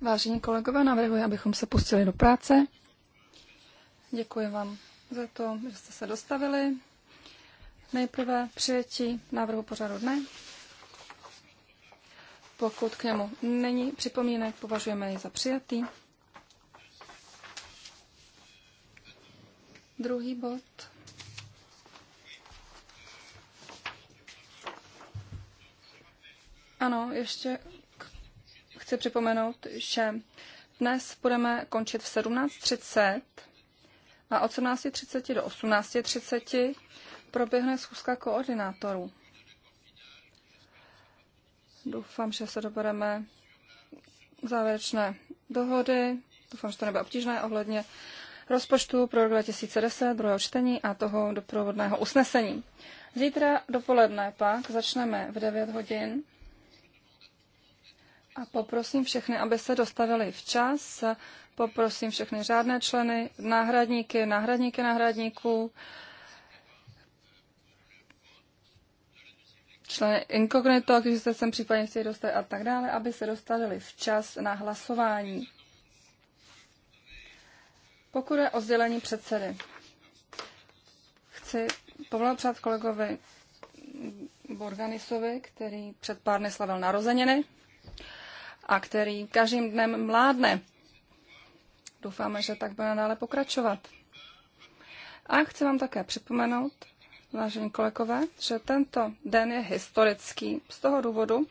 Vážení kolegové, navrhuji, abychom se pustili do práce. Děkuji vám za to, že jste se dostavili. Nejprve přijetí návrhu pořadu dne. Pokud k němu není připomínek, považujeme ji za přijatý. Ano, ještě chci připomenout, že dnes budeme končit v 17.30 a od 17.30 do 18.30 proběhne schůzka koordinátorů. Doufám, že se dobereme závěrečné dohody. Doufám, že to nebude obtížné ohledně rozpočtu pro rok 2010, druhého čtení a toho doprovodného usnesení. Zítra dopoledne pak začneme v 9 hodin a poprosím všechny, aby se dostavili včas. Poprosím všechny řádné členy, náhradníky, náhradníky náhradníků, členy inkognito, když se sem případně chtějí dostat a tak dále, aby se dostavili včas na hlasování. Pokud je o sdělení předsedy, chci poblahopřát kolegovi Borganisovi, který před pár dny slavil narozeniny a který každým dnem mládne. Doufáme, že tak bude dále pokračovat. A chci vám také připomenout, vážení kolegové, že tento den je historický z toho důvodu,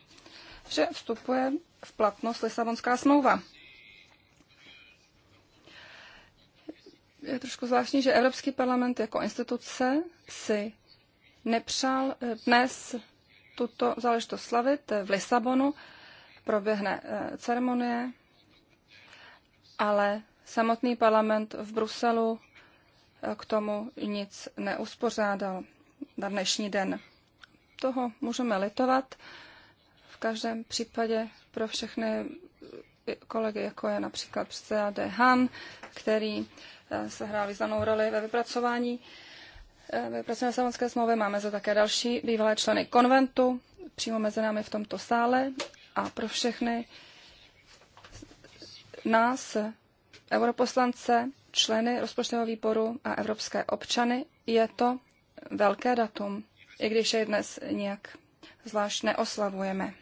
že vstupuje v platnost Lisabonská smlouva. Je trošku zvláštní, že Evropský parlament jako instituce si nepřál eh, dnes tuto záležitost slavit eh, v Lisabonu, proběhne eh, ceremonie, ale samotný parlament v Bruselu eh, k tomu nic neuspořádal na dnešní den. Toho můžeme litovat. V každém případě pro všechny eh, kolegy, jako je například předseda D. Han, který sehrál významnou roli ve vypracování vypracování Savonské smlouvy. Máme zde také další bývalé členy konventu, přímo mezi námi v tomto sále a pro všechny nás, europoslance, členy rozpočtového výboru a evropské občany, je to velké datum, i když je dnes nějak zvlášť neoslavujeme.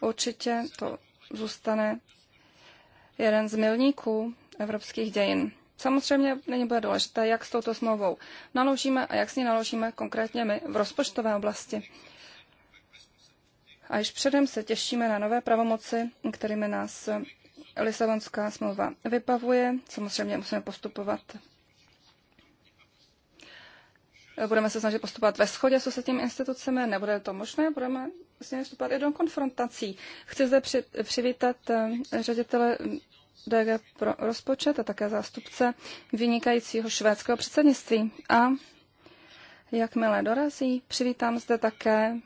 Určitě to zůstane jeden z milníků evropských dějin. Samozřejmě není bude důležité, jak s touto smlouvou naložíme a jak s ní naložíme konkrétně my v rozpočtové oblasti. A již předem se těšíme na nové pravomoci, kterými nás Lisabonská smlouva vybavuje. Samozřejmě musíme postupovat Budeme se snažit postupovat ve shodě s těmi institucemi, nebude to možné, budeme s nimi vstupovat i do konfrontací. Chci zde při, přivítat eh, ředitele mm, DG pro rozpočet a také zástupce vynikajícího švédského předsednictví. A jakmile dorazí, přivítám zde také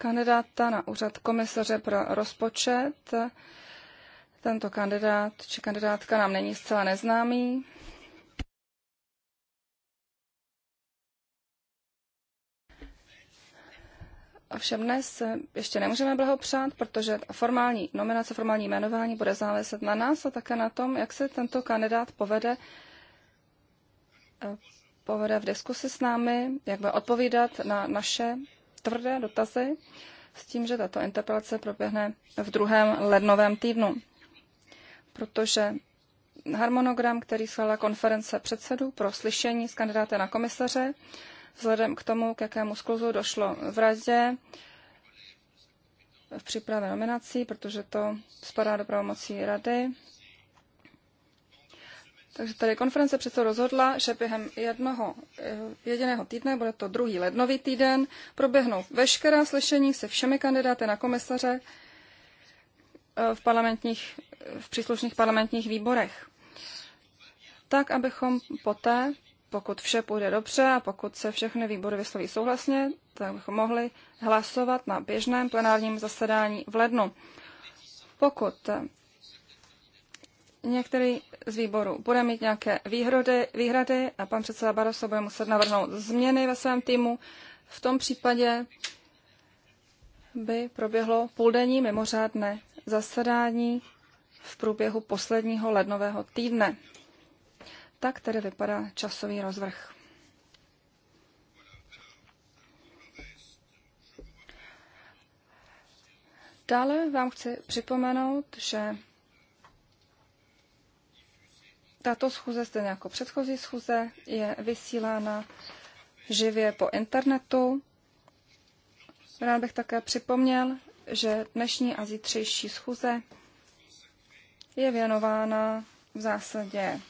kandidáta na úřad komisaře pro rozpočet. Tento kandidát či kandidátka nám není zcela neznámý. Ovšem dnes ještě nemůžeme blahopřát, protože formální nominace, formální jmenování bude záviset na nás a také na tom, jak se tento kandidát povede, eh, povede v diskusi s námi, jak bude odpovídat na naše tvrdé dotazy s tím, že tato interpelace proběhne v druhém lednovém týdnu, protože harmonogram, který schválila konference předsedů pro slyšení s kandidáty na komisaře, vzhledem k tomu, k jakému skluzu došlo v radě v přípravě nominací, protože to spadá do pravomocí rady, takže tady konference předsedů rozhodla, že během jednoho eh, jediného týdne, bude to druhý lednový týden, proběhnou veškerá slyšení se všemi kandidáty na komisaře eh, v, parlamentních, v příslušných parlamentních výborech. Tak, abychom poté, pokud vše půjde dobře a pokud se všechny výbory vysloví souhlasně, tak bychom mohli hlasovat na běžném plenárním zasedání v lednu. Pokud Některý z výborů bude mít nějaké výhrody, výhrady a pan předseda Baroso bude muset navrhnout změny ve svém týmu. V tom případě by proběhlo půldenní mimořádné zasedání v průběhu posledního lednového týdne. Tak tedy vypadá časový rozvrh. Dále vám chci připomenout, že tato schůze, stejně jako předchozí schůze, je vysílána živě po internetu. Rád bych také připomněl, že dnešní a zítřejší schůze je věnována v zásadě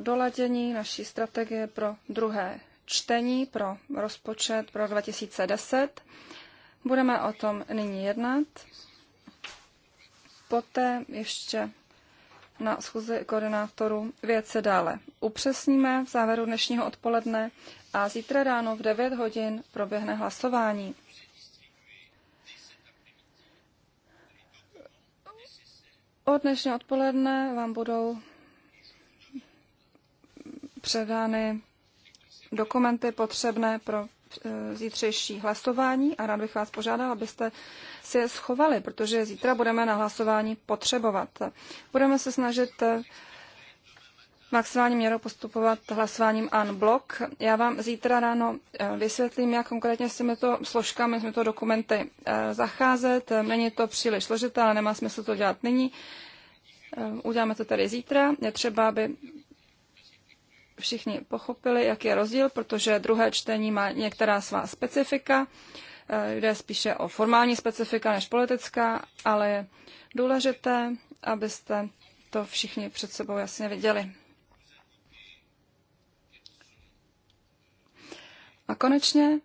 doladění naší strategie pro druhé čtení, pro rozpočet pro 2010. Budeme o tom nyní jednat. Poté ještě na schůzi koordinátorů věce dále upřesníme v závěru dnešního odpoledne a zítra ráno v 9 hodin proběhne hlasování. Od dnešního odpoledne vám budou předány dokumenty potřebné pro Eh, zítřejší hlasování a rád bych vás požádal, abyste si je schovali, protože zítra budeme na hlasování potřebovat. Budeme se snažit eh, maximální měrou postupovat hlasováním unblock. Já vám zítra ráno eh, vysvětlím, jak konkrétně s těmito složkami, s těmito dokumenty zacházet. Není to příliš složité, ale nemá smysl to dělat nyní. Uděláme to tady zítra. Je třeba, aby všichni pochopili, jak je rozdíl, protože druhé čtení má některá svá specifika. Eh, jde spíše o formální specifika než politická, ale je důležité, abyste to všichni před sebou jasně viděli. A konečně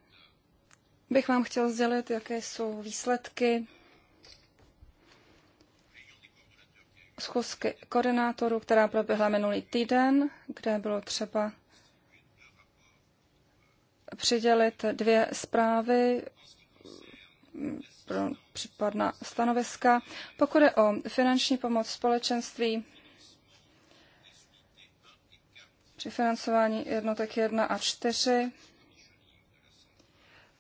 bych vám chtěl sdělit, jaké jsou výsledky schůzky koordinátorů, která proběhla minulý týden, kde bylo třeba přidělit dvě zprávy pro případná stanoviska. Pokud je o finanční pomoc společenství při financování jednotek 1 a 4,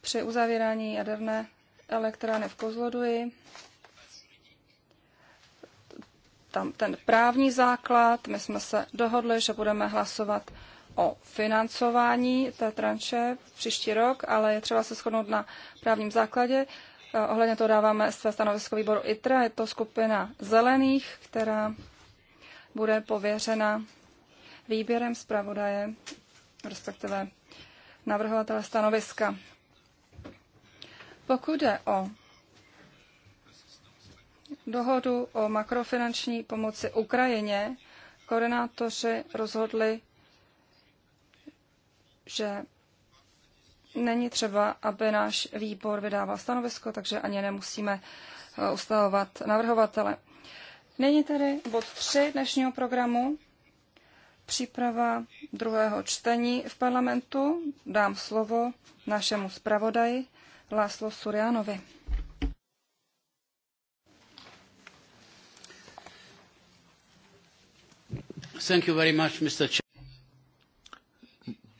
při uzavírání jaderné elektrárny v Kozloduji, tam ten právní základ. My jsme se dohodli, že budeme hlasovat o financování té tranše příští rok, ale je třeba se shodnout na právním základě. Eh, ohledně toho dáváme své stanovisko výboru ITRA. Je to skupina zelených, která bude pověřena výběrem zpravodaje, respektive navrhovatele stanoviska. Pokud jde o dohodu o makrofinanční pomoci Ukrajině koordinátoři rozhodli, že není třeba, aby náš výbor vydával stanovisko, takže ani nemusíme eh, ustavovat navrhovatele. Není tedy bod 3 dnešního programu, příprava druhého čtení v parlamentu. Dám slovo našemu zpravodaji Láslo Surianovi.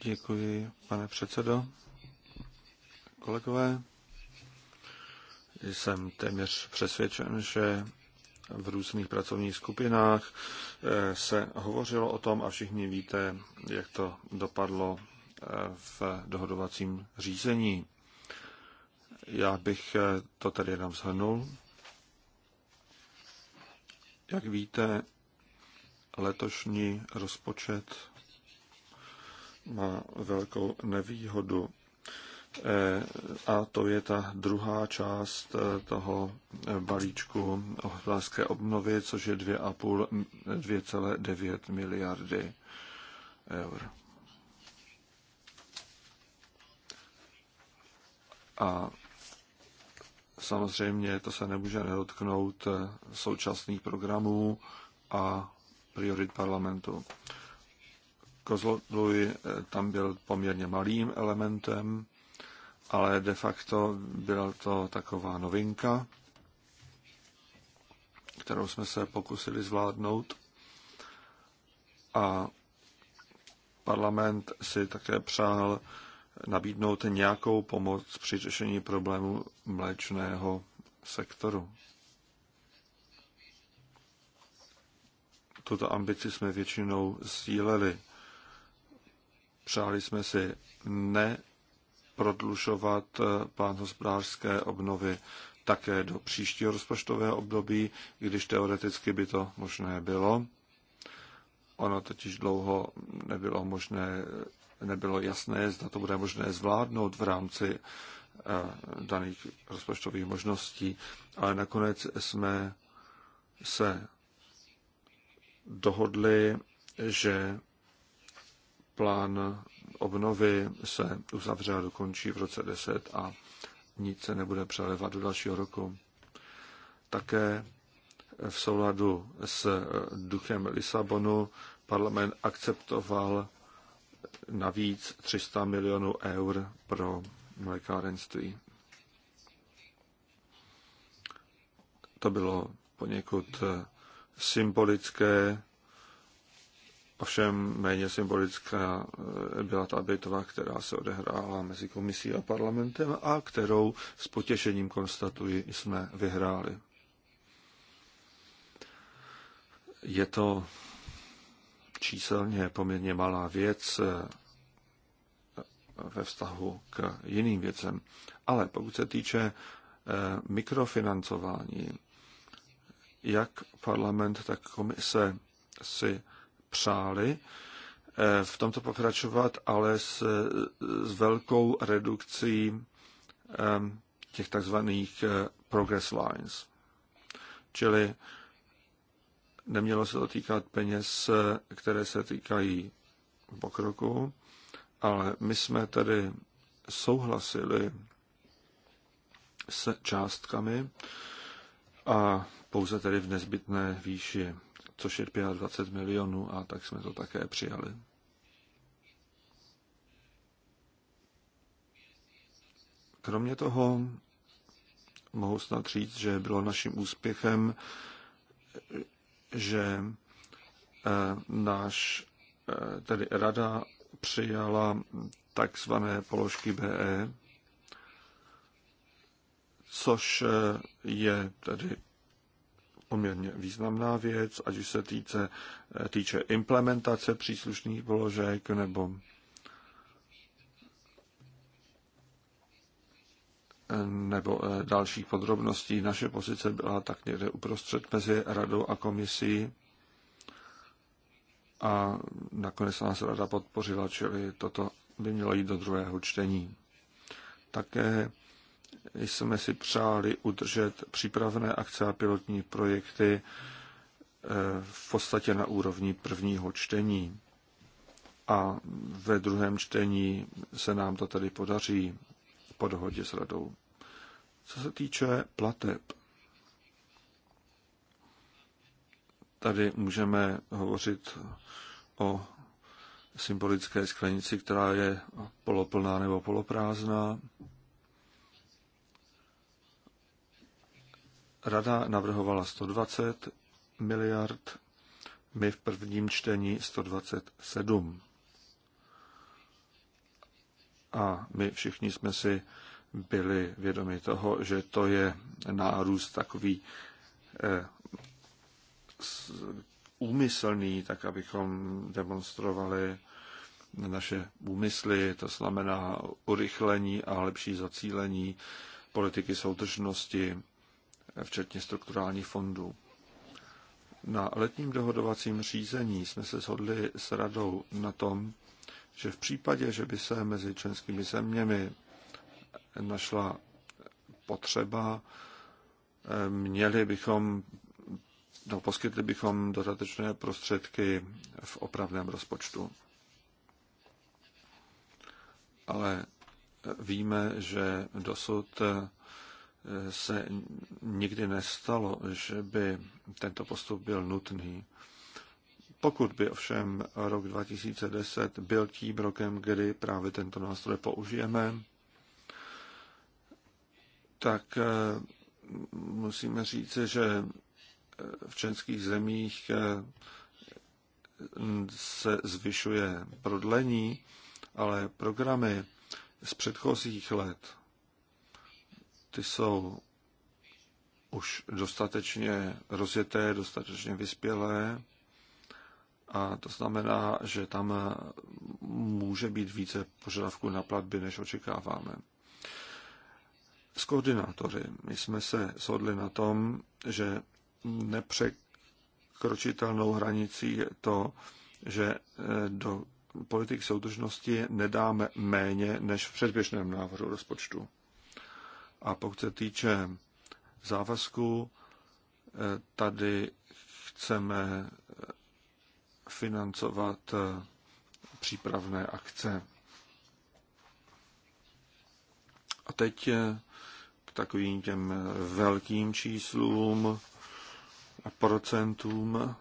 Děkuji, pane předsedo. Kolegové, jsem téměř přesvědčen, že v různých pracovních skupinách eh, se hovořilo o tom a všichni víte, jak to dopadlo eh, v dohodovacím řízení. Já bych eh, to tady jenom shrnul. Jak víte, letošní rozpočet má velkou nevýhodu. E, a to je ta druhá část e, toho balíčku hospodářské obnovy, což je 2,9 miliardy eur. A samozřejmě to se nemůže nedotknout současných programů a priorit parlamentu. Kozloduj eh, tam byl poměrně malým elementem, ale de facto byla to taková novinka, kterou jsme se pokusili zvládnout. A parlament si také přál nabídnout nějakou pomoc při řešení problému mléčného sektoru. Tuto ambici jsme většinou sdíleli. Přáli jsme si neprodlušovat eh, plán hospodářské obnovy také do příštího rozpočtového období, když teoreticky by to možné bylo. Ono totiž dlouho nebylo možné, nebylo jasné, zda to bude možné zvládnout v rámci eh, daných rozpočtových možností, ale nakonec jsme se dohodli, že plán obnovy se uzavře a dokončí v roce 10 a nic se nebude přelevat do dalšího roku. Také v souladu s duchem Lisabonu parlament akceptoval navíc 300 milionů eur pro mlékárenství. To bylo poněkud symbolické, ovšem méně symbolická eh, byla ta bitva, která se odehrála mezi komisí a parlamentem a kterou s potěšením konstatuji jsme vyhráli. Je to číselně poměrně malá věc eh, ve vztahu k jiným věcem. Ale pokud se týče eh, mikrofinancování, jak parlament, tak komise si přáli eh, v tomto pokračovat, ale s, s velkou redukcí ehm, těch takzvaných eh, progress lines. Čili nemělo se to týkat peněz, eh, které se týkají pokroku, ale my jsme tedy souhlasili s částkami a pouze tedy v nezbytné výši, což je 25 milionů a tak jsme to také přijali. Kromě toho mohu snad říct, že bylo naším úspěchem, že eh, náš, eh, tedy rada přijala takzvané položky BE, což eh, je tedy poměrně významná věc, ať už se týče, eh, týče implementace příslušných položek nebo eh, nebo eh, dalších podrobností. Naše pozice byla tak někde uprostřed mezi radou a komisí a nakonec nás rada podpořila, čili toto by mělo jít do druhého čtení. Také jsme si přáli udržet přípravné akce a pilotní projekty eh, v podstatě na úrovni prvního čtení. A ve druhém čtení se nám to tedy podaří po dohodě s radou. Co se týče plateb, tady můžeme hovořit o symbolické sklenici, která je poloplná nebo poloprázdná. Rada navrhovala 120 miliard, my v prvním čtení 127. A my všichni jsme si byli vědomi toho, že to je nárůst takový eh, úmyslný, tak abychom demonstrovali naše úmysly, to znamená urychlení a lepší zacílení politiky soudržnosti včetně strukturálních fondů. Na letním dohodovacím řízení jsme se shodli s radou na tom, že v případě, že by se mezi členskými zeměmi našla potřeba, měli bychom, no, poskytli bychom dodatečné prostředky v opravném rozpočtu. Ale víme, že dosud se nikdy nestalo, že by tento postup byl nutný. Pokud by ovšem rok 2010 byl tím rokem, kdy právě tento nástroj použijeme, tak eh, musíme říci, že eh, v českých zemích eh, se zvyšuje prodlení, ale programy z předchozích let ty jsou už dostatečně rozjeté, dostatečně vyspělé a to znamená, že tam může být více požadavků na platby, než očekáváme. S koordinátory my jsme se shodli na tom, že nepřekročitelnou hranicí je to, že eh, do politik soudržnosti nedáme méně než v předběžném návrhu rozpočtu. A pokud se týče závazku, eh, tady chceme financovat eh, přípravné akce. A teď eh, k takovým těm velkým číslům a procentům,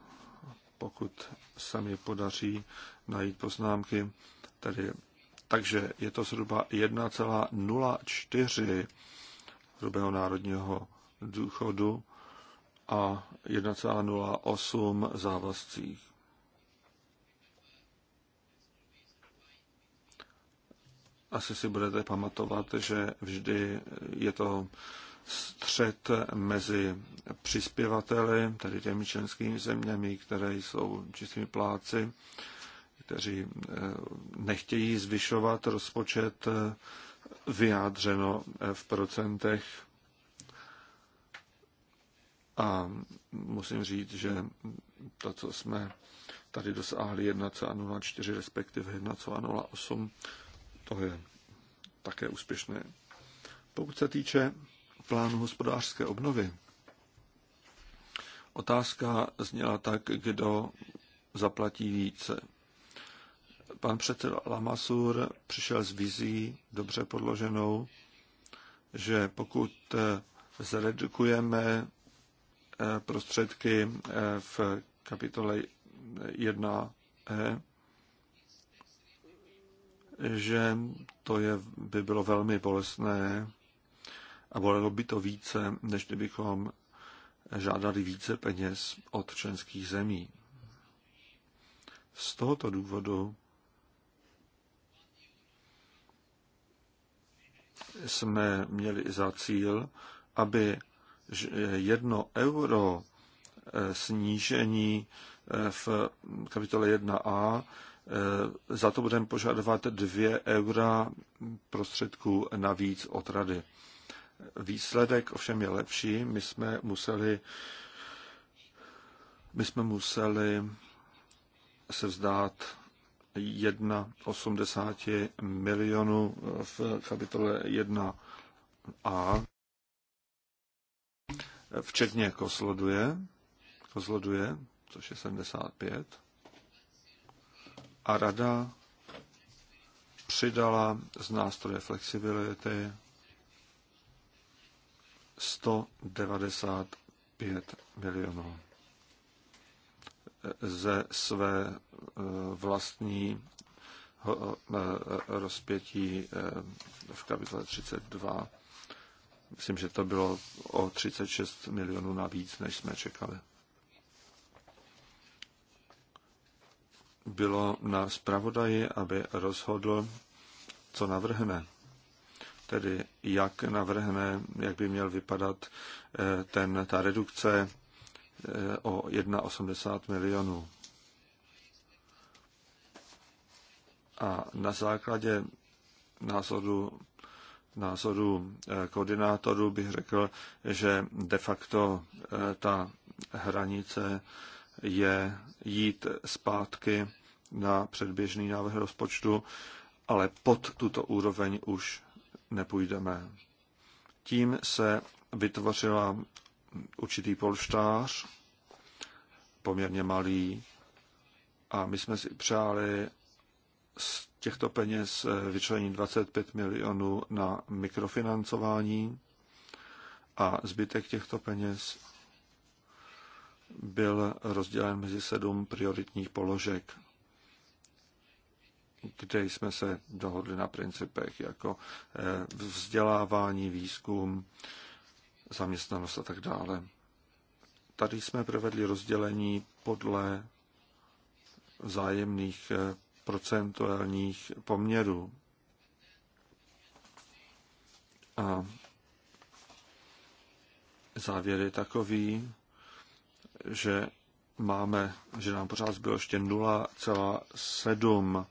pokud se mi podaří najít poznámky, tedy takže je to zhruba 1,04 hrubého národního důchodu a 1,08 závazcích. Asi si budete pamatovat, že vždy je to střed mezi přispěvateli, tedy těmi členskými zeměmi, které jsou čistými pláci, kteří eh, nechtějí zvyšovat rozpočet vyjádřeno eh, v procentech. A musím říct, že to, co jsme tady dosáhli 1,04, respektive 1,08, to je také úspěšné. Pokud se týče plánu hospodářské obnovy, otázka zněla tak, kdo zaplatí více pan předseda Lamasur přišel s vizí dobře podloženou, že pokud eh, zredukujeme eh, prostředky eh, v kapitole 1e, že to je, by bylo velmi bolestné a bolelo by to více, než kdybychom žádali více peněz od členských zemí. Z tohoto důvodu jsme měli za cíl, aby jedno euro eh, snížení eh, v kapitole 1a, eh, za to budeme požadovat 2 eura prostředků navíc od rady. Výsledek ovšem je lepší. My jsme museli, my jsme museli se vzdát 1,80 milionů v kapitole 1a, včetně Kosloduje, jako kosloduje, jako což je 75. A rada přidala z nástroje flexibility 195 milionů ze své eh, vlastní eh, rozpětí eh, v kapitole 32. Myslím, že to bylo o 36 milionů navíc, než jsme čekali. Bylo na zpravodaji, aby rozhodl, co navrhne. Tedy jak navrhne, jak by měl vypadat ten, ta redukce Eh, o 1,80 milionů. A na základě názoru, názoru eh, koordinátorů bych řekl, že de facto eh, ta hranice je jít zpátky na předběžný návrh rozpočtu, ale pod tuto úroveň už nepůjdeme. Tím se vytvořila určitý polštář, poměrně malý, a my jsme si přáli z těchto peněz eh, vyčlenit 25 milionů na mikrofinancování a zbytek těchto peněz byl rozdělen mezi sedm prioritních položek, kde jsme se dohodli na principech jako eh, vzdělávání, výzkum, zaměstnanost a tak dále. Tady jsme provedli rozdělení podle zájemných eh, procentuálních poměrů. A závěr je takový, že máme, že nám pořád bylo ještě 0,7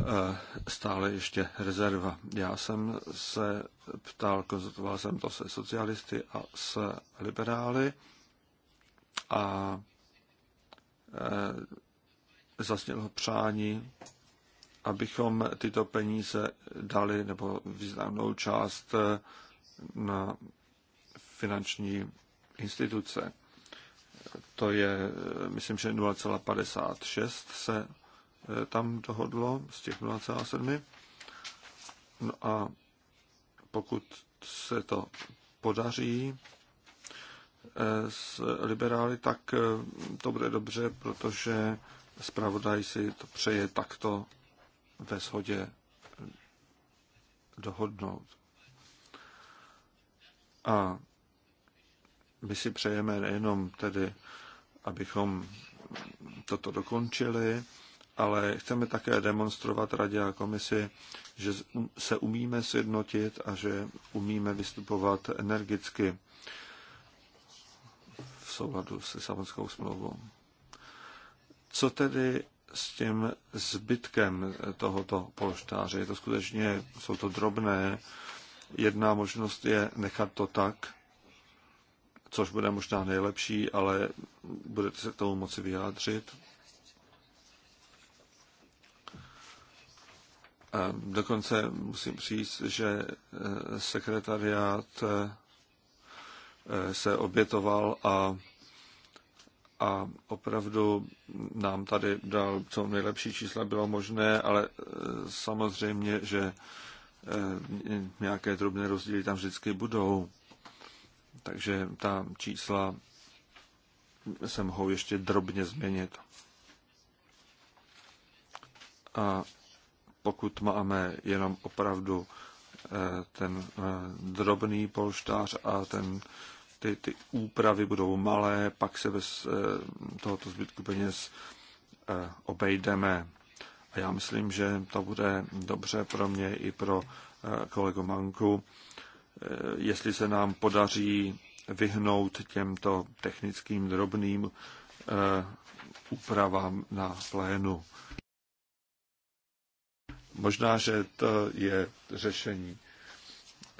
Eh, stále ještě rezerva. Já jsem se ptal, konzultoval jsem to se socialisty a s liberály a ho eh, přání, abychom tyto peníze dali nebo významnou část eh, na finanční instituce. To je, myslím, že 0,56 se Eh, tam dohodlo z těch 0,7. No a pokud se to podaří eh, s liberály, tak eh, to bude dobře, protože zpravodaj si to přeje takto ve shodě dohodnout. A my si přejeme nejenom tedy, abychom toto dokončili, ale chceme také demonstrovat radě a komisi, že um, se umíme sjednotit a že umíme vystupovat energicky v souladu se samotnou smlouvou. Co tedy s tím zbytkem tohoto polštáře? Je to skutečně, jsou to drobné. Jedna možnost je nechat to tak, což bude možná nejlepší, ale budete se k tomu moci vyjádřit. dokonce musím říct, že eh, sekretariát eh, se obětoval a, a opravdu nám tady dal co nejlepší čísla bylo možné, ale eh, samozřejmě, že nějaké drobné rozdíly tam vždycky budou. Takže ta čísla se mohou ještě drobně změnit. A pokud máme jenom opravdu eh, ten eh, drobný polštář a ten, ty, ty úpravy budou malé, pak se bez eh, tohoto zbytku peněz obejdeme. A já myslím, že to bude dobře pro mě i pro kolegu Manku, jestli se nám podaří vyhnout těmto technickým drobným úpravám na plénu. Možná, že to je řešení.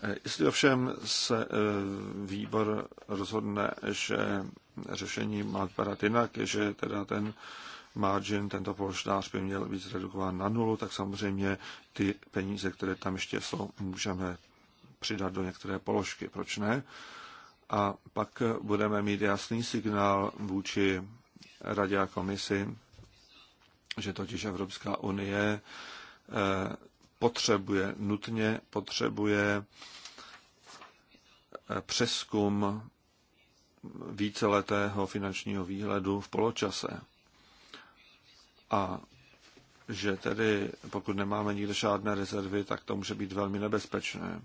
Eh, jestli ovšem se eh, výbor rozhodne, že řešení má vypadat jinak, že teda ten margin, tento polštář by měl být zredukován na nulu, tak samozřejmě ty peníze, které tam ještě jsou, můžeme přidat do některé položky, proč ne? A pak budeme mít jasný signál vůči radě a komisi, že totiž Evropská unie potřebuje, nutně potřebuje eh, přeskum víceletého finančního výhledu v poločase. A že tedy pokud nemáme nikde žádné rezervy, tak to může být velmi nebezpečné.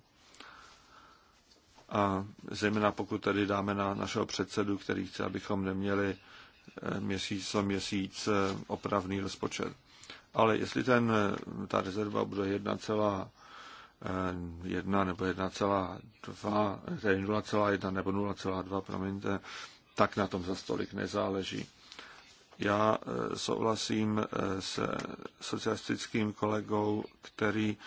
A zejména pokud tedy dáme na našeho předsedu, který chce, abychom neměli eh, měsíc co měsíc eh, opravný rozpočet ale jestli ten, ta rezerva bude 1,1 eh, nebo 1,2, tedy 0,1 nebo 0,2, promiňte, tak na tom za stolik nezáleží. Já eh, souhlasím eh, s socialistickým kolegou, který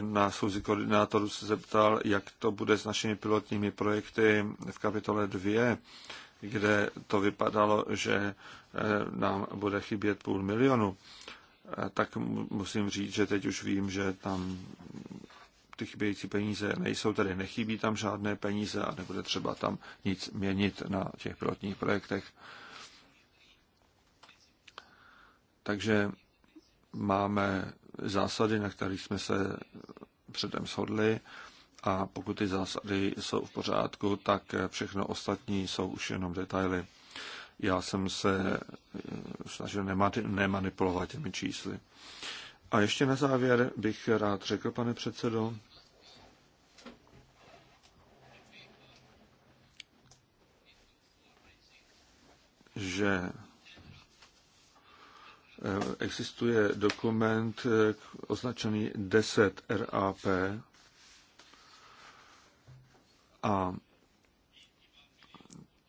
na schůzi koordinátoru se zeptal, jak to bude s našimi pilotními projekty v kapitole 2, kde to vypadalo, že nám bude chybět půl milionu tak musím říct, že teď už vím, že tam ty chybějící peníze nejsou, tedy nechybí tam žádné peníze a nebude třeba tam nic měnit na těch pilotních projektech. Takže máme zásady, na kterých jsme se předem shodli a pokud ty zásady jsou v pořádku, tak všechno ostatní jsou už jenom detaily já jsem se eh, snažil nemanipulovat těmi čísly. A ještě na závěr bych rád řekl, pane předsedo, že eh, existuje dokument eh, označený 10 RAP a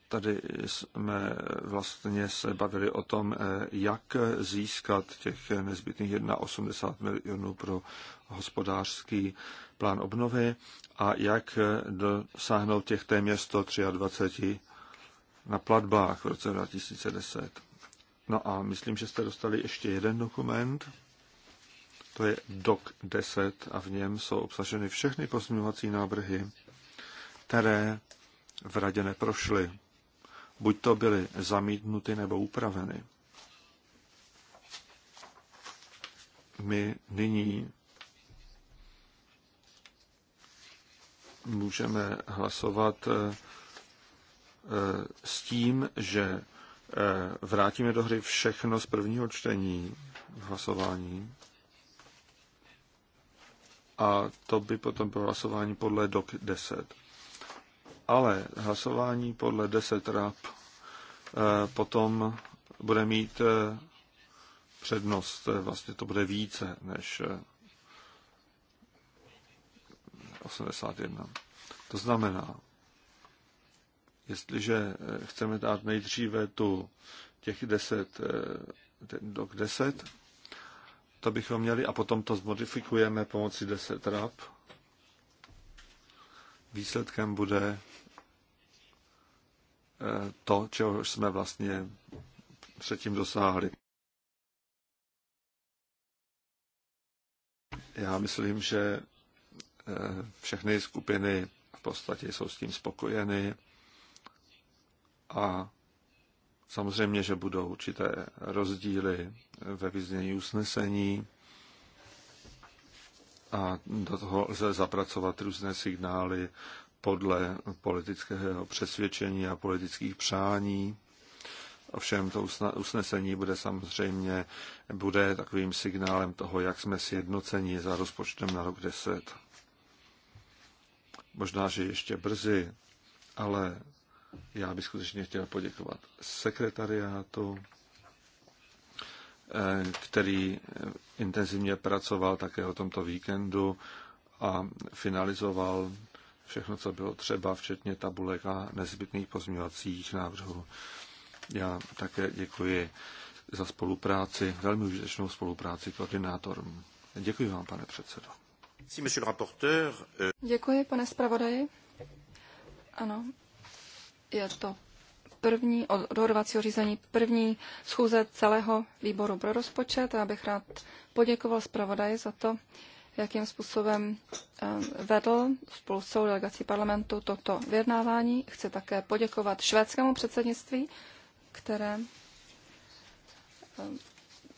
tady jsme vlastně se bavili o tom, eh, jak získat těch nezbytných 1,80 milionů pro hospodářský plán obnovy a jak dosáhnout těch téměř 123 na platbách v roce 2010. No a myslím, že jste dostali ještě jeden dokument. To je DOC 10 a v něm jsou obsaženy všechny pozměňovací návrhy, které v radě neprošly buď to byly zamítnuty nebo upraveny. My nyní můžeme hlasovat eh, eh, s tím, že eh, vrátíme do hry všechno z prvního čtení hlasování. A to by potom bylo hlasování podle DOC 10 ale hlasování podle 10 rap eh, potom bude mít eh, přednost, eh, vlastně to bude více než 81. To znamená, jestliže chceme dát nejdříve tu těch 10, do dok 10, to bychom měli a potom to zmodifikujeme pomocí 10 rap. Výsledkem bude to, čeho jsme vlastně předtím dosáhli. Já myslím, že eh, všechny skupiny v podstatě jsou s tím spokojeny a samozřejmě, že budou určité rozdíly ve vyznění usnesení a do toho lze zapracovat různé signály podle politického přesvědčení a politických přání. Ovšem to usnesení bude samozřejmě bude takovým signálem toho, jak jsme sjednoceni za rozpočtem na rok 10. Možná, že ještě brzy, ale já bych skutečně chtěl poděkovat sekretariátu, eh, který intenzivně pracoval také o tomto víkendu a finalizoval všechno, co bylo třeba, včetně tabulek a nezbytných pozměňovacích návrhů. Já také děkuji za spolupráci, velmi užitečnou spolupráci koordinátorům. Děkuji vám, pane předsedo. Děkuji, pane zpravodaji. Ano, je to první od dohodovacího řízení první schůze celého výboru pro rozpočet já bych rád poděkoval zpravodaji za to, jakým způsobem vedl spolu s celou delegací parlamentu toto vyjednávání. Chci také poděkovat švédskému předsednictví, které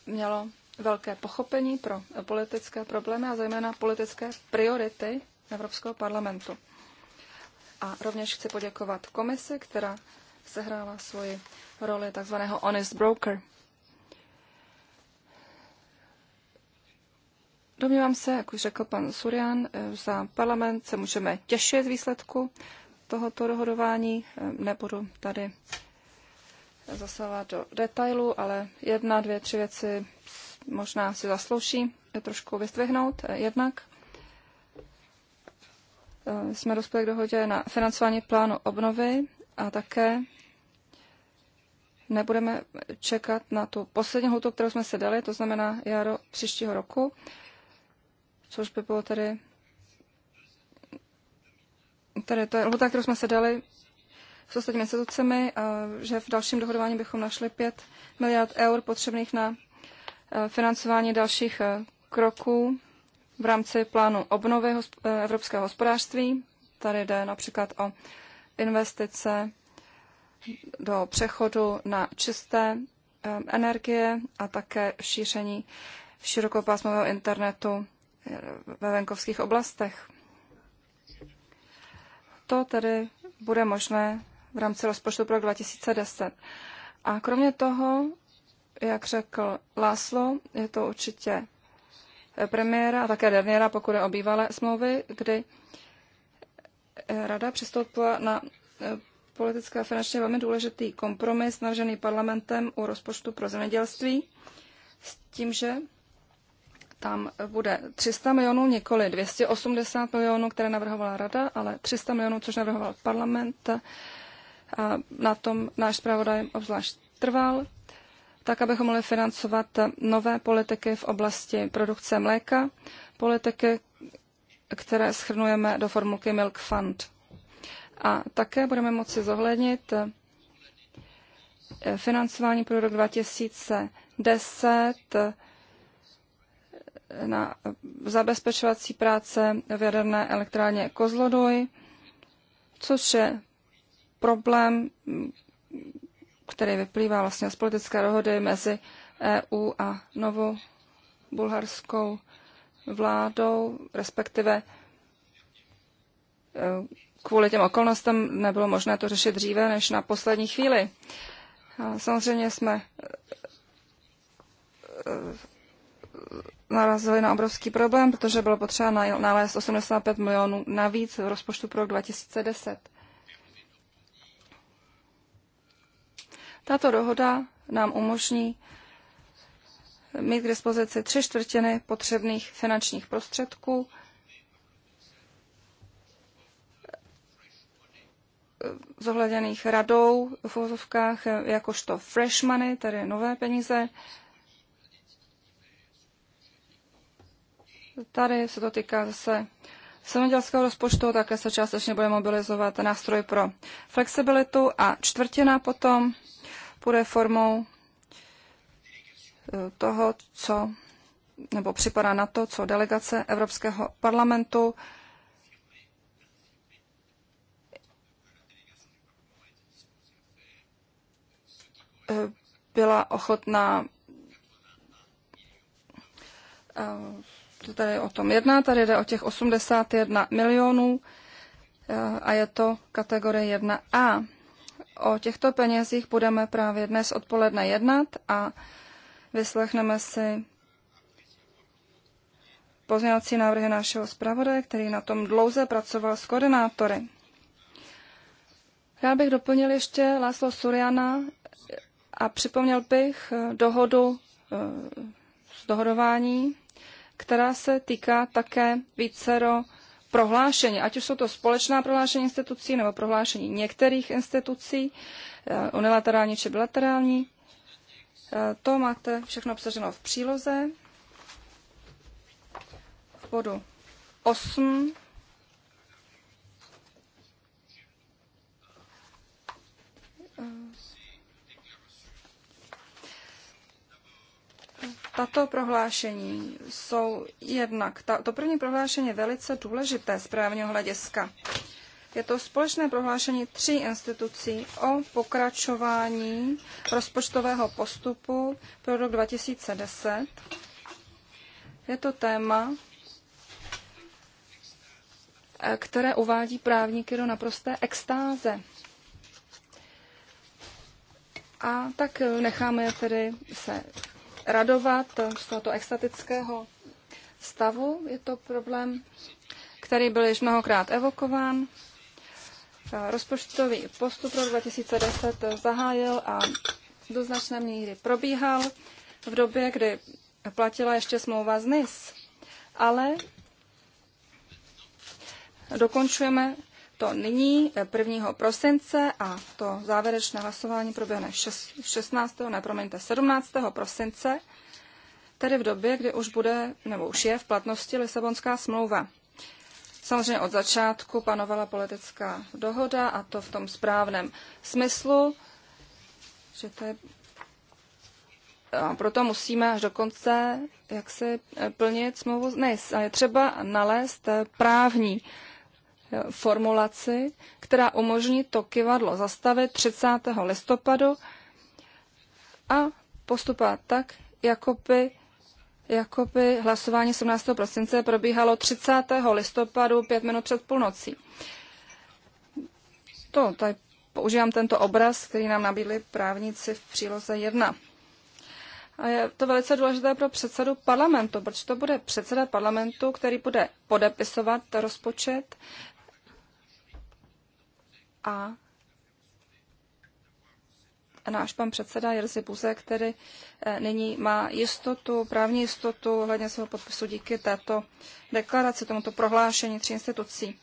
mělo velké pochopení pro politické problémy a zejména politické priority Evropského parlamentu. A rovněž chci poděkovat komisi, která sehrála svoji roli tzv. honest broker. Domnívám se, jak už řekl pan Surian, eh, za parlament se můžeme těšit výsledku tohoto dohodování. Eh, nebudu tady zasahovat do detailu, ale jedna, dvě, tři věci možná si zaslouží trošku vystvihnout. Eh, jednak jsme dospěli k dohodě na financování plánu obnovy a také nebudeme čekat na tu poslední hutu, kterou jsme se dali, to znamená jaro příštího roku což by bylo tady, tady to je lhuta, kterou jsme se dali s ostatními institucemi, že v dalším dohodování bychom našli 5 miliard eur potřebných na e, financování dalších e, kroků v rámci plánu obnovy e, evropského hospodářství. Tady jde například o investice do přechodu na čisté energie a také šíření širokopásmového internetu ve venkovských oblastech. To tedy bude možné v rámci rozpočtu pro 2010. A kromě toho, jak řekl Láslo, je to určitě premiéra a také derniéra, pokud je o bývalé smlouvy, kdy rada přistoupila na eh, politické a finančně velmi důležitý kompromis navržený parlamentem u rozpočtu pro zemědělství s tím, že tam bude 300 milionů, nikoli 280 milionů, které navrhovala rada, ale 300 milionů, což navrhoval parlament. A na tom náš zpravodaj obzvlášť trval, tak abychom mohli financovat nové politiky v oblasti produkce mléka, politiky, které schrnujeme do formulky Milk Fund. A také budeme moci zohlednit eh, financování pro rok 2010 na zabezpečovací práce v jaderné elektrárně Kozloduj, což je problém, který vyplývá vlastně z politické dohody mezi EU a novou bulharskou vládou, respektive e, kvůli těm okolnostem nebylo možné to řešit dříve než na poslední chvíli. Samozřejmě jsme e, narazili na obrovský problém, protože bylo potřeba nalézt 85 milionů navíc v rozpočtu pro rok 2010. Tato dohoda nám umožní mít k dispozici tři čtvrtiny potřebných finančních prostředků. zohleděných radou v uvozovkách jakožto fresh money, tedy nové peníze, Tady se to týká zase zemědělského rozpočtu, také se částečně bude mobilizovat nástroj pro flexibilitu a čtvrtina potom bude formou eh, toho, co nebo připadá na to, co delegace Evropského parlamentu eh, byla ochotná eh, to tady o tom jedná, tady jde o těch 81 milionů eh, a je to kategorie 1A. O těchto penězích budeme právě dnes odpoledne jednat a vyslechneme si pozměňovací návrhy našeho zpravodaje, který na tom dlouze pracoval s koordinátory. Já bych doplnil ještě Láslo Suriana a připomněl bych eh, dohodu z eh, dohodování která se týká také vícero prohlášení, ať už jsou to společná prohlášení institucí nebo prohlášení některých institucí, eh, unilaterální či bilaterální. Eh, to máte všechno obsaženo v příloze. V bodu 8 Tato prohlášení jsou jednak, ta, to první prohlášení je velice důležité z právního hlediska. Je to společné prohlášení tří institucí o pokračování rozpočtového postupu pro rok 2010. Je to téma, které uvádí právníky do naprosté extáze. A tak necháme tedy se radovat z tohoto extatického stavu. Je to problém, který byl již mnohokrát evokován. Rozpočtový postup pro 2010 zahájil a do značné míry probíhal v době, kdy platila ještě smlouva z NIS. Ale dokončujeme to nyní 1. Eh, prosince a to závěrečné hlasování proběhne 16. ne, promiňte, 17. prosince, tedy v době, kdy už bude nebo už je v platnosti Lisabonská smlouva. Samozřejmě od začátku panovala politická dohoda a to v tom správném smyslu, že to je a proto musíme až do konce jak se eh, plnit smlouvu Ne, A je třeba nalézt eh, právní formulaci, která umožní to kivadlo zastavit 30. listopadu a postupovat tak, jako by, hlasování 17. prosince probíhalo 30. listopadu pět minut před půlnocí. To, tady používám tento obraz, který nám nabídli právníci v příloze 1. A je to velice důležité pro předsedu parlamentu, protože to bude předseda parlamentu, který bude podepisovat rozpočet a náš pan předseda Jerzy Buzek, který eh, nyní má jistotu, právní jistotu hledně svého podpisu díky této deklaraci, tomuto prohlášení tří institucí.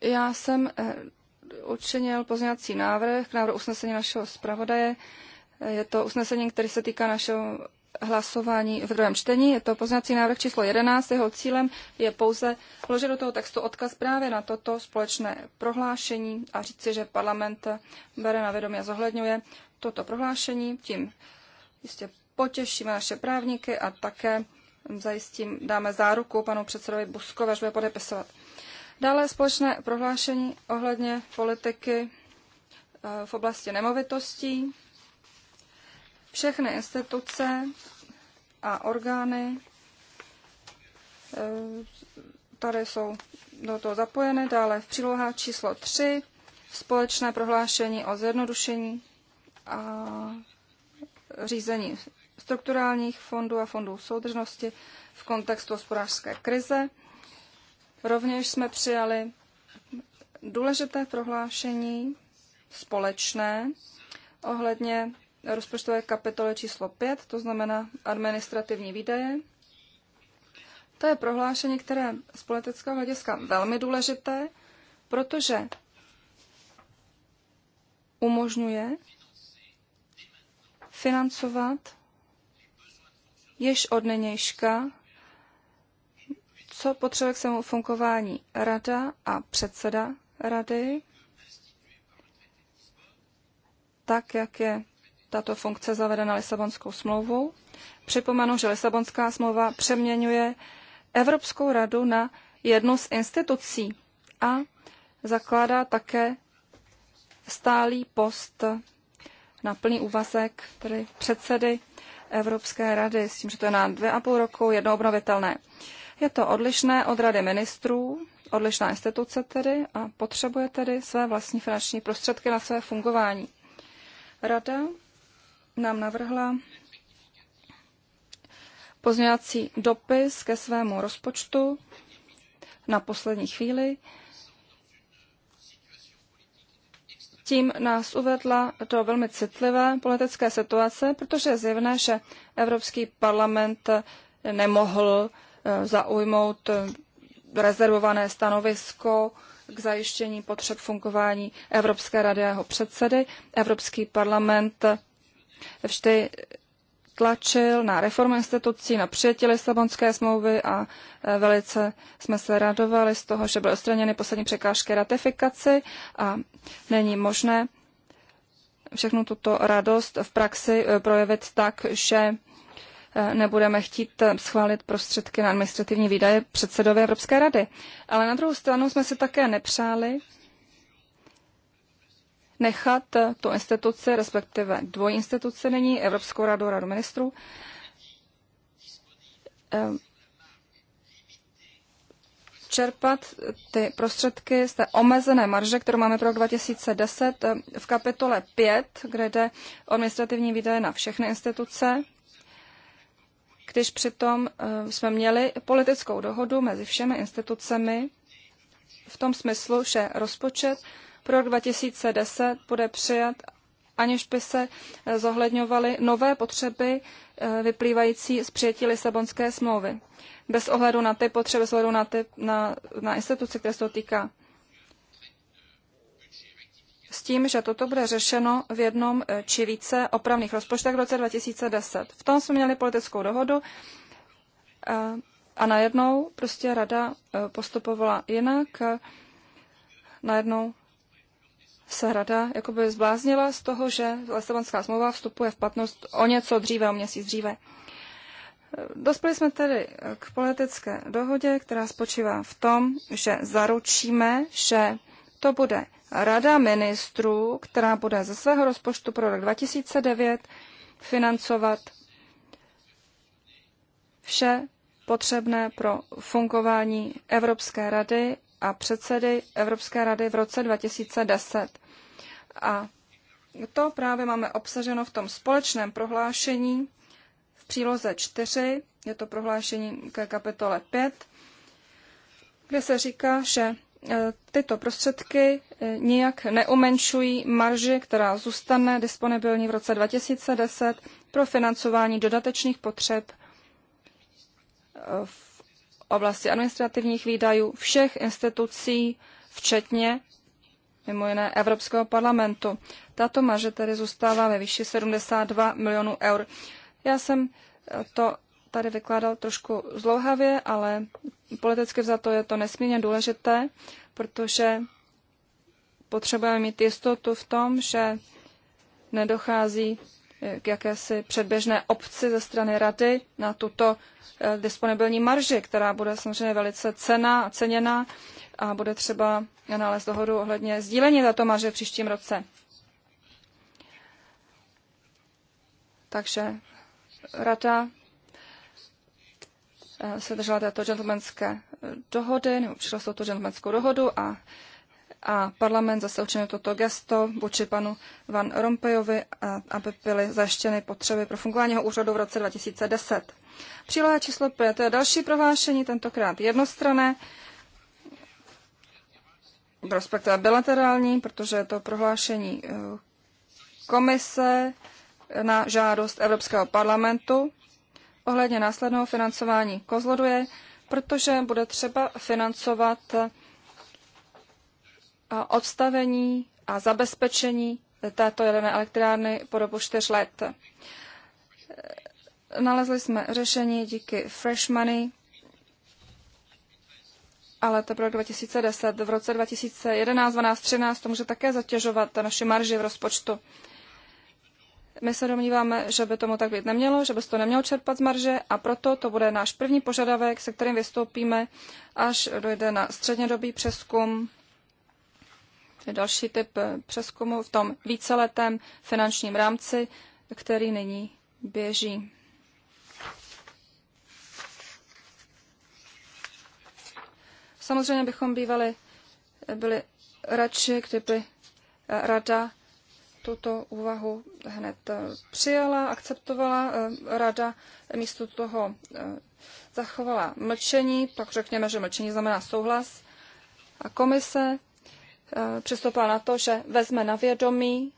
Já jsem eh, učinil pozměňovací návrh k návrhu usnesení našeho zpravodaje. Je to usnesení, které se týká našeho hlasování v druhém čtení. Je to poznací návrh číslo 11. Jeho cílem je pouze vložit do toho textu odkaz právě na toto společné prohlášení a říci, že parlament bere na vědomí a zohledňuje toto prohlášení. Tím jistě potěšíme naše právníky a také zajistím, dáme záruku panu předsedovi Buskovi, až bude podepisovat. Dále společné prohlášení ohledně politiky eh, v oblasti nemovitostí všechny instituce a orgány eh, tady jsou do toho zapojeny. Dále v příloha číslo 3 společné prohlášení o zjednodušení a řízení strukturálních fondů a fondů soudržnosti v kontextu hospodářské krize. Rovněž jsme přijali důležité prohlášení společné ohledně rozpočtové kapitole číslo 5, to znamená administrativní výdaje. To je prohlášení, které z politického hlediska velmi důležité, protože umožňuje financovat již od nynějška, co potřebuje k svému fungování rada a předseda rady, tak, jak je tato funkce zavedena Lisabonskou smlouvou. Připomenu, že Lisabonská smlouva přeměňuje Evropskou radu na jednu z institucí a zakládá také stálý post na plný úvazek, tedy předsedy Evropské rady, s tím, že to je na dvě a půl roku jednoobnovitelné. Je to odlišné od rady ministrů, odlišná instituce tedy a potřebuje tedy své vlastní finanční prostředky na své fungování. Rada nám navrhla pozměňovací dopis ke svému rozpočtu na poslední chvíli. Tím nás uvedla do velmi citlivé politické situace, protože je zjevné, že Evropský parlament nemohl eh, zaujmout eh, rezervované stanovisko k zajištění potřeb fungování Evropské rady a jeho předsedy. Evropský parlament vždy tlačil na reformu institucí, na přijetí Lisabonské smlouvy a e, velice jsme se radovali z toho, že byly odstraněny poslední překážky ratifikaci a není možné všechnu tuto radost v praxi e, projevit tak, že e, nebudeme chtít schválit prostředky na administrativní výdaje předsedové Evropské rady. Ale na druhou stranu jsme si také nepřáli, nechat tu instituci, respektive dvojí instituci, není Evropskou radu, radu ministrů, ehm, čerpat ty prostředky z té omezené marže, kterou máme pro rok 2010 ehm, v kapitole 5, kde jde o administrativní výdaje na všechny instituce, když přitom ehm, jsme měli politickou dohodu mezi všemi institucemi v tom smyslu, že rozpočet pro rok 2010 bude přijat, aniž by se eh, zohledňovaly nové potřeby eh, vyplývající z přijetí Lisabonské smlouvy. Bez ohledu na ty potřeby, bez ohledu na, ty, na, na instituce, které se to týká. S tím, že toto bude řešeno v jednom eh, či více opravných rozpočtech v roce 2010. V tom jsme měli politickou dohodu. A najednou prostě rada postupovala jinak. Najednou se rada jakoby zbláznila z toho, že Lisabonská smlouva vstupuje v platnost o něco dříve, o měsíc dříve. Dospěli jsme tedy k politické dohodě, která spočívá v tom, že zaručíme, že to bude Rada ministrů, která bude ze svého rozpočtu pro rok 2009 financovat vše potřebné pro fungování Evropské rady a předsedy Evropské rady v roce 2010. A to právě máme obsaženo v tom společném prohlášení v příloze 4, je to prohlášení ke kapitole 5, kde se říká, že e, tyto prostředky e, nijak neumenšují marži, která zůstane disponibilní v roce 2010 pro financování dodatečných potřeb e, v oblasti administrativních výdajů všech institucí, včetně mimo jiné Evropského parlamentu. Tato marže tedy zůstává ve výši 72 milionů eur. Já jsem eh, to tady vykládal trošku zlouhavě, ale politicky za to je to nesmírně důležité, protože potřebujeme mít jistotu v tom, že nedochází k jakési předběžné obci ze strany rady na tuto eh, disponibilní marži, která bude samozřejmě velice cena a ceněná a bude třeba nalézt dohodu ohledně sdílení této marže v příštím roce. Takže rada eh, se držela této gentlemanské eh, dohody, nebo přišla s touto gentlemanskou dohodu a a parlament zase učinil toto gesto vůči panu Van Rompejovi, aby byly zajištěny potřeby pro fungování jeho úřadu v roce 2010. Příloha číslo 5 to je další prohlášení, tentokrát jednostrané, respektive bilaterální, protože je to prohlášení eh, komise na žádost Evropského parlamentu ohledně následného financování kozloduje, protože bude třeba financovat odstavení a zabezpečení této jaderné elektrárny po dobu čtyř let. Nalezli jsme řešení díky Fresh Money, ale to pro 2010. V roce 2011, 12, 13 to může také zatěžovat naše marži v rozpočtu. My se domníváme, že by tomu tak být nemělo, že by se to nemělo čerpat z marže a proto to bude náš první požadavek, se kterým vystoupíme, až dojde na střednědobý přeskum další typ eh, přeskumu v tom víceletém finančním rámci, který nyní běží. Samozřejmě bychom bývali, eh, byli radši, kdyby eh, rada tuto úvahu hned přijala, akceptovala. Rada místo toho zachovala mlčení, pak řekněme, že mlčení znamená souhlas. A komise Eh, přistoupila na to, že vezme na vědomí,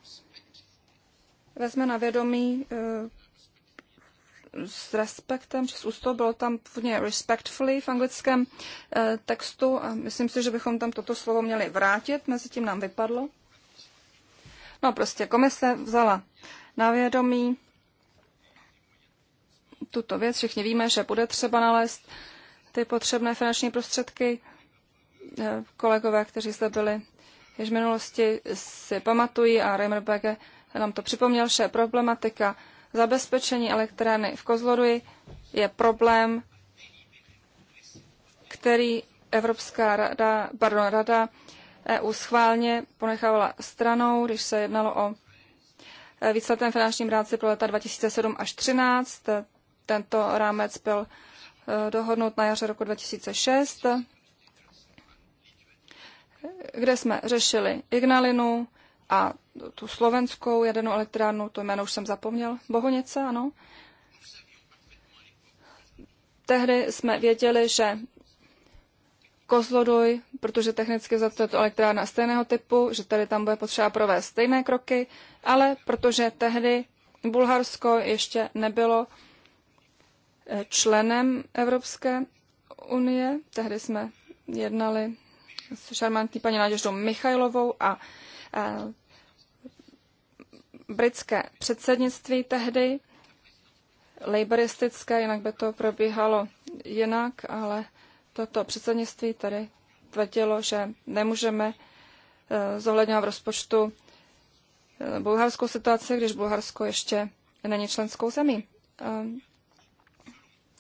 vezme na vědomí eh, s respektem, či s ústou, bylo tam původně respectfully v anglickém eh, textu a myslím si, že bychom tam toto slovo měli vrátit, mezi tím nám vypadlo. No prostě komise vzala na vědomí tuto věc. Všichni víme, že bude třeba nalézt ty potřebné finanční prostředky. Kolegové, kteří zde byli jež v minulosti si pamatují a Reimer Bege nám to připomněl, že problematika zabezpečení elektrárny v Kozloruji je problém, který Evropská rada, pardon, rada EU schválně ponechávala stranou, když se jednalo o výsledném finančním rámci pro leta 2007 až 2013. Tento rámec byl eh, dohodnut na jaře roku 2006 kde jsme řešili Ignalinu a tu slovenskou jadernou elektrárnu, to jméno už jsem zapomněl, Bohonice, ano. Tehdy jsme věděli, že Kozloduj, protože technicky za to je to elektrárna stejného typu, že tady tam bude potřeba provést stejné kroky, ale protože tehdy Bulharsko ještě nebylo eh, členem Evropské unie, tehdy jsme jednali s šarmantní paní Náděždou Michajlovou a britské předsednictví tehdy, laboristické, jinak by to probíhalo jinak, ale toto předsednictví tady tvrdilo, že nemůžeme e, zohledňovat v rozpočtu e, bulharskou situaci, když Bulharsko ještě není členskou zemí. E,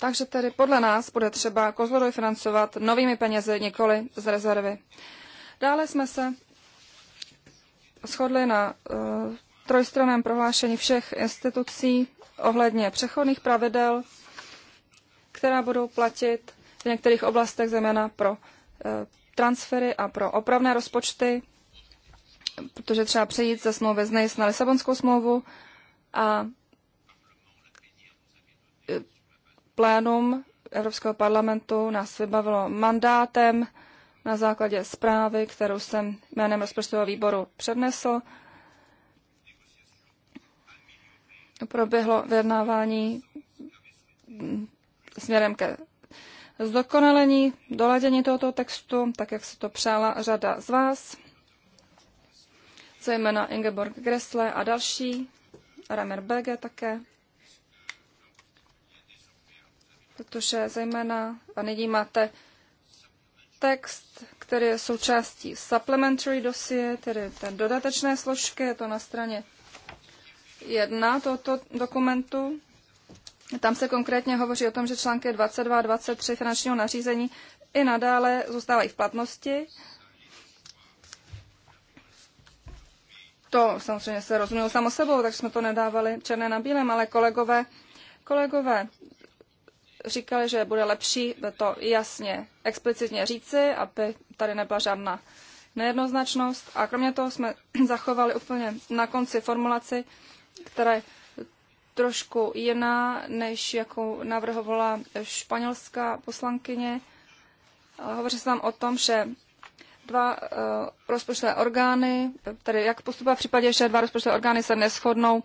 takže tedy podle nás bude třeba Kozloduj financovat novými penězi, nikoli z rezervy. Dále jsme se shodli na uh, eh, trojstraném prohlášení všech institucí ohledně přechodných pravidel, která budou platit v některých oblastech, zejména pro uh, transfery a pro opravné rozpočty, protože třeba přejít ze smlouvy z NIS na Lisabonskou smlouvu a plénum Evropského parlamentu nás vybavilo mandátem na základě zprávy, kterou jsem jménem rozpočtového výboru přednesl. Proběhlo vyjednávání směrem ke zdokonalení, doladění tohoto textu, tak jak se to přála řada z vás, zejména Ingeborg Gressle a další, Ramer Bege také. protože zejména a nyní máte text, který je součástí supplementary dosie, tedy té dodatečné složky, je to na straně jedna tohoto dokumentu. Tam se konkrétně hovoří o tom, že články 22 a 23 finančního nařízení i nadále zůstávají v platnosti. To samozřejmě se rozumělo samo sebou, tak jsme to nedávali černé na bílém, ale kolegové, kolegové říkali, že bude lepší to jasně, explicitně říci, aby tady nebyla žádná nejednoznačnost. A kromě toho jsme zachovali úplně na konci formulaci, která je trošku jiná, než jakou navrhovala španělská poslankyně. Hovoří se tam o tom, že dva uh, rozpočtové orgány, tedy jak postupovat v případě, že dva rozpočtové orgány se neschodnou uh,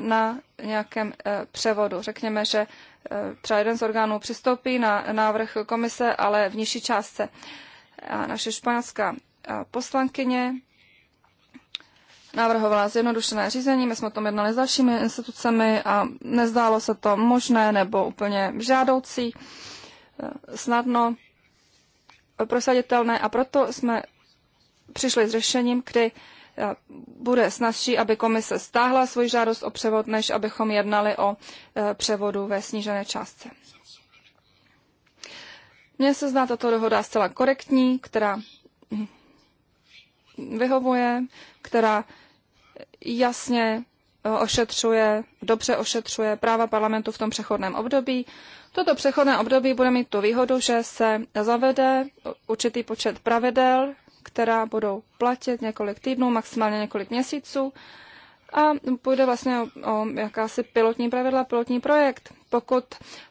na nějakém uh, převodu. Řekněme, že třeba jeden z orgánů přistoupí na návrh komise, ale v nižší částce. A naše španělská poslankyně navrhovala zjednodušené řízení, my jsme o tom jednali s dalšími institucemi a nezdálo se to možné nebo úplně žádoucí, e, snadno prosaditelné a proto jsme přišli s řešením, kdy Eh, bude snazší, aby komise stáhla svoji žádost o převod, než abychom jednali o eh, převodu ve snížené částce. Mně se zdá tato dohoda zcela korektní, která vyhovuje, která jasně eh, ošetřuje, dobře ošetřuje práva parlamentu v tom přechodném období. Toto přechodné období bude mít tu výhodu, že se zavede určitý počet pravidel, která budou platit několik týdnů, maximálně několik měsíců. A půjde vlastně o, o jakási pilotní pravidla, pilotní projekt. Pokud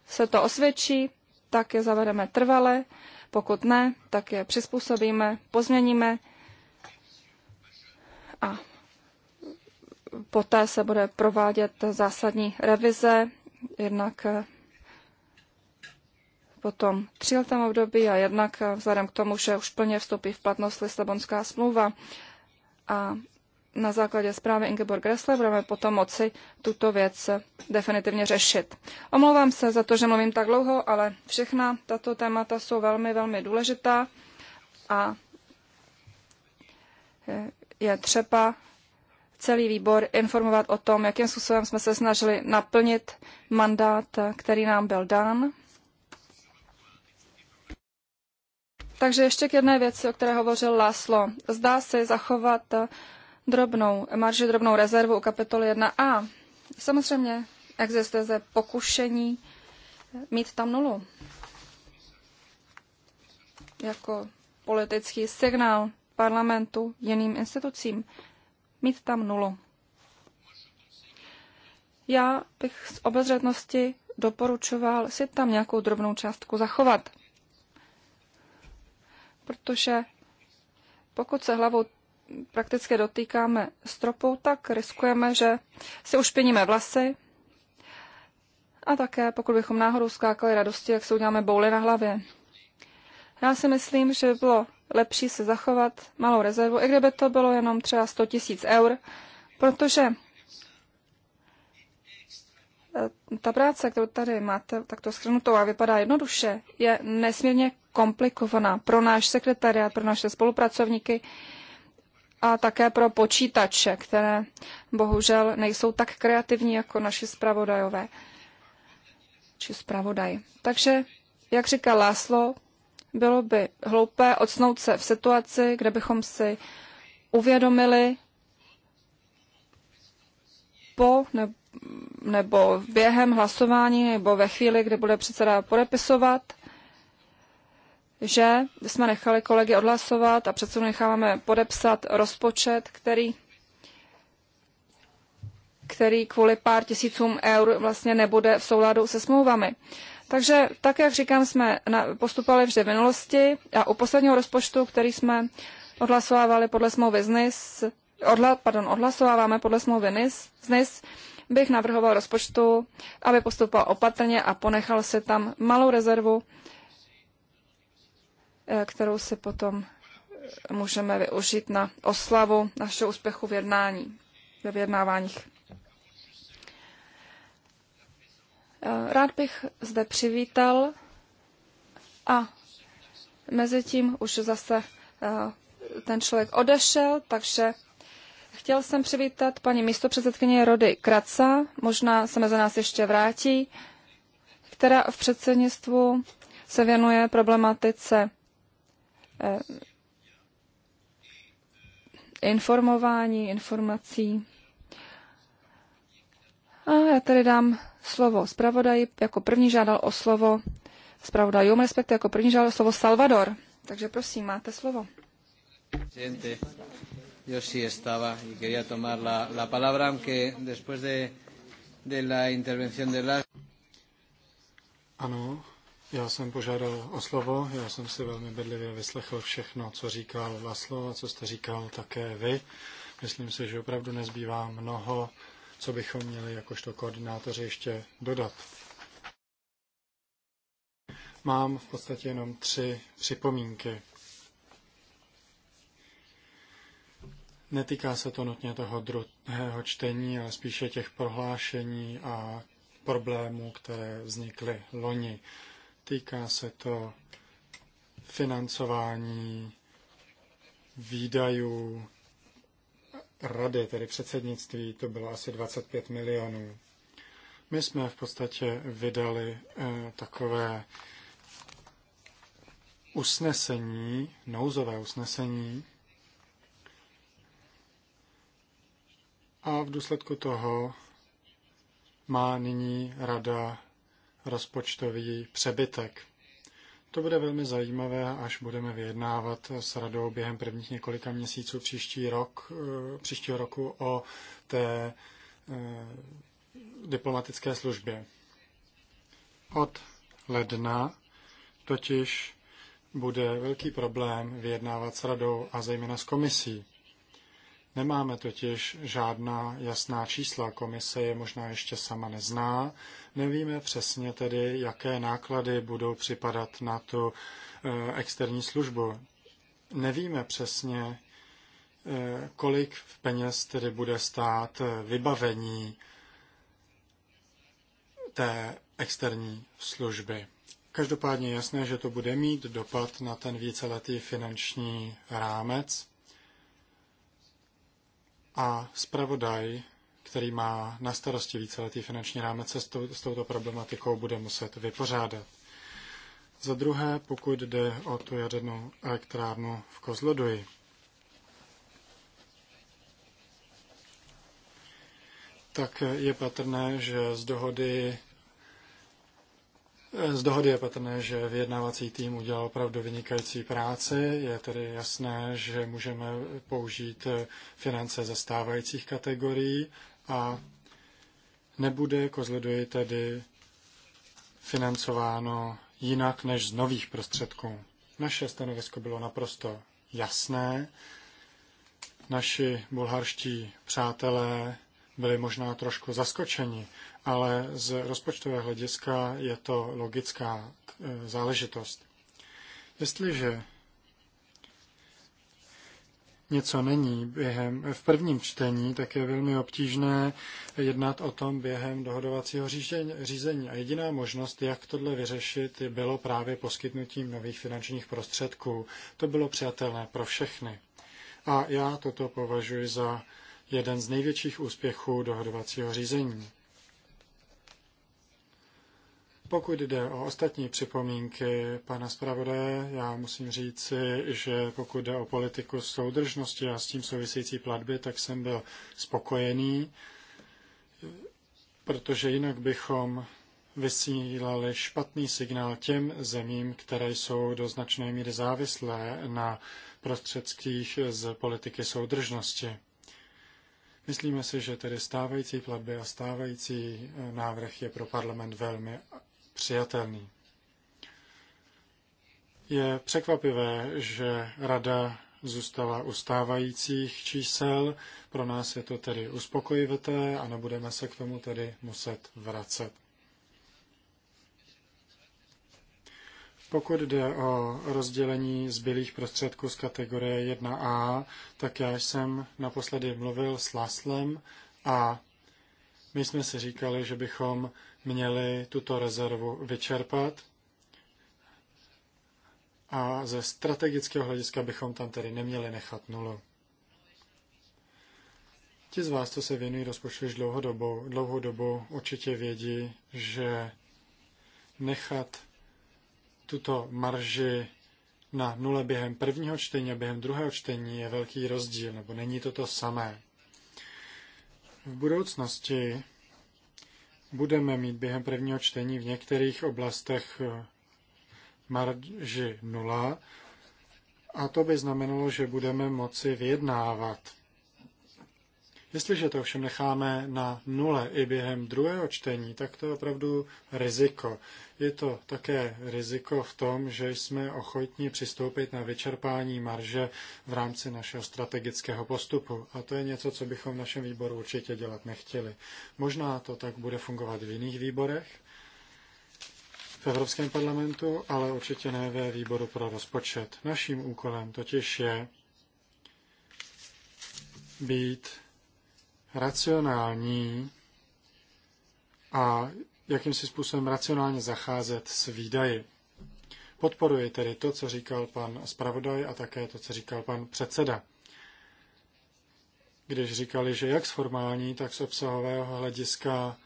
se to osvědčí, tak je zavedeme trvale, pokud ne, tak je přizpůsobíme, pozměníme a poté se bude provádět zásadní revize, jednak potom tříletém období a jednak vzhledem k tomu, že už plně vstoupí v platnost Lisabonská smlouva a na základě zprávy Ingeborg Gressle budeme potom moci tuto věc definitivně řešit. Omlouvám se za to, že mluvím tak dlouho, ale všechna tato témata jsou velmi, velmi důležitá a je třeba celý výbor informovat o tom, jakým způsobem jsme se snažili naplnit mandát, který nám byl dán Takže ještě k jedné věci, o které hovořil Láslo. Zdá se zachovat drobnou marži, drobnou rezervu u kapitoly 1a. Samozřejmě existuje ze pokušení mít tam nulu. Jako politický signál parlamentu jiným institucím. Mít tam nulu. Já bych z obezřetnosti doporučoval si tam nějakou drobnou částku zachovat protože pokud se hlavou prakticky dotýkáme stropu, tak riskujeme, že si ušpiníme vlasy a také pokud bychom náhodou skákali radosti, jak se uděláme bouly na hlavě. Já si myslím, že by bylo lepší se zachovat malou rezervu, i kdyby to bylo jenom třeba 100 tisíc eur, protože eh, ta práce, kterou tady máte takto schrnutou a vypadá jednoduše, je nesmírně komplikovaná pro náš sekretariat, pro naše spolupracovníky a také pro počítače, které bohužel nejsou tak kreativní jako naši zpravodajové či zpravodaj. Takže, jak říká Láslo, bylo by hloupé odsnout se v situaci, kde bychom si uvědomili po nebo během hlasování nebo ve chvíli, kdy bude předseda podepisovat, že jsme nechali kolegy odhlasovat a předsedu necháváme podepsat rozpočet, který který kvůli pár tisícům eur vlastně nebude v souladu se smlouvami. Takže tak, jak říkám, jsme postupovali vždy v minulosti a u posledního rozpočtu, který jsme odhlasovávali podle smlouvy NIS, odhla, pardon, odhlasováváme podle smlouvy NIS, NIS, bych navrhoval rozpočtu, aby postupoval opatrně a ponechal si tam malou rezervu, Eh, kterou si potom eh, můžeme využít na oslavu našeho úspěchu v jednání, ve vyjednáváních. Eh, rád bych zde přivítal a mezi tím už zase ten člověk odešel, takže chtěl jsem přivítat paní místopředsedkyně Rody Kraca, možná se mezi nás ještě vrátí, která v předsednictvu se věnuje problematice Eh, informování, informací. A já tady dám slovo zpravodaji. Jako první žádal o slovo zpravodajům, respektive jako první žádal o slovo Salvador. Takže prosím, máte slovo. Presidente, yo sí estaba y quería tomar la, la palabra, aunque después de, de la intervención de la... Ano, já jsem požádal o slovo, já jsem si velmi bedlivě vyslechl všechno, co říkal Laslo a co jste říkal také vy. Myslím si, že opravdu nezbývá mnoho, co bychom měli jakožto koordinátoři ještě dodat. Mám v podstatě jenom tři připomínky. Netýká se to nutně toho druhého čtení, ale spíše těch prohlášení a problémů, které vznikly loni. Týká se to financování výdajů rady, tedy předsednictví, to bylo asi 25 milionů. My jsme v podstatě vydali eh, takové usnesení, nouzové usnesení, a v důsledku toho má nyní rada rozpočtový přebytek. To bude velmi zajímavé, až budeme vyjednávat s radou během prvních několika měsíců příští rok, eh, příštího roku o té eh, diplomatické službě. Od ledna totiž bude velký problém vyjednávat s radou a zejména s komisí. Nemáme totiž žádná jasná čísla, komise je možná ještě sama nezná. Nevíme přesně tedy, jaké náklady budou připadat na tu eh, externí službu. Nevíme přesně, eh, kolik v peněz tedy bude stát eh, vybavení té externí služby. Každopádně jasné, že to bude mít dopad na ten víceletý finanční rámec a zpravodaj, který má na starosti víceletý finanční rámec, se s, touto problematikou bude muset vypořádat. Za druhé, pokud jde o tu jadernou elektrárnu v Kozloduji. tak je patrné, že z dohody z dohody je patrné, že vyjednávací tým udělal opravdu vynikající práci. Je tedy jasné, že můžeme použít finance ze stávajících kategorií a nebude kozleduji jako tedy financováno jinak než z nových prostředků. Naše stanovisko bylo naprosto jasné. Naši bulharští přátelé byli možná trošku zaskočeni, ale z rozpočtového hlediska je to logická e, záležitost. Jestliže něco není během, v prvním čtení, tak je velmi obtížné jednat o tom během dohodovacího řízení. A jediná možnost, jak tohle vyřešit, bylo právě poskytnutím nových finančních prostředků. To bylo přijatelné pro všechny. A já toto považuji za jeden z největších úspěchů dohodovacího řízení. Pokud jde o ostatní připomínky pana zpravodaje, já musím říci, že pokud jde o politiku soudržnosti a s tím související platby, tak jsem byl spokojený, protože jinak bychom vysílali špatný signál těm zemím, které jsou do značné míry závislé na prostředcích z politiky soudržnosti. Myslíme si, že tedy stávající platby a stávající návrh je pro parlament velmi přijatelný. Je překvapivé, že rada zůstala u stávajících čísel. Pro nás je to tedy uspokojivé a nebudeme se k tomu tedy muset vracet. Pokud jde o rozdělení zbylých prostředků z kategorie 1A, tak já jsem naposledy mluvil s Laslem a my jsme si říkali, že bychom měli tuto rezervu vyčerpat a ze strategického hlediska bychom tam tedy neměli nechat nulu. Ti z vás, co se věnují rozpočtu již dlouhou dobu. určitě vědí, že nechat tuto marži na nule během prvního čtení a během druhého čtení je velký rozdíl, nebo není to to samé. V budoucnosti budeme mít během prvního čtení v některých oblastech eh, marži nula a to by znamenalo, že budeme moci vyjednávat Jestliže to ovšem necháme na nule i během druhého čtení, tak to je opravdu riziko. Je to také riziko v tom, že jsme ochotní přistoupit na vyčerpání marže v rámci našeho strategického postupu. A to je něco, co bychom v našem výboru určitě dělat nechtěli. Možná to tak bude fungovat v jiných výborech, v Evropském parlamentu, ale určitě ne ve výboru pro rozpočet. Naším úkolem totiž je být racionální a jakým si způsobem racionálně zacházet s výdaji. Podporuji tedy to, co říkal pan zpravodaj a také to, co říkal pan předseda. Když říkali, že jak z formální, tak z obsahového hlediska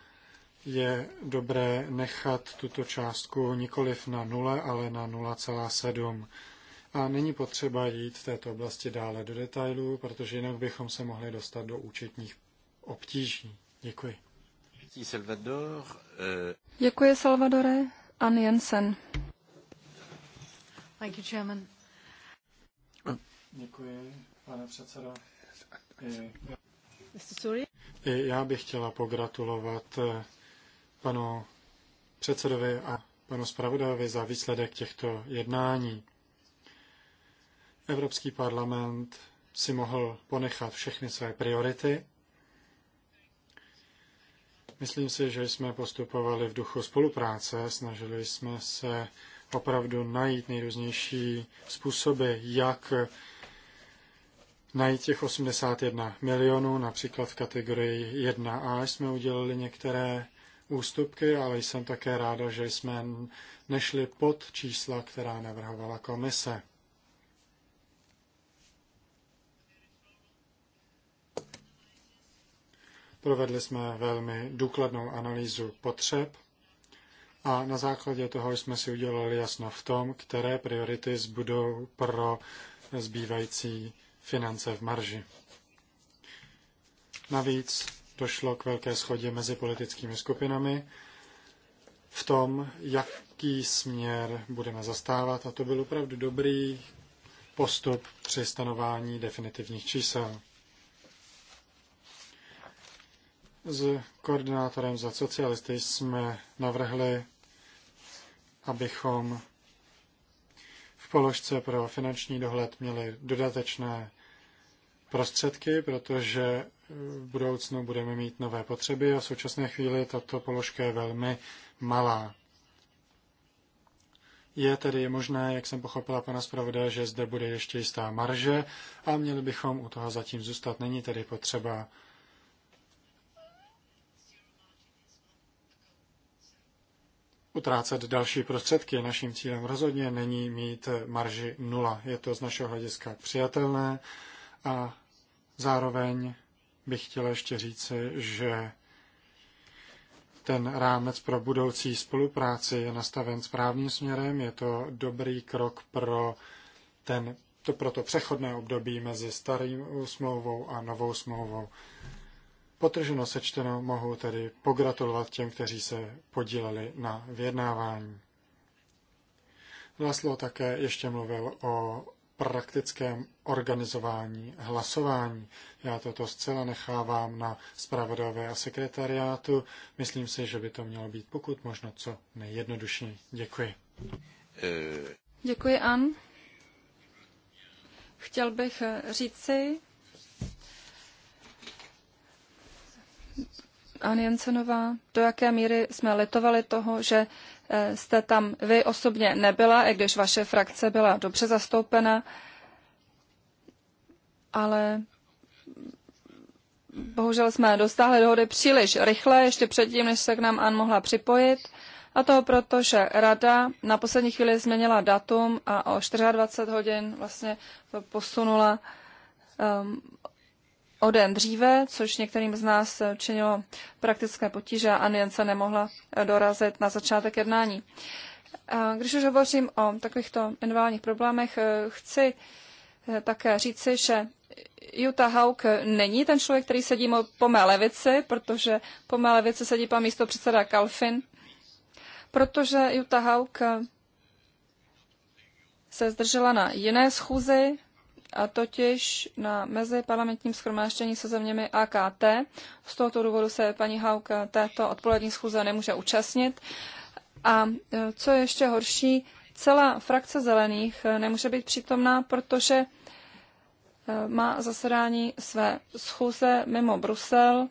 je dobré nechat tuto částku nikoliv na nule, ale na 0,7. A není potřeba jít v této oblasti dále do detailů, protože jinak bychom se mohli dostat do účetních obtížní. Děkuji. Euh, Děkuji, Salvadore. Ann Jensen. Thank you, Chairman. Děkuji, pane předsedo. já bych chtěla pogratulovat eh, panu předsedovi a panu zpravodajovi za výsledek těchto jednání. Evropský parlament si mohl ponechat všechny své priority Myslím si, že jsme postupovali v duchu spolupráce, snažili jsme se opravdu najít nejrůznější způsoby, jak najít těch 81 milionů, například v kategorii 1A jsme udělali některé ústupky, ale jsem také ráda, že jsme nešli pod čísla, která navrhovala komise. Provedli jsme velmi důkladnou analýzu potřeb a na základě toho jsme si udělali jasno v tom, které priority zbudou pro zbývající finance v marži. Navíc došlo k velké schodě mezi politickými skupinami v tom, jaký směr budeme zastávat a to byl opravdu dobrý postup při stanování definitivních čísel. s koordinátorem za socialisty jsme navrhli, abychom v položce pro finanční dohled měli dodatečné prostředky, protože v budoucnu budeme mít nové potřeby a v současné chvíli tato položka je velmi malá. Je tedy možné, jak jsem pochopila pana zpravodaje, že zde bude ještě jistá marže a měli bychom u toho zatím zůstat. Není tedy potřeba utrácet další prostředky. Naším cílem rozhodně není mít marži nula. Je to z našeho hlediska přijatelné a zároveň bych chtěl ještě říci, že ten rámec pro budoucí spolupráci je nastaven správným směrem. Je to dobrý krok pro, ten, to, pro to přechodné období mezi starým smlouvou a novou smlouvou. Potrženo sečteno mohu tedy pogratulovat těm, kteří se podíleli na vyjednávání. Laslo no také ještě mluvil o praktickém organizování hlasování. Já toto zcela nechávám na zpravodové a sekretariátu. Myslím si, že by to mělo být pokud možno co nejjednodušší. Děkuji. Děkuji, An. Chtěl bych říci, Ann Jensenová, do jaké míry jsme litovali toho, že eh, jste tam vy osobně nebyla, i když vaše frakce byla dobře zastoupena, ale bohužel jsme dostáhli dohody příliš rychle, ještě předtím, než se k nám Ann mohla připojit. A to proto, že rada na poslední chvíli změnila datum a o 24 hodin vlastně posunula um, o den dříve, což některým z nás činilo praktické potíže a Ann se nemohla eh, dorazit na začátek jednání. Když už hovořím o takovýchto individuálních problémech, eh, chci eh, také říci, že Jutta Hauk není ten člověk, který sedí po mé levici, protože po mé levici sedí pan místo předseda Kalfin, protože Jutta Hauk se zdržela na jiné schůzi, a totiž na meziparlamentním schromáždění se zeměmi AKT. Z tohoto důvodu se paní Hauk této odpolední schůze nemůže účastnit. A e, co je ještě horší, celá frakce zelených e, nemůže být přítomná, protože e, má zasedání své schůze mimo Brusel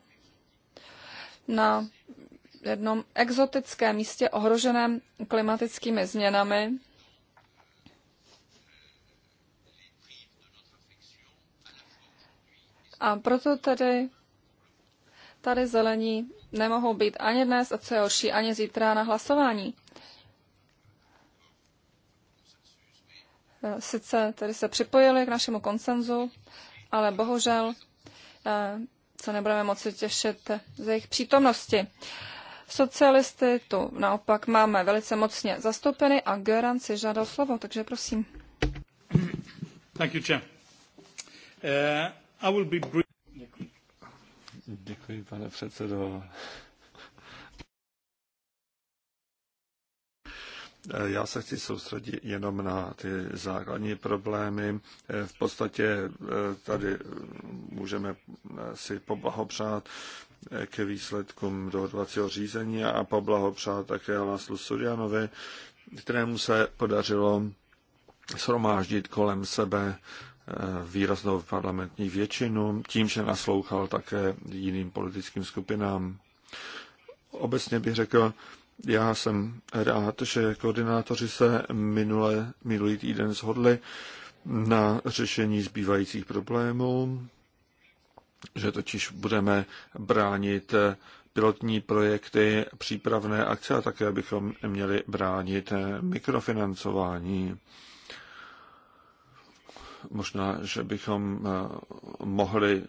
na jednom exotickém místě ohroženém klimatickými změnami A proto tedy tady zelení nemohou být ani dnes, a co je horší, ani zítra na hlasování. Eh, sice tedy se připojili k našemu konsenzu, ale bohužel eh, se nebudeme moci těšit ze jejich přítomnosti. Socialisty tu naopak máme velice mocně zastoupeny a Göran si žádal slovo, takže prosím. Thank you, Chair. Uh... Děkuji. Děkuji, pane předsedo. Já se chci soustředit jenom na ty základní problémy. V podstatě eh, tady můžeme eh, si poblahopřát eh, ke výsledkům dohodovacího řízení a poblahopřát také Laslu Surianovi, kterému se podařilo shromáždit kolem sebe výraznou parlamentní většinu, tím, že naslouchal také jiným politickým skupinám. Obecně bych řekl, já jsem rád, že koordinátoři se minule, minulý týden shodli na řešení zbývajících problémů, že totiž budeme bránit pilotní projekty, přípravné akce a také bychom měli bránit mikrofinancování možná, že bychom eh, mohli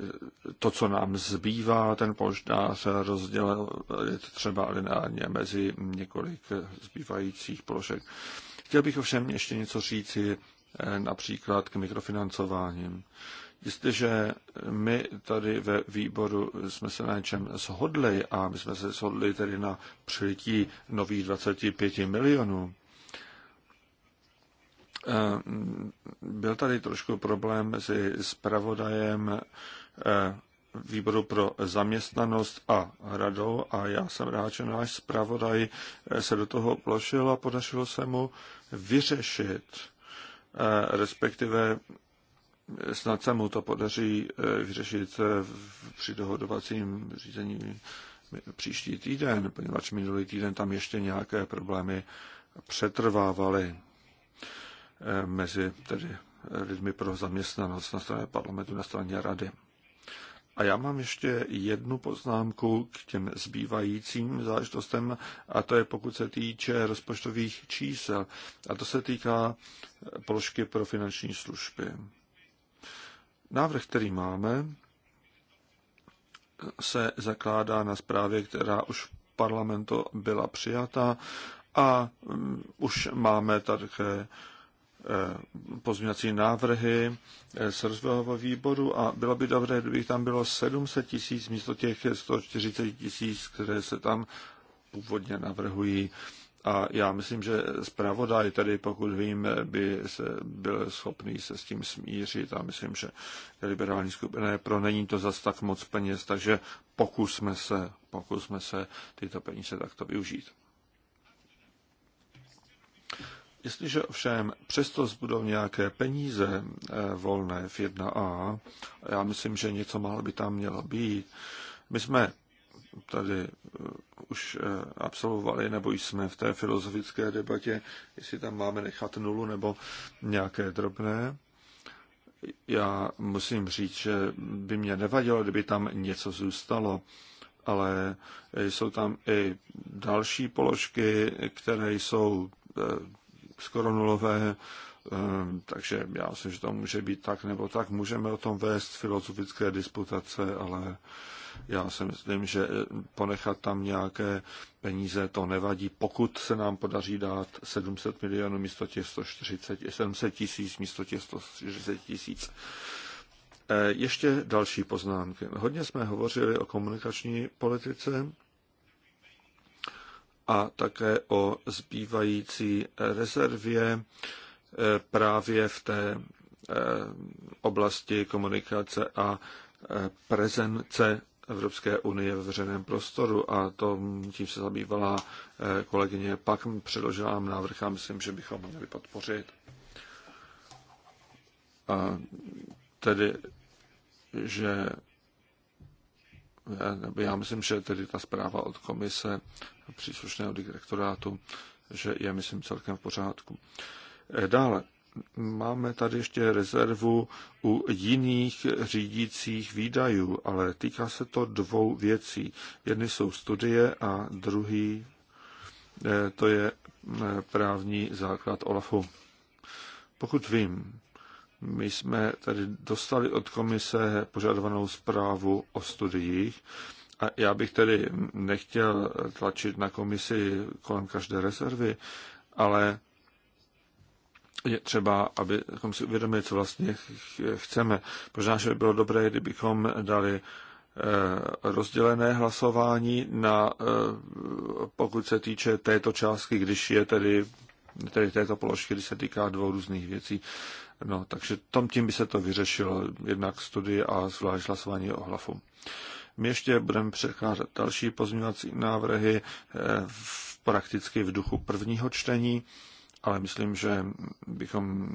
to, co nám zbývá, ten polštář rozdělit třeba lineárně mezi několik zbývajících položek. Chtěl bych ovšem ještě něco říci eh, například k mikrofinancováním. Jestliže my tady ve výboru jsme se na něčem shodli a my jsme se shodli tedy na přijetí nových 25 milionů, Eh, byl tady trošku problém mezi zpravodajem eh, výboru pro zaměstnanost a radou a já jsem rád, že náš zpravodaj eh, se do toho plošil a podařilo se mu vyřešit, respektive snad se mu to podaří vyřešit při dohodovacím řízení příští týden, poněvadž minulý týden tam ještě nějaké problémy přetrvávaly. Eh, mezi tedy lidmi pro zaměstnanost na straně parlamentu, na straně rady. A já mám ještě jednu poznámku k těm zbývajícím záležitostem, a to je pokud se týče rozpočtových čísel. A to se týká položky pro finanční služby. Návrh, který máme, se zakládá na zprávě, která už v parlamentu byla přijata a mm, už máme také Eh, pozměňovací návrhy eh, z rozvojového výboru a bylo by dobré, kdybych tam bylo 700 tisíc místo těch 140 tisíc, které se tam původně navrhují. A já myslím, že zpravodaj tady, pokud vím, by se byl schopný se s tím smířit a myslím, že liberální skupina je pro, není to zas tak moc peněz, takže pokusme se, pokusme se tyto peníze takto využít. Jestliže ovšem přesto zbudou nějaké peníze eh, volné v 1A, já myslím, že něco málo by tam mělo být, my jsme tady eh, už eh, absolvovali, nebo jsme v té filozofické debatě, jestli tam máme nechat nulu nebo nějaké drobné. Já musím říct, že by mě nevadilo, kdyby tam něco zůstalo, ale jsou tam i další položky, které jsou skoro nulové, eh, takže já myslím, že to může být tak nebo tak. Můžeme o tom vést filozofické disputace, ale já si myslím, že eh, ponechat tam nějaké peníze to nevadí, pokud se nám podaří dát 700 milionů místo těch 140, 700 tisíc místo těch 140 tisíc. Eh, ještě další poznámky. Hodně jsme hovořili o komunikační politice a také o zbývající rezervě eh, právě v té eh, oblasti komunikace a eh, prezence Evropské unie ve veřejném prostoru a to mm, tím se zabývala kolegyně. Pak předložila nám návrh a myslím, že bychom měli podpořit. A tedy, že Eh, já myslím, že tedy ta zpráva od komise příslušného direktorátu, že je, myslím, celkem v pořádku. Eh, dále, máme tady ještě rezervu u jiných řídících výdajů, ale týká se to dvou věcí. Jedny jsou studie a druhý eh, to je právní základ OLAFu. Pokud vím, my jsme tady dostali od komise požadovanou zprávu o studiích a já bych tedy nechtěl tlačit na komisi kolem každé rezervy, ale je třeba, abychom si uvědomili, co vlastně chceme. Možná, že by bylo dobré, kdybychom dali eh, rozdělené hlasování na, eh, pokud se týče této částky, když je tedy tedy této položky, když se týká dvou různých věcí. No, takže tom tím by se to vyřešilo, jednak studie a zvlášť hlasování o hlavu. My ještě budeme přecházet další pozměňovací návrhy eh, v, prakticky v duchu prvního čtení, ale myslím, že bychom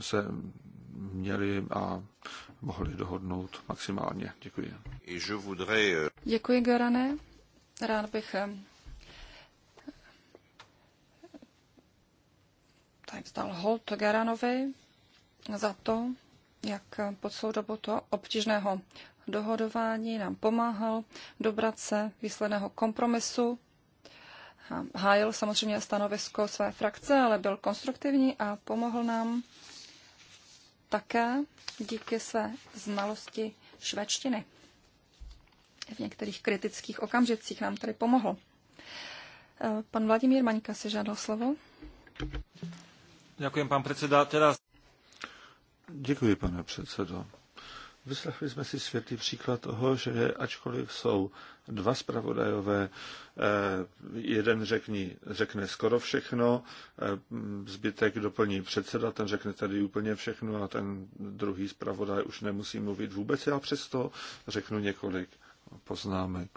se měli a mohli dohodnout maximálně. Děkuji. Eh, Děkuji, Gorane. Rád bych eh, tak vzdal hold Garanovi za to, jak po celou dobu toho obtížného dohodování nám pomáhal dobrat se výsledného kompromisu. Hájil samozřejmě stanovisko své frakce, ale byl konstruktivní a pomohl nám také díky své znalosti švédštiny. V některých kritických okamžicích nám tady pomohl. Pan Vladimír Maňka si žádal slovo. Děkuji, pan předseda. Teraz... Děkuji, pane předsedo. Vyslechli jsme si světlý příklad toho, že ačkoliv jsou dva zpravodajové, eh, jeden řekni, řekne skoro všechno, eh, zbytek doplní předseda, ten řekne tady úplně všechno a ten druhý zpravodaj už nemusí mluvit vůbec. Já přesto řeknu několik poznámek.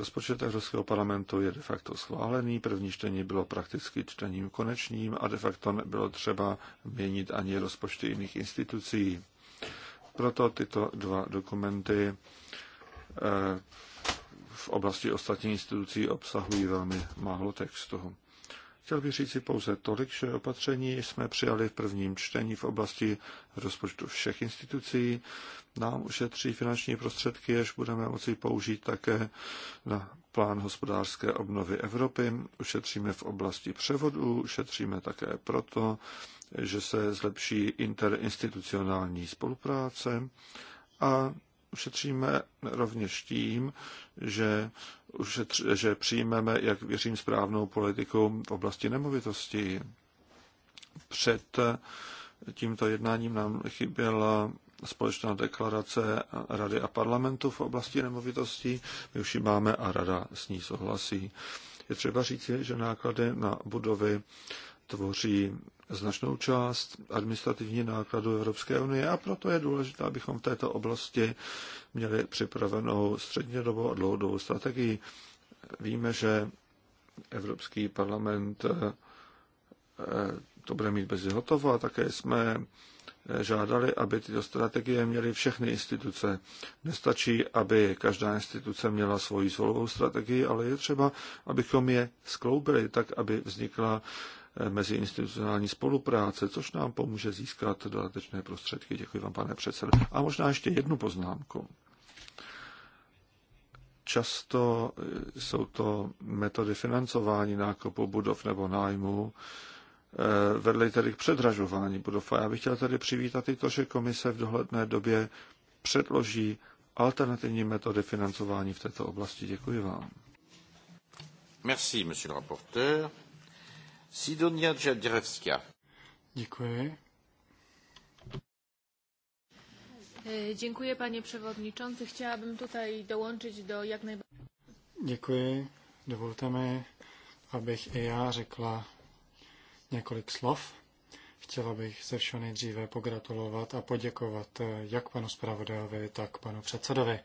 Rozpočet Evropského parlamentu je de facto schválený, první čtení bylo prakticky čtením konečným a de facto nebylo třeba měnit ani rozpočty jiných institucí. Proto tyto dva dokumenty eh, v oblasti ostatních institucí obsahují velmi málo textu. Chtěl bych říci pouze tolik, že opatření jsme přijali v prvním čtení v oblasti rozpočtu všech institucí. Nám ušetří finanční prostředky, jež budeme moci použít také na plán hospodářské obnovy Evropy. Ušetříme v oblasti převodu, ušetříme také proto, že se zlepší interinstitucionální spolupráce a ušetříme rovněž tím, že, ušetř, že přijmeme, jak věřím, správnou politiku v oblasti nemovitostí. Před tímto jednáním nám chyběla společná deklarace Rady a parlamentu v oblasti nemovitostí. My už ji máme a Rada s ní souhlasí. Je třeba říci, že náklady na budovy tvoří značnou část administrativní nákladu Evropské unie a proto je důležité, abychom v této oblasti měli připravenou střednědobou a dlouhodobou strategii. Víme, že Evropský parlament eh, to bude mít bez hotovo a také jsme eh, žádali, aby tyto strategie měly všechny instituce. Nestačí, aby každá instituce měla svoji solovou strategii, ale je třeba, abychom je skloubili tak, aby vznikla meziinstitucionální spolupráce, což nám pomůže získat dodatečné prostředky. Děkuji vám, pane předsedo. A možná ještě jednu poznámku. Často jsou to metody financování nákupu budov nebo nájmu, eh, vedly tedy k předražování budov. A já bych chtěl tedy přivítat i to, že komise v dohledné době předloží alternativní metody financování v této oblasti. Děkuji vám. Merci, monsieur le rapporteur. Sidonia Drzewska. Děkuji. E, dziękuję panie przewodniczący. Chciałabym tutaj dołączyć do jak najbardziej. Děkuji. Dovolte mi, abych i já řekla několik slov. Chtěla bych se všeho nejdříve pogratulovat a poděkovat e, jak panu zpravodajovi, tak panu předsedovi.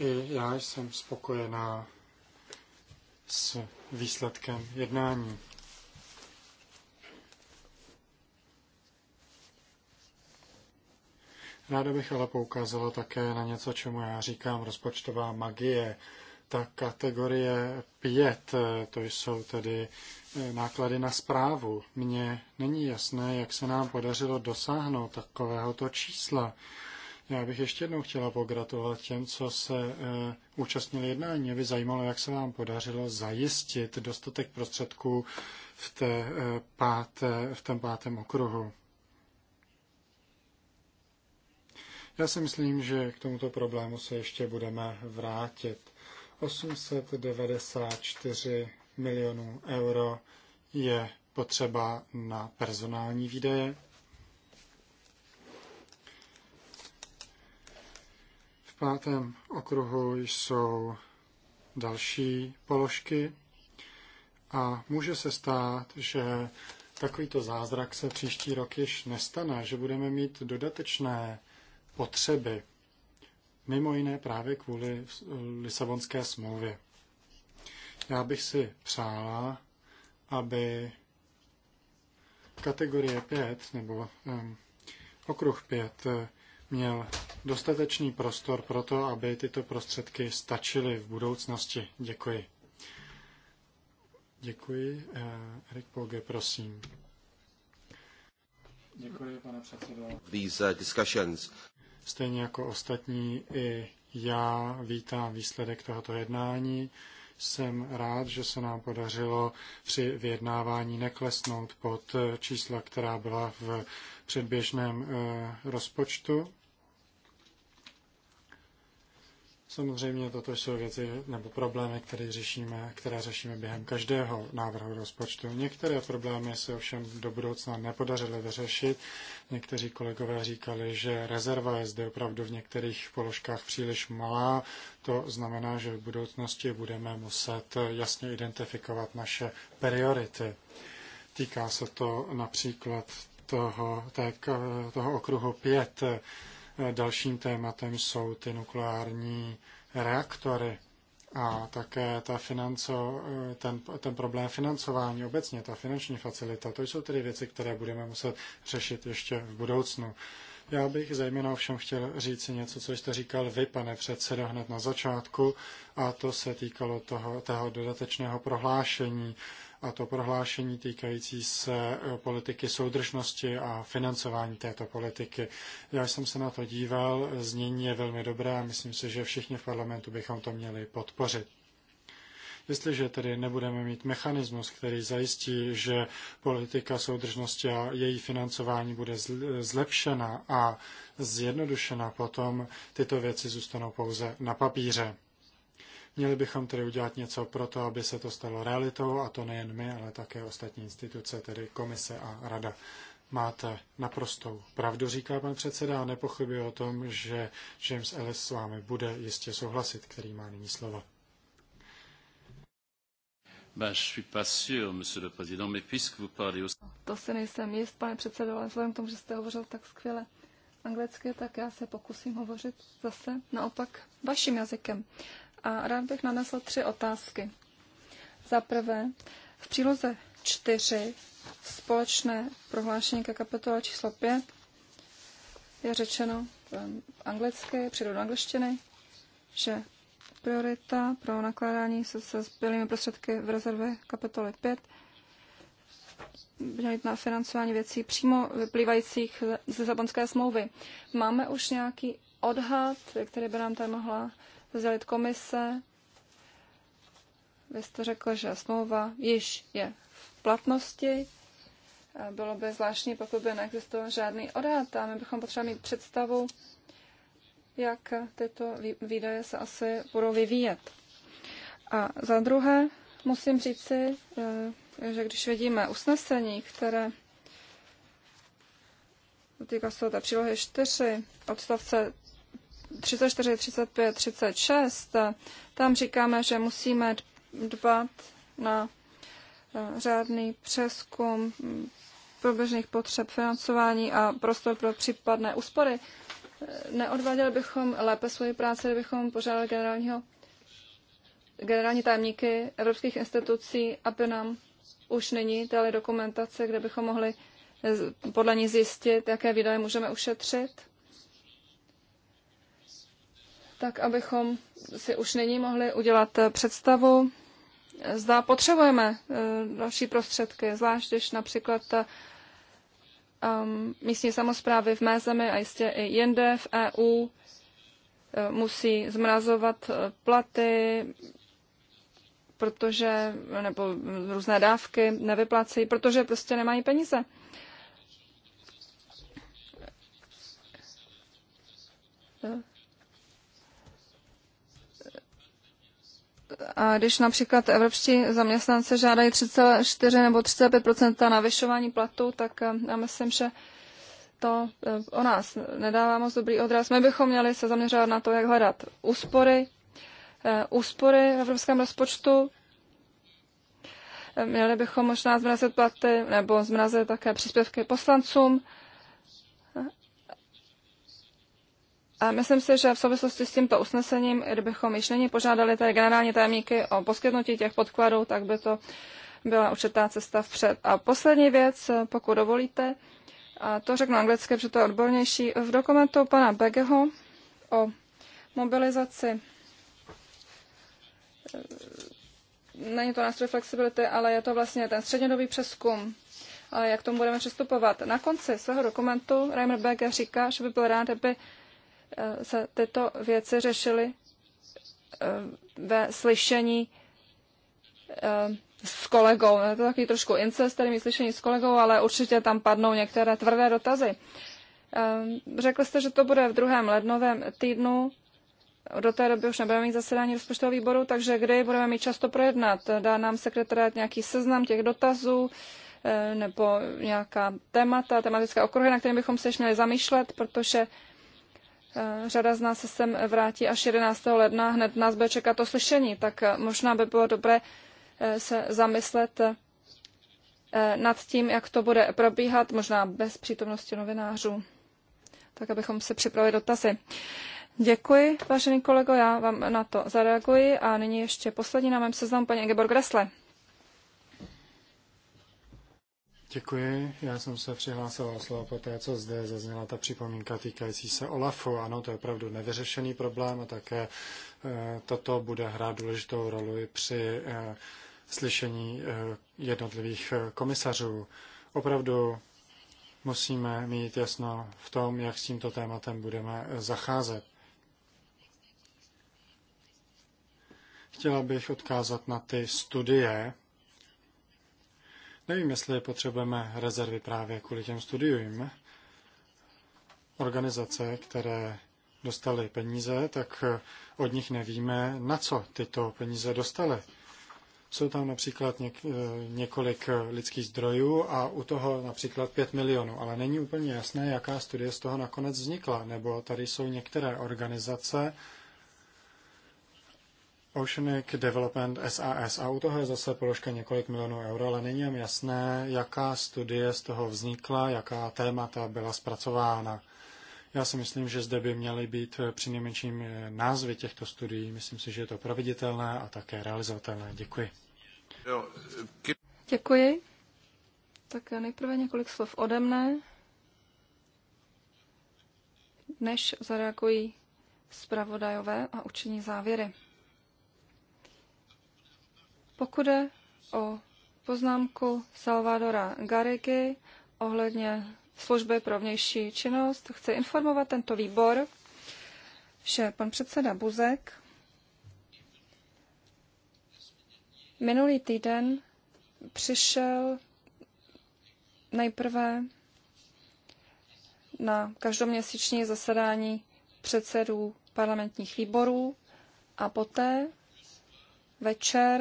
I já jsem spokojená s výsledkem jednání. Ráda bych ale poukázala také na něco, čemu já říkám rozpočtová magie. Ta kategorie 5, to jsou tedy eh, náklady na zprávu. Mně není jasné, jak se nám podařilo dosáhnout takovéhoto čísla. No, já bych ještě jednou chtěla pogratulovat těm, co se e, účastnili jednání. Mě by zajímalo, jak se vám podařilo zajistit dostatek prostředků v, té, e, páté, v tom pátém okruhu. Já si myslím, že k tomuto problému se ještě budeme vrátit. 894 milionů euro je potřeba na personální výdaje V pátém okruhu jsou další položky a může se stát, že takovýto zázrak se příští rok již nestane, že budeme mít dodatečné potřeby, mimo jiné právě kvůli Lisabonské smlouvě. Já bych si přála, aby kategorie 5 nebo um, okruh 5 měl dostatečný prostor pro to, aby tyto prostředky stačily v budoucnosti. Děkuji. Děkuji. Eh, Erik Polge, prosím. Děkuji, pane předsedo. These uh, discussions. Stejně jako ostatní, i já vítám výsledek tohoto jednání. Jsem rád, že se nám podařilo při vyjednávání neklesnout pod čísla, která byla v předběžném eh, rozpočtu Samozřejmě toto jsou věci nebo problémy, které řešíme, které řešíme během každého návrhu rozpočtu. Některé problémy se ovšem do budoucna nepodařily vyřešit. Někteří kolegové říkali, že rezerva je zde opravdu v některých položkách příliš malá. To znamená, že v budoucnosti budeme muset jasně identifikovat naše priority. Týká se to například toho, tak toho okruhu 5 Dalším tématem jsou ty nukleární reaktory a také ta financo, ten, ten problém financování obecně, ta finanční facilita. To jsou tedy věci, které budeme muset řešit ještě v budoucnu. Já bych zejména ovšem chtěl říct něco, co jste říkal vy, pane předsedo, hned na začátku, a to se týkalo toho, toho dodatečného prohlášení a to prohlášení týkající se eh, politiky soudržnosti a financování této politiky. Já jsem se na to díval, znění je velmi dobré a myslím si, že všichni v parlamentu bychom to měli podpořit. Jestliže tedy nebudeme mít mechanismus, který zajistí, že politika soudržnosti a její financování bude zlepšena a zjednodušena, potom tyto věci zůstanou pouze na papíře. Měli bychom tedy udělat něco pro to, aby se to stalo realitou, a to nejen my, ale také ostatní instituce, tedy komise a rada. Máte naprostou pravdu, říká pan předseda, a nepochybuji o tom, že James Ellis s vámi bude jistě souhlasit, který má nyní slovo. To si nejsem jist, pane předsedo, ale vzhledem k tomu, že jste hovořil tak skvěle anglicky, tak já se pokusím hovořit zase naopak vaším jazykem. Uh, a rád bych nanesl tři otázky. Za prvé, v příloze 4 společné prohlášení ke kapitole číslo 5 je řečeno um, anglicky, přijdu do angličtiny, že priorita pro nakládání se, se zbylými prostředky v rezervě kapitoly 5 měli na financování věcí přímo vyplývajících z zabonské smlouvy. Máme už nějaký odhad, který by nám tady mohla sdělit komise. Vy jste řekl, že smlouva již je v platnosti. Bylo by zvláštní, pokud by neexistoval žádný odhad a my bychom potřebovali mít představu, jak tyto výdaje se asi budou vyvíjet. A za druhé musím říci, eh, že když vidíme usnesení, které týká se té přílohy 4, odstavce 35, 36, tam říkáme, že musíme dbat na eh, řádný přeskum mm, průběžných potřeb financování a prostor pro případné úspory. Eh, neodváděli bychom lépe svoji práci, kdybychom požádali generálního, generální tajemníky evropských institucí, aby nám už nyní dali dokumentace, kde bychom mohli podle ní zjistit, jaké výdaje můžeme ušetřit tak abychom si už nyní mohli udělat eh, představu, eh, zda potřebujeme eh, další prostředky, zvlášť když například um, místní samozprávy v mé zemi a jistě i jinde v EU musí zmrazovat platy, protože, nebo různé dávky nevyplácejí, protože prostě nemají peníze. A když například evropští zaměstnance žádají 3,4 nebo 3,5 navyšování platu, tak eh, já myslím, že to eh, o nás nedává moc dobrý odraz. My bychom měli se zaměřovat na to, jak hledat úspory, eh, úspory v evropském rozpočtu. Měli bychom možná zmrazit platy nebo zmrazit také příspěvky poslancům A myslím si, že v souvislosti s tímto usnesením, kdybychom již nyní požádali tady generální tajemníky o poskytnutí těch podkladů, tak by to byla určitá cesta vpřed. A poslední věc, pokud dovolíte, a to řeknu anglicky, protože to je odbornější, v dokumentu pana Begeho o mobilizaci není to nástroj flexibility, ale je to vlastně ten střednědobý přeskum, jak tomu budeme přistupovat. Na konci svého dokumentu Reimer Bege říká, že by byl rád, aby se tyto věci řešily eh, ve slyšení eh, s kolegou. Je to takový trošku incest, tedy slyšení s kolegou, ale určitě tam padnou některé tvrdé dotazy. Eh, řekl jste, že to bude v druhém lednovém týdnu. Do té doby už nebudeme mít zasedání rozpočtového výboru, takže kdy budeme mít často projednat? Dá nám sekretariat nějaký seznam těch dotazů nebo nějaká témata, tematické okruhy, na kterým bychom se ještě měli zamýšlet, protože Eh, řada z nás se sem vrátí až 11. ledna, hned nás bude čekat to slyšení, tak eh, možná by bylo dobré eh, se zamyslet nad tím, jak to bude probíhat, možná bez přítomnosti novinářů, tak abychom se připravili dotazy. Děkuji, vážený kolego, já vám na to zareaguji a nyní ještě poslední na mém seznamu paní Ingeborg Gressle. Děkuji. Já jsem se přihlásil o slovo po té, co zde zazněla ta připomínka týkající se OLAFu. Ano, to je opravdu nevyřešený problém a také eh, toto bude hrát důležitou roli při eh, slyšení eh, jednotlivých komisařů. Opravdu musíme mít jasno v tom, jak s tímto tématem budeme zacházet. Chtěla bych odkázat na ty studie, Nevím, jestli potřebujeme rezervy právě kvůli těm studiím. Organizace, které dostaly peníze, tak od nich nevíme, na co tyto peníze dostaly. Jsou tam například něk- eh, několik lidských zdrojů a u toho například 5 milionů, ale není úplně jasné, jaká studie z toho nakonec vznikla. Nebo tady jsou některé organizace, Oceanic Development SAS a u toho je zase položka několik milionů eur, ale není jim jasné, jaká studie z toho vznikla, jaká témata byla zpracována. Já si myslím, že zde by měly být při nejmenším názvy těchto studií. Myslím si, že je to proveditelné a také realizovatelné. Děkuji. Děkuji. Tak nejprve několik slov ode mne, než zareagují zpravodajové a učiní závěry. Pokud je o poznámku Salvadora Garigy ohledně služby pro vnější činnost, chci informovat tento výbor, že pan předseda Buzek minulý týden přišel nejprve na každoměsíční zasedání předsedů parlamentních výborů a poté večer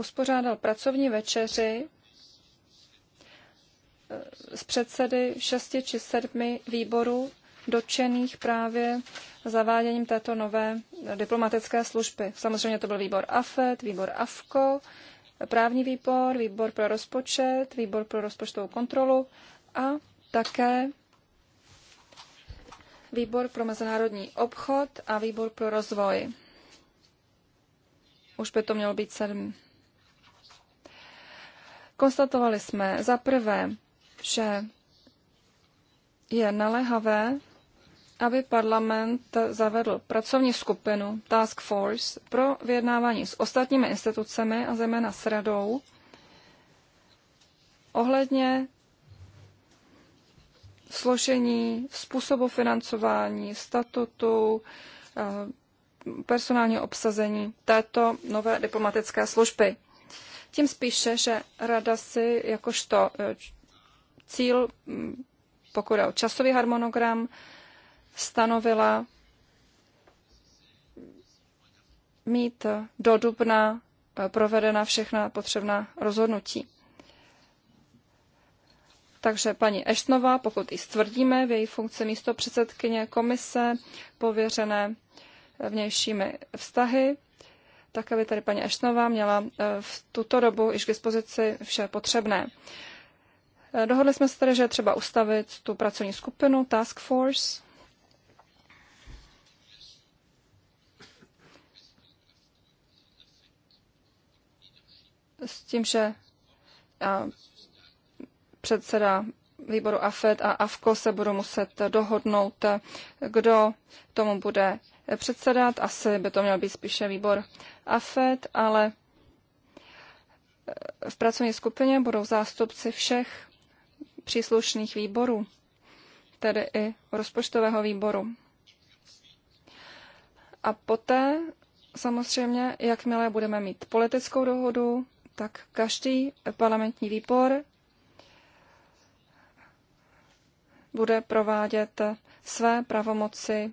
uspořádal pracovní večeři eh, s předsedy šesti či sedmi výborů dotčených právě zaváděním této nové diplomatické služby. Samozřejmě to byl výbor AFET, výbor AFKO, právní výbor, výbor pro rozpočet, výbor pro rozpočtovou kontrolu a také výbor pro mezinárodní obchod a výbor pro rozvoj. Už by to mělo být sedm. Konstatovali jsme za prvé, že je naléhavé, aby parlament zavedl pracovní skupinu Task Force pro vyjednávání s ostatními institucemi a zejména s radou ohledně složení, způsobu financování, statutu, eh, personálního obsazení této nové diplomatické služby. Tím spíše, že rada si jakožto e, cíl, pokud je o časový harmonogram, stanovila mít do dubna e, provedena všechna potřebná rozhodnutí. Takže paní Eštnová, pokud ji stvrdíme v její funkci místo předsedkyně komise pověřené vnějšími vztahy, tak aby tady paní Ešnová měla eh, v tuto dobu již k dispozici vše potřebné. Eh, dohodli jsme se tedy, že třeba ustavit tu pracovní skupinu, task force, s tím, že eh, předseda výboru AFED a AFKO se budou muset dohodnout, kdo tomu bude předsedat. Asi by to měl být spíše výbor AFED, ale e, v pracovní skupině budou zástupci všech příslušných výborů, tedy i rozpočtového výboru. A poté samozřejmě, jakmile budeme mít politickou dohodu, tak každý parlamentní výbor bude provádět své pravomoci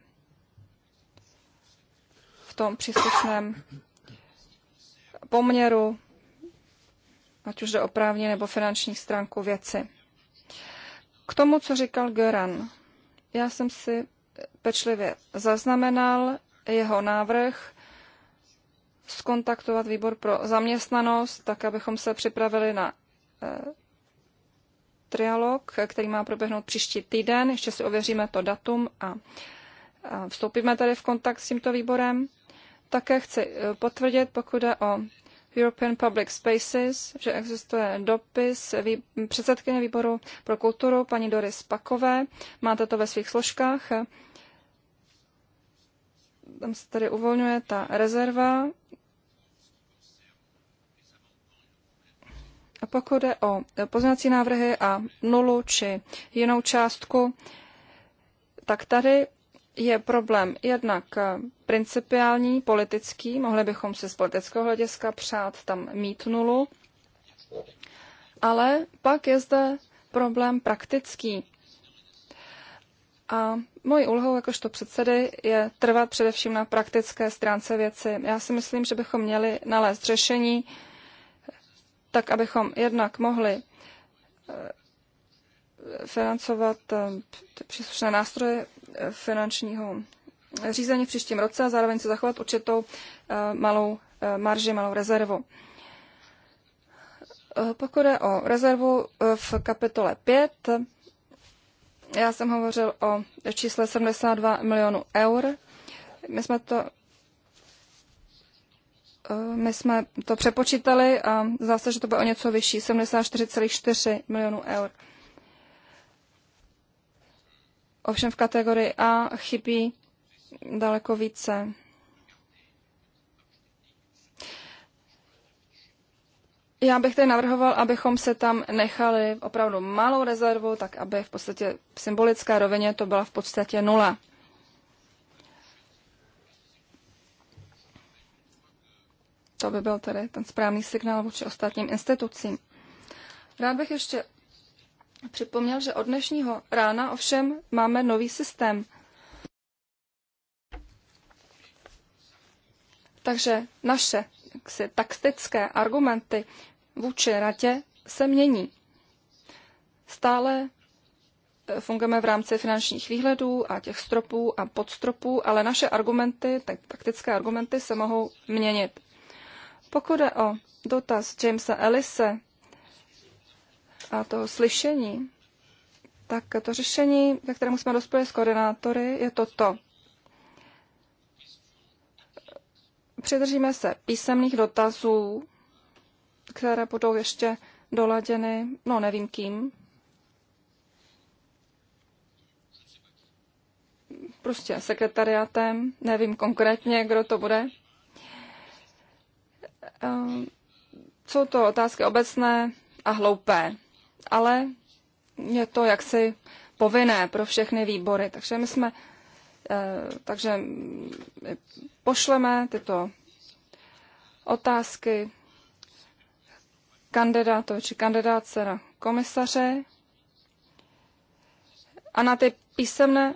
tom příslušném poměru, ať už jde o právní nebo finanční stránku věci. K tomu, co říkal Göran, já jsem si pečlivě zaznamenal jeho návrh skontaktovat výbor pro zaměstnanost, tak abychom se připravili na e, trialog, který má proběhnout příští týden. Ještě si ověříme to datum a, a vstoupíme tady v kontakt s tímto výborem. Také chci eh, potvrdit, pokud je o European Public Spaces, že existuje dopis vý, předsedkyně výboru pro kulturu paní Doris Pakové. Máte to ve svých složkách. Tam se tady uvolňuje ta rezerva. A pokud jde o pozměňovací návrhy a nulu či jinou částku, tak tady je problém jednak eh, principiální, politický, mohli bychom si z politického hlediska přát tam mít nulu, ale pak je zde problém praktický. A mojí úlohou jakožto předsedy je trvat především na praktické stránce věci. Já si myslím, že bychom měli nalézt řešení, tak abychom jednak mohli eh, financovat eh, příslušné nástroje finančního řízení v příštím roce a zároveň se zachovat určitou eh, malou eh, marži, malou rezervu. Eh, pokud je o rezervu v kapitole 5, já jsem hovořil o čísle 72 milionů eur. My jsme to my jsme to přepočítali a zase, že to bylo o něco vyšší, 74,4 milionů eur. Ovšem v kategorii A chybí daleko více. Já bych tedy navrhoval, abychom se tam nechali opravdu malou rezervu, tak aby v podstatě v symbolické rovině to byla v podstatě nula. To by byl tedy ten správný signál vůči ostatním institucím. Rád bych ještě připomněl, že od dnešního rána ovšem máme nový systém. Takže naše jaksi, taktické argumenty vůči radě se mění. Stále e, fungujeme v rámci finančních výhledů a těch stropů a podstropů, ale naše argumenty, tak taktické argumenty se mohou měnit. Pokud je o dotaz Jamesa Ellise a to slyšení, tak to řešení, ke kterému jsme dospěli s koordinátory, je toto. Přidržíme se písemných dotazů, které budou ještě doladěny, no nevím kým. Prostě sekretariátem, nevím konkrétně, kdo to bude. Ehm, jsou to otázky obecné a hloupé ale je to jaksi povinné pro všechny výbory. Takže my jsme, eh, takže pošleme tyto otázky kandidátovi či kandidáce na komisaře a na ty písemné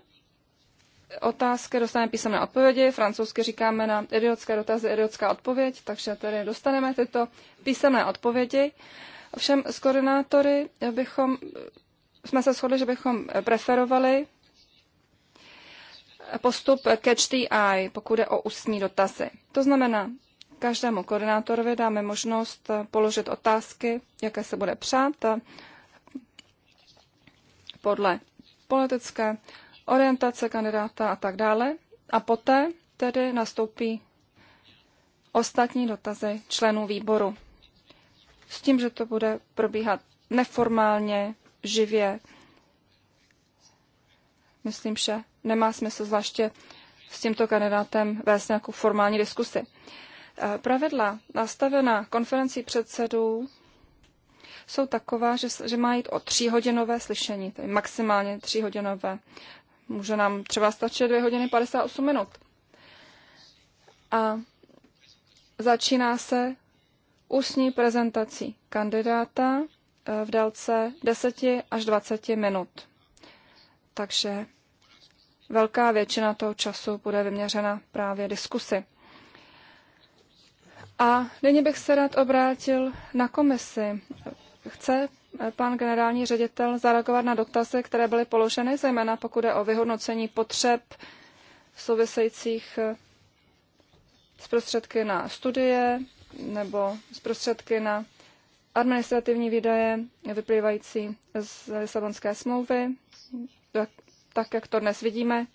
otázky dostaneme písemné odpovědi. Francouzsky říkáme na idiotské dotazy idiotská odpověď, takže tedy dostaneme tyto písemné odpovědi. Ovšem s koordinátory bychom, jsme se shodli, že bychom preferovali postup catch the eye, pokud je o ústní dotazy. To znamená, každému koordinátorovi dáme možnost položit otázky, jaké se bude přát podle politické orientace kandidáta a tak dále. A poté tedy nastoupí ostatní dotazy členů výboru s tím, že to bude probíhat neformálně, živě. Myslím, že nemá smysl zvláště s tímto kandidátem vést nějakou formální diskusi. E, pravidla nastavená konferencí předsedů jsou taková, že, že má jít o tříhodinové slyšení, tedy maximálně tříhodinové. Může nám třeba stačit dvě hodiny 58 minut. A začíná se ústní prezentací kandidáta eh, v délce 10 až 20 minut. Takže velká většina toho času bude vyměřena právě diskusy. A nyní bych se rád obrátil na komisi. Chce eh, pan generální ředitel zareagovat na dotazy, které byly položeny, zejména pokud je o vyhodnocení potřeb souvisejících eh, s prostředky na studie, nebo z prostředky na administrativní výdaje vyplývající z Lisabonské smlouvy, tak, jak to dnes vidíme,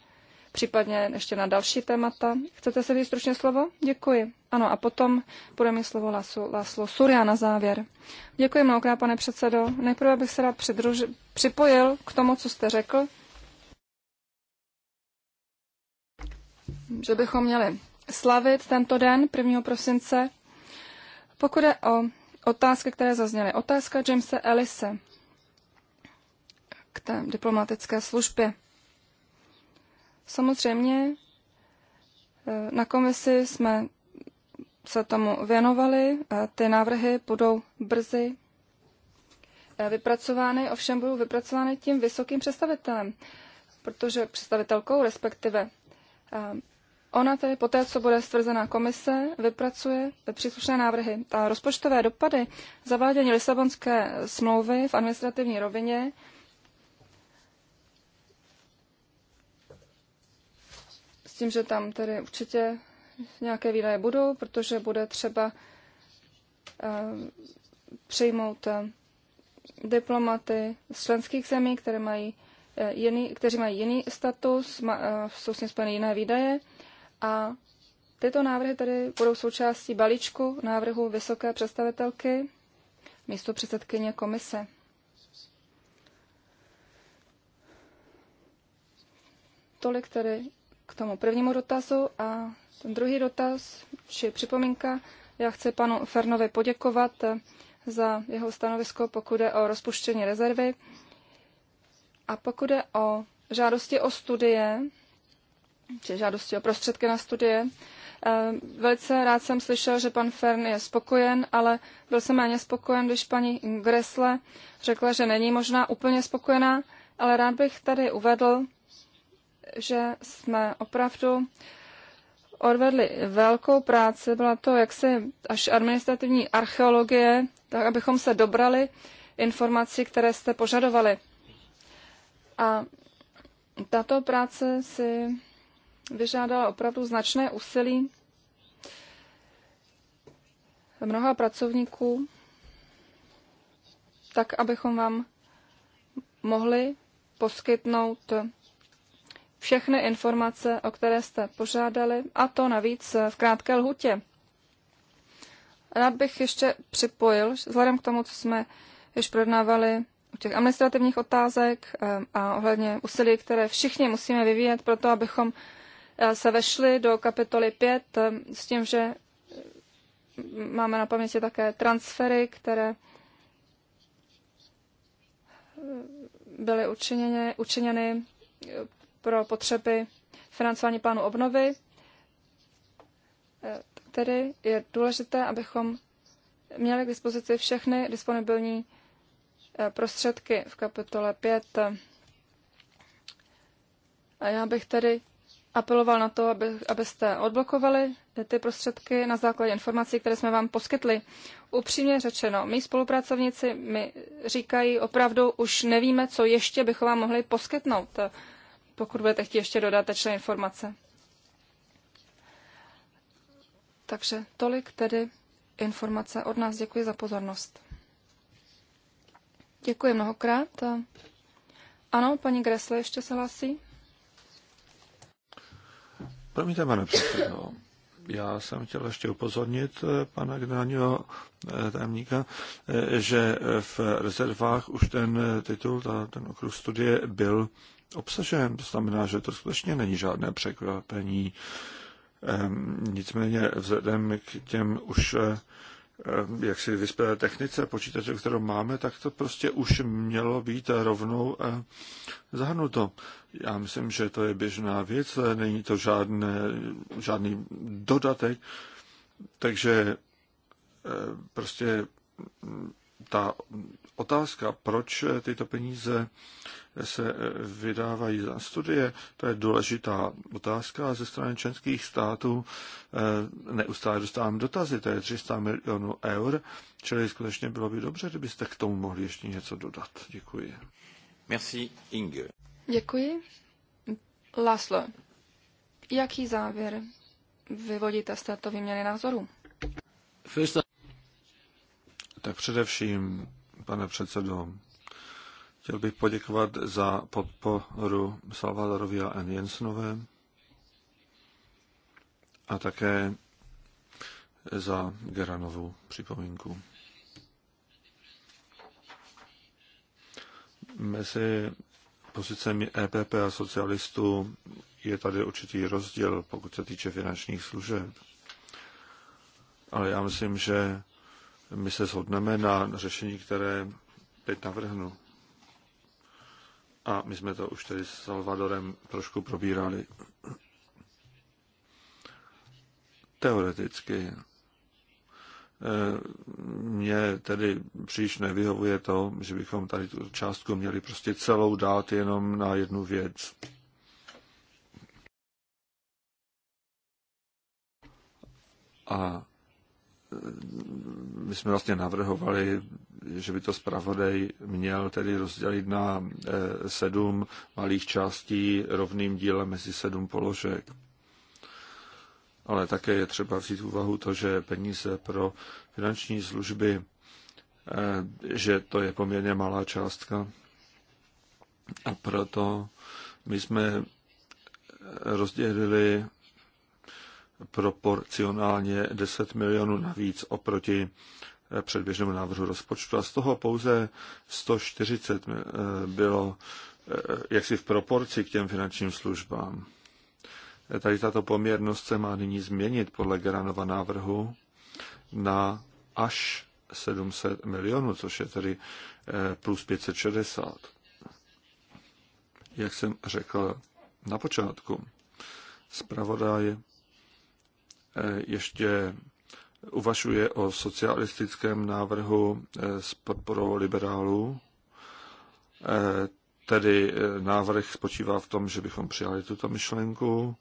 případně ještě na další témata. Chcete se říct stručně slovo? Děkuji. Ano, a potom bude mi slovo Laslo, Laslo Surya na závěr. Děkuji mnohokrát, pane předsedo. Nejprve bych se rád přidruž, připojil k tomu, co jste řekl, že bychom měli slavit tento den 1. prosince pokud je o otázky, které zazněly, otázka Jamesa Ellise k té diplomatické službě. Samozřejmě eh, na komisi jsme se tomu věnovali. Ty návrhy budou brzy eh, vypracovány, ovšem budou vypracovány tím vysokým představitelem, protože představitelkou, respektive eh, Ona tedy poté, co bude stvrzená komise, vypracuje příslušné návrhy. A rozpočtové dopady zavádění Lisabonské smlouvy v administrativní rovině s tím, že tam tedy určitě nějaké výdaje budou, protože bude třeba eh, přijmout eh, diplomaty z členských zemí, které mají eh, jiný, kteří mají jiný status, jsou s ním spojeny jiné výdaje a tyto návrhy tedy budou součástí balíčku návrhu vysoké představitelky místo předsedkyně komise. Tolik tedy k tomu prvnímu dotazu a ten druhý dotaz či připomínka. Já chci panu Fernovi poděkovat za jeho stanovisko, pokud je o rozpuštění rezervy. A pokud je o žádosti o studie, či žádosti o prostředky na studie. Eh, velice rád jsem slyšel, že pan Fern je spokojen, ale byl jsem méně spokojen, když paní Gressle řekla, že není možná úplně spokojená, ale rád bych tady uvedl, že jsme opravdu odvedli velkou práci. Byla to jaksi až administrativní archeologie, tak abychom se dobrali informací, které jste požadovali. A tato práce si vyžádala opravdu značné úsilí mnoha pracovníků, tak abychom vám mohli poskytnout všechny informace, o které jste požádali, a to navíc v krátké lhutě. Rád bych ještě připojil, vzhledem k tomu, co jsme již projednávali u těch administrativních otázek eh, a ohledně úsilí, které všichni musíme vyvíjet pro to, abychom Eh, se vešly do kapitoly 5 eh, s tím, že máme na paměti také transfery, které eh, byly učiněny, učiněny pro potřeby financování plánu obnovy. Tedy je důležité, abychom měli k dispozici všechny disponibilní prostředky v kapitole 5. A já bych tedy apeloval na to, aby, abyste odblokovali ty prostředky na základě informací, které jsme vám poskytli. Upřímně řečeno, my spolupracovníci mi říkají opravdu, už nevíme, co ještě bychom vám mohli poskytnout, pokud budete chtít ještě dodatečné informace. Takže tolik tedy informace od nás. Děkuji za pozornost. Děkuji mnohokrát. Ano, paní Gresle ještě se hlásí. Promiňte, pane předsedo, já jsem chtěl ještě upozornit eh, pana generálního eh, tajemníka, eh, že v rezervách už ten titul, ten okruh studie byl obsažen. To znamená, že to skutečně není žádné překvapení. Ehm, nicméně vzhledem k těm už Eh, jak si vyspělé technice počítače, kterou máme, tak to prostě už mělo být rovnou eh, zahrnuto. Já myslím, že to je běžná věc, eh, není to žádné, žádný dodatek, takže prostě ta otázka, proč tyto peníze se vydávají za studie, to je důležitá otázka. Ze strany členských států eh, neustále dostávám dotazy, to je 300 milionů eur, čili skutečně bylo by dobře, kdybyste k tomu mohli ještě něco dodat. Děkuji. Merci, Inge. Děkuji. Laslo, jaký závěr vyvodíte z této vyměny názorů? First, tak především, pane předsedo, chtěl bych poděkovat za podporu Salvadorovi a N. Jensenové a také za Geranovu připomínku. Mezi pozicemi EPP a socialistů je tady určitý rozdíl, pokud se týče finančních služeb. Ale já myslím, že my se shodneme na řešení, které teď navrhnu. A my jsme to už tady s Salvadorem trošku probírali. Teoreticky. Eh, Mně tedy příliš nevyhovuje to, že bychom tady tu částku měli prostě celou dát jenom na jednu věc. A my jsme vlastně navrhovali, že by to zpravodaj měl tedy rozdělit na eh, sedm malých částí rovným dílem mezi sedm položek. Ale také je třeba vzít v úvahu to, že peníze pro finanční služby, eh, že to je poměrně malá částka. A proto my jsme eh, rozdělili proporcionálně 10 milionů navíc oproti eh, předběžnému návrhu rozpočtu a z toho pouze 140 eh, bylo eh, jaksi v proporci k těm finančním službám. Tady tato poměrnost se má nyní změnit podle Geranova návrhu na až 700 milionů, což je tedy plus 560. Jak jsem řekl na počátku, zpravodaj Eh, ještě uvažuje o socialistickém návrhu eh, s podporou liberálů. Eh, tedy návrh spočívá v tom, že bychom přijali tuto myšlenku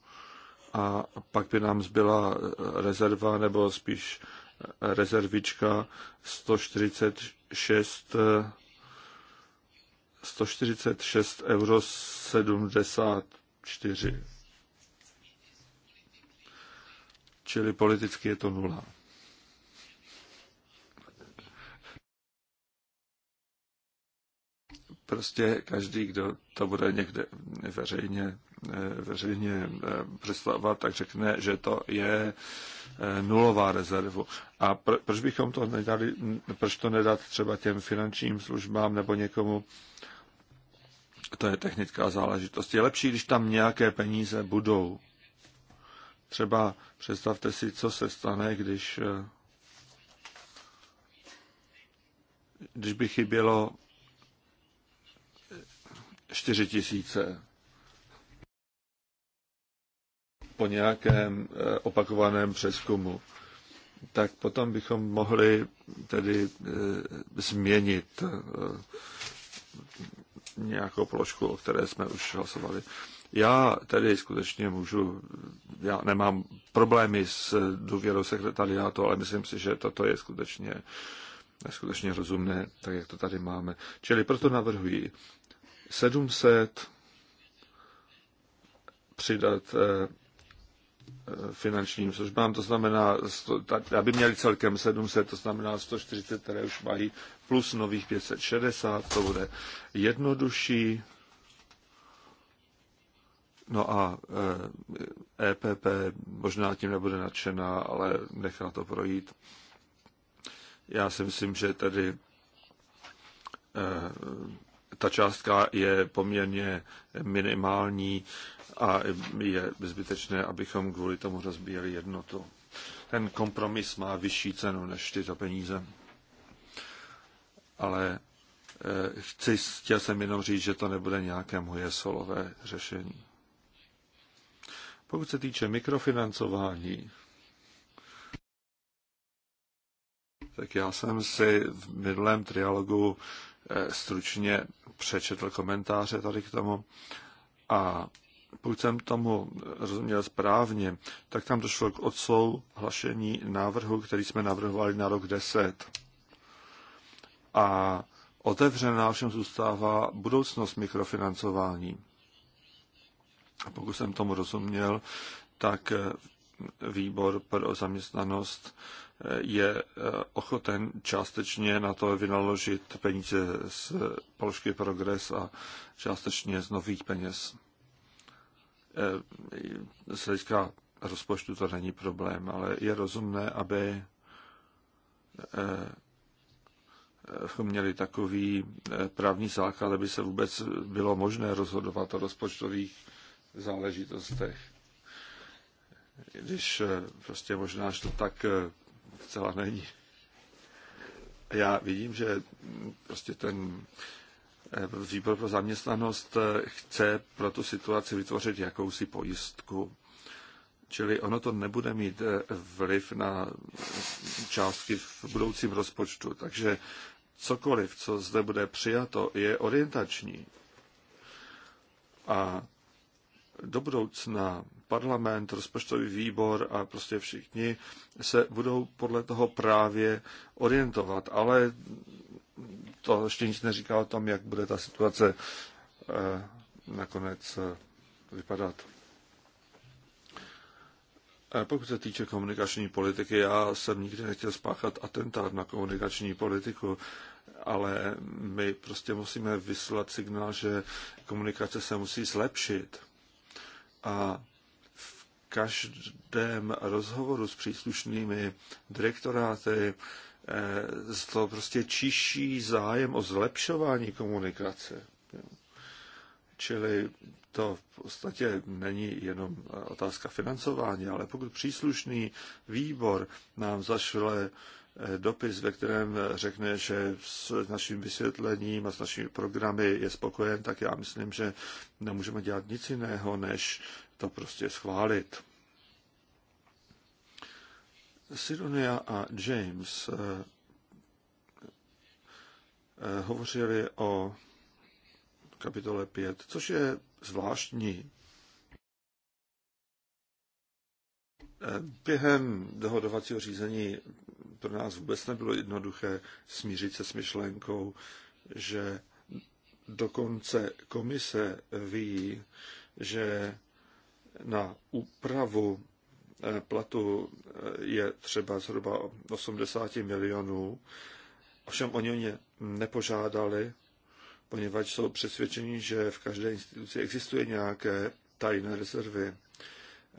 a pak by nám zbyla rezerva nebo spíš rezervička 146 146 euro 74. Čili politicky je to nula. Prostě každý, kdo to bude někde veřejně, veřejně eh, představovat, tak řekne, že to je eh, nulová rezervu. A proč bychom to nedali, proč to nedat třeba těm finančním službám nebo někomu, to je technická záležitost. Je lepší, když tam nějaké peníze budou. Třeba představte si, co se stane, když, eh, když by chybělo 4 tisíce po nějakém eh, opakovaném přeskumu, tak potom bychom mohli tedy eh, změnit nějakou položku, o které jsme už hlasovali. Já tedy skutečně můžu, já nemám problémy s důvěrou sekretariátu, ale myslím si, že toto je skutečně, skutečně rozumné, tak jak to tady máme. Čili proto navrhuji 700 přidat eh, eh, finančním službám, to znamená, aby měli celkem 700, to znamená 140, které už mají, plus nových 560, to bude jednodušší. No a EPP eh, e možná tím nebude nadšená, ale nechá to projít. Já si myslím, že tady eh, ta částka je poměrně minimální a je zbytečné, abychom kvůli tomu rozbíjeli jednotu. Ten kompromis má vyšší cenu než tyto peníze. Ale eh, chci, chtěl jsem jenom říct, že to nebude nějaké moje solové řešení. Pokud se týče mikrofinancování, tak já jsem si v minulém trialogu eh, stručně přečetl komentáře tady k tomu a pokud jsem tomu rozuměl správně, tak tam došlo k odsouhlašení návrhu, který jsme navrhovali na rok 10. A otevřená všem zůstává budoucnost mikrofinancování a pokud jsem tomu rozuměl, tak eh, výbor pro zaměstnanost eh, je eh, ochoten částečně na to vynaložit peníze z polské Progres a částečně z nových peněz. Z hlediska rozpočtu to není problém, ale je rozumné, aby měli takový právní základ, aby se vůbec bylo možné rozhodovat o rozpočtových záležitostech. Když eh, prostě možná, že to tak eh, celá není. Já vidím, že mm, prostě ten eh, výbor pro zaměstnanost chce pro tu situaci vytvořit jakousi pojistku. Čili ono to nebude mít vliv na částky v budoucím rozpočtu. Takže cokoliv, co zde bude přijato, je orientační. A do budoucna parlament, rozpočtový výbor a prostě všichni se budou podle toho právě orientovat. Ale to ještě nic neříká o tom, jak bude ta situace eh, nakonec eh, vypadat. Eh, pokud se týče komunikační politiky, já jsem nikdy nechtěl spáchat atentát na komunikační politiku, ale my prostě musíme vyslat signál, že komunikace se musí zlepšit a v každém rozhovoru s příslušnými direktoráty z eh, to prostě čiší zájem o zlepšování komunikace. Čili to v podstatě není jenom otázka financování, ale pokud příslušný výbor nám zašle dopis, ve kterém řekne, že s naším vysvětlením a s našimi programy je spokojen, tak já myslím, že nemůžeme dělat nic jiného, než to prostě schválit. Sidonia a James eh, eh, hovořili o kapitole 5, což je zvláštní. Eh, během dohodovacího řízení pro nás vůbec nebylo jednoduché smířit se s myšlenkou, že dokonce komise ví, že na úpravu eh, platu eh, je třeba zhruba 80 milionů. Ovšem oni o ně nepožádali, poněvadž jsou přesvědčeni, že v každé instituci existuje nějaké tajné rezervy.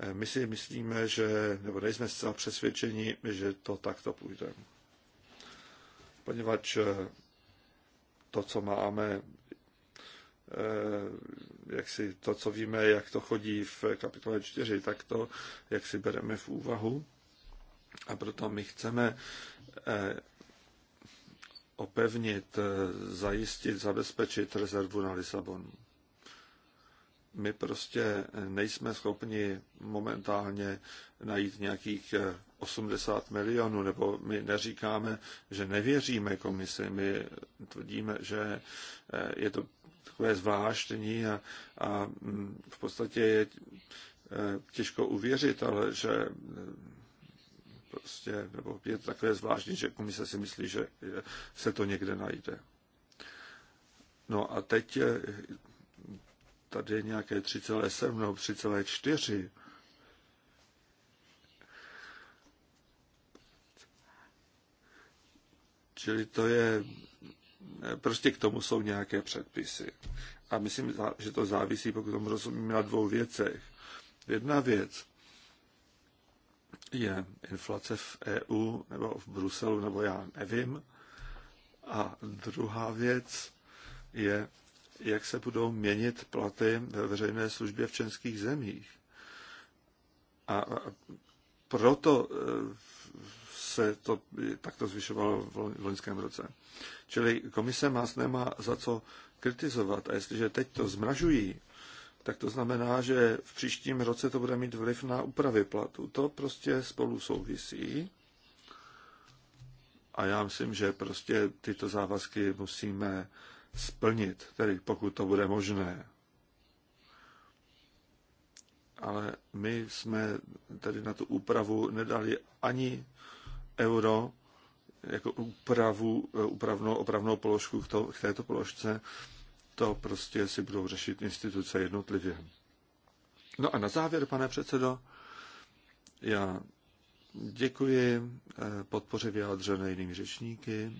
Eh, my si myslíme, že, nebo nejsme zcela přesvědčeni, že to takto půjde. Poněvadž eh, to, co máme, eh, jak si to, co víme, jak to chodí v kapitole 4, tak to, jak si bereme v úvahu. A proto my chceme opevnit, zajistit, zabezpečit rezervu na Lisabonu my prostě nejsme schopni momentálně najít nějakých 80 eh, milionů, nebo my neříkáme, že nevěříme komisi, my tvrdíme, že eh, je to takové zvláštní a, a mm, v podstatě je eh, těžko uvěřit, ale že mm, prostě, nebo je to takové zvláštní, že komise si myslí, že se to někde najde. No a teď tady je nějaké 3,7 nebo 3,4, Čili to je, prostě k tomu jsou nějaké předpisy. A myslím, že to závisí, pokud tomu rozumím, na dvou věcech. Jedna věc je inflace v EU nebo v Bruselu, nebo já nevím. A druhá věc je jak se budou měnit platy ve veřejné službě v českých zemích. A proto e, se to takto zvyšovalo v loňském roce. Čili komise má nemá za co kritizovat. A jestliže teď to zmražují, tak to znamená, že v příštím roce to bude mít vliv na úpravy platu. To prostě spolu souvisí. A já myslím, že prostě tyto závazky musíme splnit, tedy pokud to bude možné. Ale my jsme tady na tu úpravu nedali ani euro jako úpravu, upravnou, opravnou položku k, to, k této položce. To prostě si budou řešit instituce jednotlivě. No a na závěr, pane předsedo, já děkuji eh, podpoře vyjádřené jinými řečníky.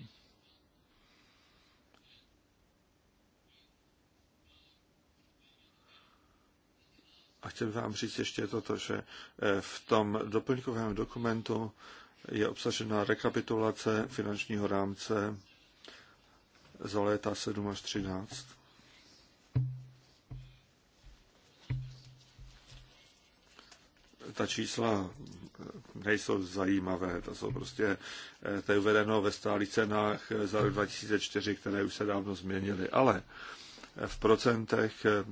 A chtěl vám říct ještě toto, že eh, v tom doplňkovém dokumentu je obsažena rekapitulace finančního rámce za léta 7 až 13. Ta čísla eh, nejsou zajímavé, to jsou prostě, eh, to je uvedeno ve stálých cenách za rok 2004, které už se dávno změnily, ale v procentech eh,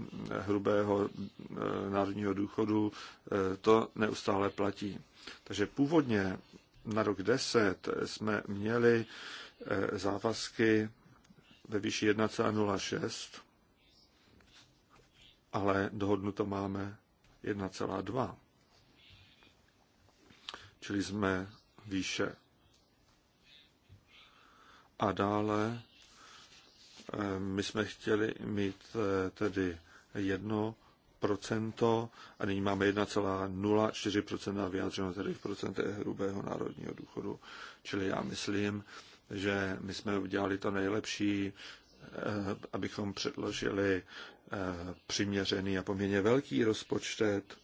hrubého eh, národního důchodu, eh, to neustále platí. Takže původně na rok 10 jsme měli závazky ve výši 1,06, ale dohodnuto máme 1,2. Čili jsme výše. A dále Eh, my jsme chtěli mít eh, tedy jedno procento a nyní máme 1,04% vyjádřeno tedy v procentech hrubého národního důchodu. Čili já myslím, že my jsme udělali to nejlepší, eh, abychom předložili přiměřený a poměrně velký rozpočet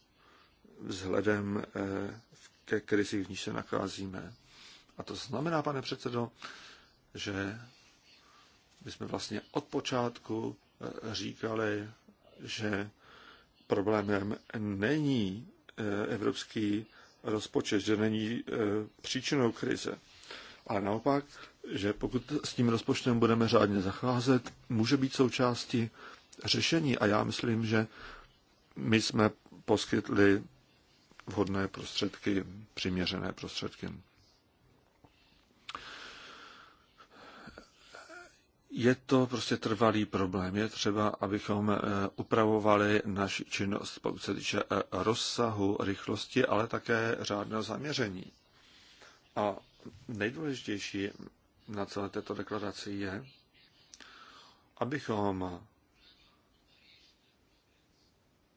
vzhledem ke krizi, v níž se nacházíme. A to znamená, pane předsedo, že my jsme vlastně od počátku eh, říkali, že problémem není eh, evropský rozpočet, že není eh, příčinou krize. a naopak, že pokud s tím rozpočtem budeme řádně zacházet, může být součástí řešení. A já myslím, že my jsme poskytli vhodné prostředky, přiměřené prostředky. je to prostě trvalý problém. Je třeba, abychom eh, upravovali naši činnost, pokud se týče eh, rozsahu, rychlosti, ale také řádného zaměření. A nejdůležitější na celé této deklaraci je, abychom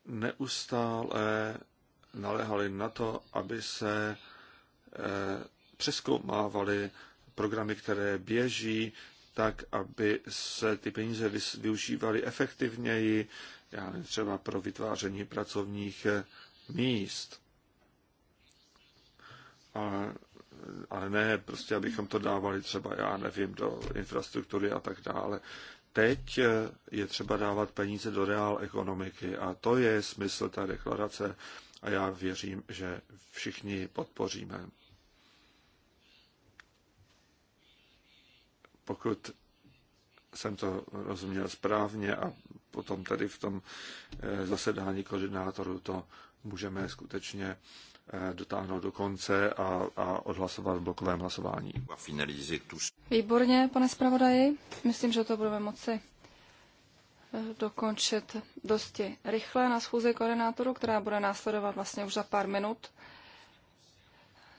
neustále naléhali na to, aby se eh, přeskoumávaly programy, které běží, tak, aby se ty peníze využívaly efektivněji, já nevím, třeba pro vytváření pracovních eh, míst. A, ale ne, prostě abychom to dávali třeba, já nevím, do infrastruktury a tak dále. Teď eh, je třeba dávat peníze do reál ekonomiky a to je smysl té deklarace a já věřím, že všichni podpoříme. pokud jsem to rozuměl správně a potom tady v tom eh, zasedání koordinátorů to můžeme skutečně eh, dotáhnout do konce a, a odhlasovat v blokovém hlasování. Výborně, pane zpravodaji. Myslím, že to budeme moci eh, dokončit dosti rychle na schůzi koordinátoru, která bude následovat vlastně už za pár minut.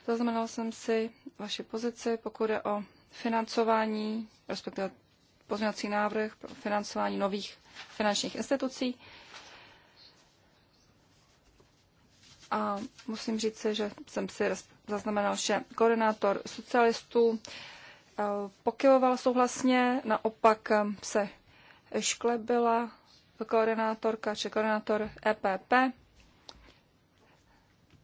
Zaznamenal jsem si vaši pozici, pokud je o financování, respektive pozměňovací návrh pro financování nových finančních institucí. A musím říct, že jsem si zaznamenal, že koordinátor socialistů eh, pokyvoval souhlasně, naopak eh, se šklebila koordinátorka či koordinátor EPP,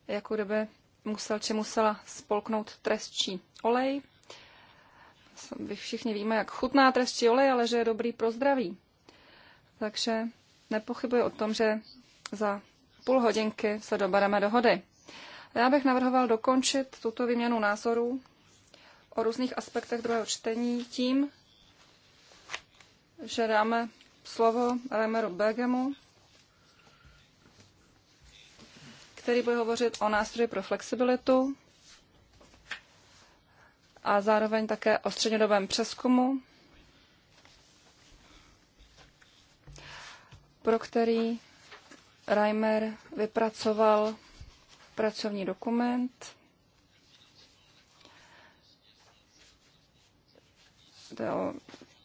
jako kdyby musel či musela spolknout trestčí olej. Všichni víme, jak chutná trestí olej, ale že je dobrý pro zdraví. Takže nepochybuji o tom, že za půl hodinky se dobereme hody. Já bych navrhoval dokončit tuto výměnu názorů o různých aspektech druhého čtení tím, že dáme slovo Remeru Bergemu, který bude hovořit o nástroji pro flexibilitu a zároveň také o střednědobém přeskumu, pro který Reimer vypracoval pracovní dokument.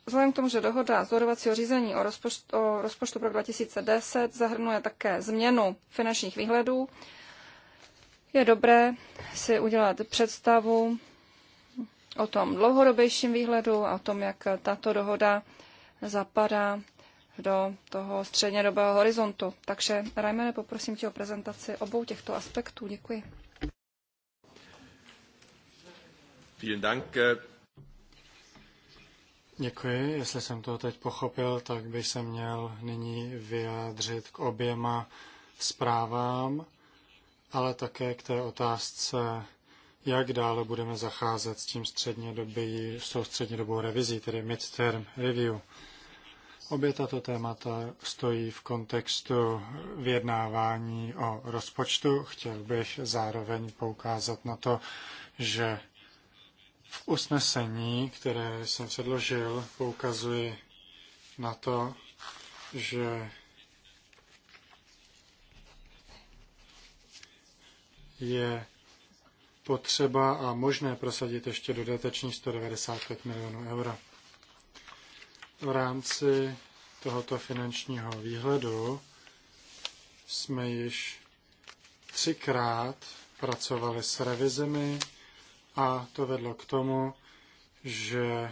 Vzhledem k tomu, že dohoda z dohodovacího řízení o rozpočtu, o rozpočtu pro 2010 zahrnuje také změnu finančních výhledů, je dobré si udělat představu o tom dlouhodobějším výhledu a o tom, jak tato dohoda zapadá do toho střednědobého horizontu. Takže, Rajmene, poprosím tě o prezentaci obou těchto aspektů. Děkuji. Vielen Dank. Děkuji. Jestli jsem to teď pochopil, tak bych se měl nyní vyjádřit k oběma zprávám, ale také k té otázce jak dále budeme zacházet s tím střednědobý, s tou dobou revizí, tedy midterm review. Obě tato témata stojí v kontextu vyjednávání o rozpočtu. Chtěl bych zároveň poukázat na to, že v usnesení, které jsem předložil, poukazuji na to, že je potřeba a možné prosadit ještě dodatečných 195 milionů eura V rámci tohoto finančního výhledu jsme již třikrát pracovali s revizemi a to vedlo k tomu, že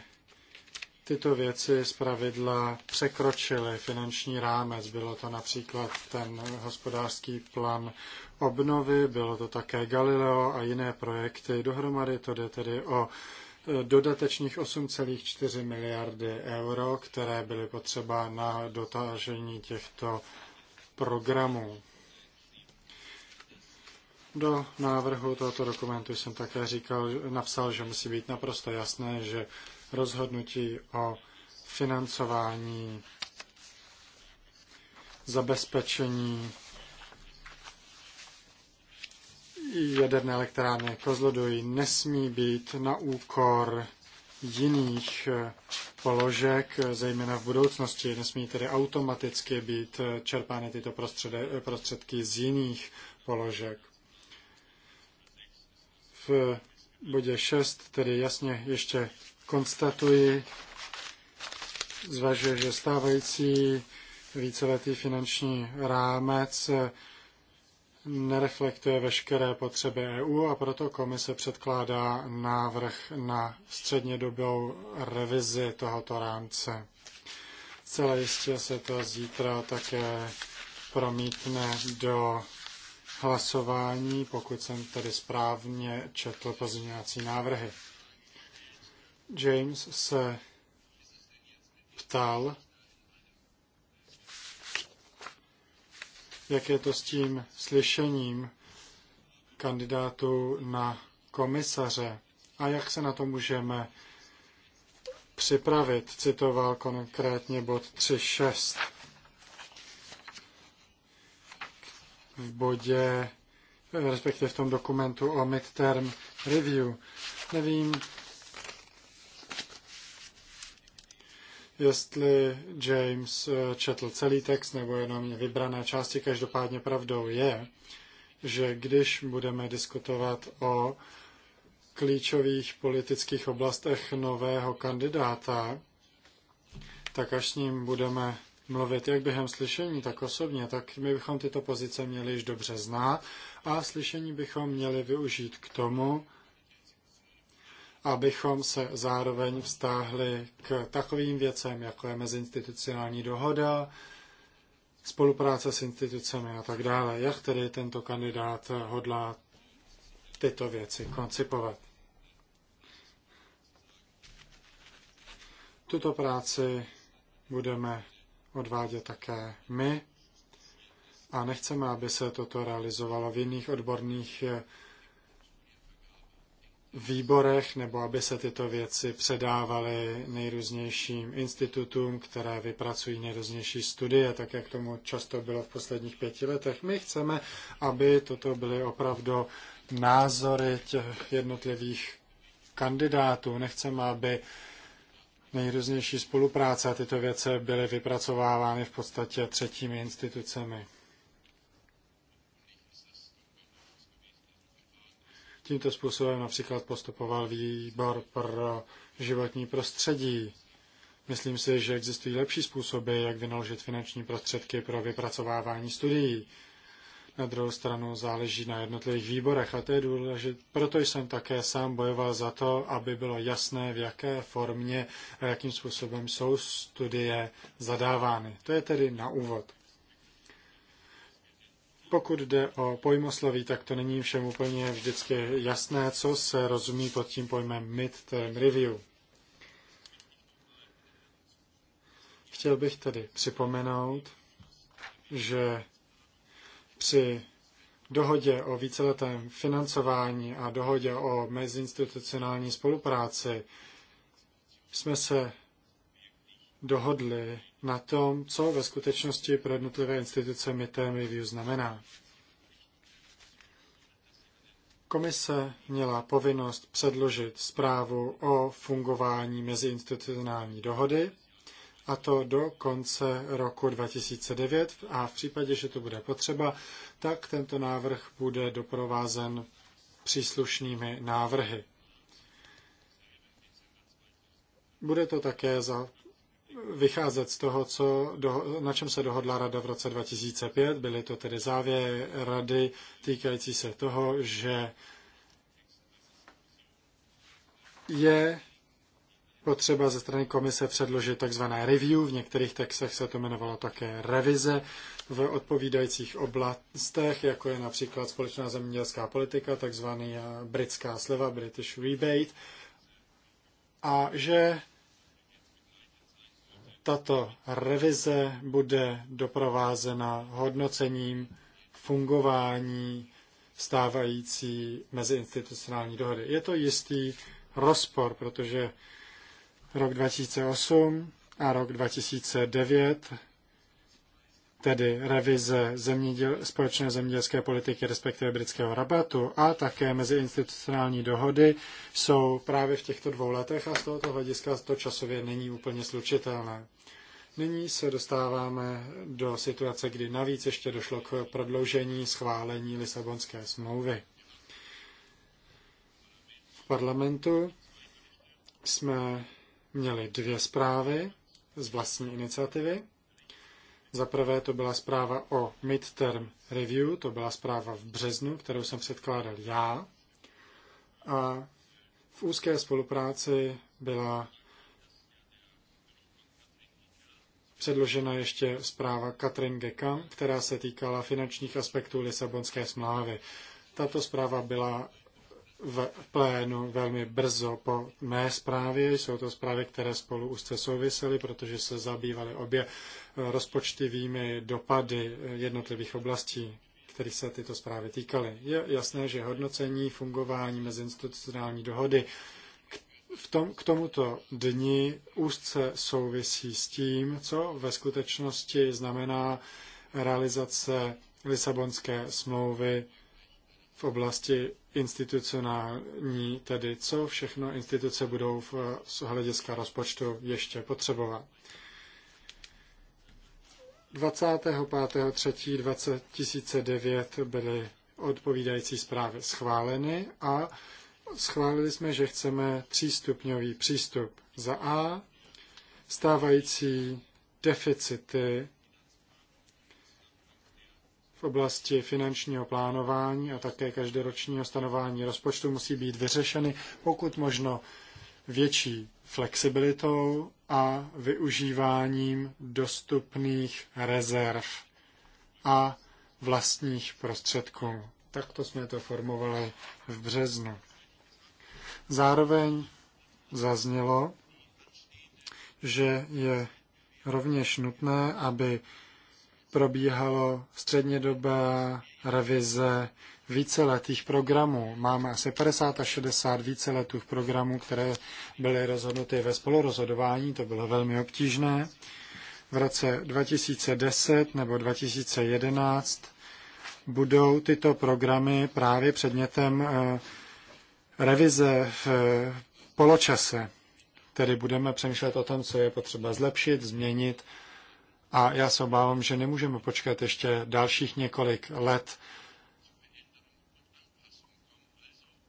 tyto věci pravidla překročily finanční rámec. Bylo to například ten hospodářský plán obnovy, bylo to také Galileo a jiné projekty. Dohromady to jde tedy o e, dodatečných 8,4 miliardy euro, které byly potřeba na dotážení těchto programů. Do návrhu tohoto dokumentu jsem také říkal, napsal, že musí být naprosto jasné, že rozhodnutí o financování zabezpečení jaderné elektrárny Kozloduj nesmí být na úkor jiných eh, položek, eh, zejména v budoucnosti. Nesmí tedy automaticky být eh, čerpány tyto prostředky z jiných položek. V bodě 6 tedy jasně ještě konstatuji, zvažuje, že stávající víceletý finanční rámec nereflektuje veškeré potřeby EU a proto komise předkládá návrh na střednědobou revizi tohoto rámce. Celé jistě se to zítra také promítne do hlasování, pokud jsem tedy správně četl pozměňovací návrhy. James se ptal, jak je to s tím slyšením kandidátů na komisaře a jak se na to můžeme připravit, citoval konkrétně bod 3.6. V bodě, respektive v tom dokumentu o midterm review. Nevím, jestli James eh, četl celý text nebo jenom vybrané části. Každopádně pravdou je, že když budeme diskutovat o klíčových politických oblastech nového kandidáta, tak až s ním budeme mluvit jak během slyšení, tak osobně, tak my bychom tyto pozice měli již dobře znát a slyšení bychom měli využít k tomu, abychom se zároveň vztáhli k takovým věcem, jako je meziinstitucionální dohoda, spolupráce s institucemi a tak dále. Jak tedy tento kandidát hodlá tyto věci koncipovat? Tuto práci budeme odvádět také my a nechceme, aby se toto realizovalo v jiných odborných výborech nebo aby se tyto věci předávaly nejrůznějším institutům, které vypracují nejrůznější studie, tak jak tomu často bylo v posledních pěti letech. My chceme, aby toto byly opravdu názory těch jednotlivých kandidátů. Nechceme, aby nejrůznější spolupráce a tyto věci byly vypracovávány v podstatě třetími institucemi. Tímto způsobem například postupoval výbor pro životní prostředí. Myslím si, že existují lepší způsoby, jak vynaložit finanční prostředky pro vypracovávání studií. Na druhou stranu záleží na jednotlivých výborech a to je důležité. Proto jsem také sám bojoval za to, aby bylo jasné, v jaké formě a jakým způsobem jsou studie zadávány. To je tedy na úvod. Pokud jde o pojmosloví, tak to není všem úplně vždycky jasné, co se rozumí pod tím pojmem mid-term review. Chtěl bych tedy připomenout, že při dohodě o víceletém financování a dohodě o mezinstitucionální spolupráci jsme se dohodli na tom, co ve skutečnosti pro jednotlivé instituce midterm review znamená. Komise měla povinnost předložit zprávu o fungování meziinstitucionální dohody, a to do konce roku 2009 a v případě, že to bude potřeba, tak tento návrh bude doprovázen příslušnými návrhy. Bude to také za vycházet z toho, co, na čem se dohodla Rada v roce 2005. Byly to tedy závěry Rady týkající se toho, že je potřeba ze strany komise předložit takzvané review, v některých textech se to jmenovalo také revize v odpovídajících oblastech, jako je například společná zemědělská politika, takzvaný eh, britská sleva, British rebate, a že tato revize bude doprovázena hodnocením fungování stávající meziinstitucionální dohody. Je to jistý rozpor, protože rok 2008 a rok 2009, tedy revize zeměděl, společné zemědělské politiky, respektive britského rabatu a také meziinstitucionální dohody, jsou právě v těchto dvou letech a z tohoto hlediska to časově není úplně slučitelné. Nyní se dostáváme do situace, kdy navíc ještě došlo k prodloužení schválení Lisabonské smlouvy. V parlamentu jsme měli dvě zprávy z vlastní iniciativy. Za prvé to byla zpráva o midterm review, to byla zpráva v březnu, kterou jsem předkládal já. A v úzké spolupráci byla předložena ještě zpráva Katrin Geka, která se týkala finančních aspektů Lisabonské smlávy. Tato zpráva byla v plénu velmi brzo po mé zprávě. Jsou to zprávy, které spolu se souvisely, protože se zabývaly obě rozpočtivými dopady jednotlivých oblastí kterých se tyto zprávy týkaly. Je jasné, že hodnocení fungování meziinstitucionální dohody v tom, k tomuto dni úzce souvisí s tím, co ve skutečnosti znamená realizace Lisabonské smlouvy v oblasti institucionální, tedy co všechno instituce budou v, hlediska rozpočtu ještě potřebovat. 25.3.2009 byly odpovídající zprávy schváleny a schválili jsme, že chceme třístupňový přístup. Za A stávající deficity v oblasti finančního plánování a také každoročního stanování rozpočtu musí být vyřešeny pokud možno větší flexibilitou a využíváním dostupných rezerv a vlastních prostředků. Takto jsme to formovali v březnu. Zároveň zaznělo, že je rovněž nutné, aby probíhalo střednědobá revize víceletých programů. Máme asi 50 až 60 víceletých programů, které byly rozhodnuty ve spolurozhodování, to bylo velmi obtížné. V roce 2010 nebo 2011 budou tyto programy právě předmětem eh, revize v poločase. Tedy budeme přemýšlet o tom, co je potřeba zlepšit, změnit. A já se obávám, že nemůžeme počkat ještě dalších několik let,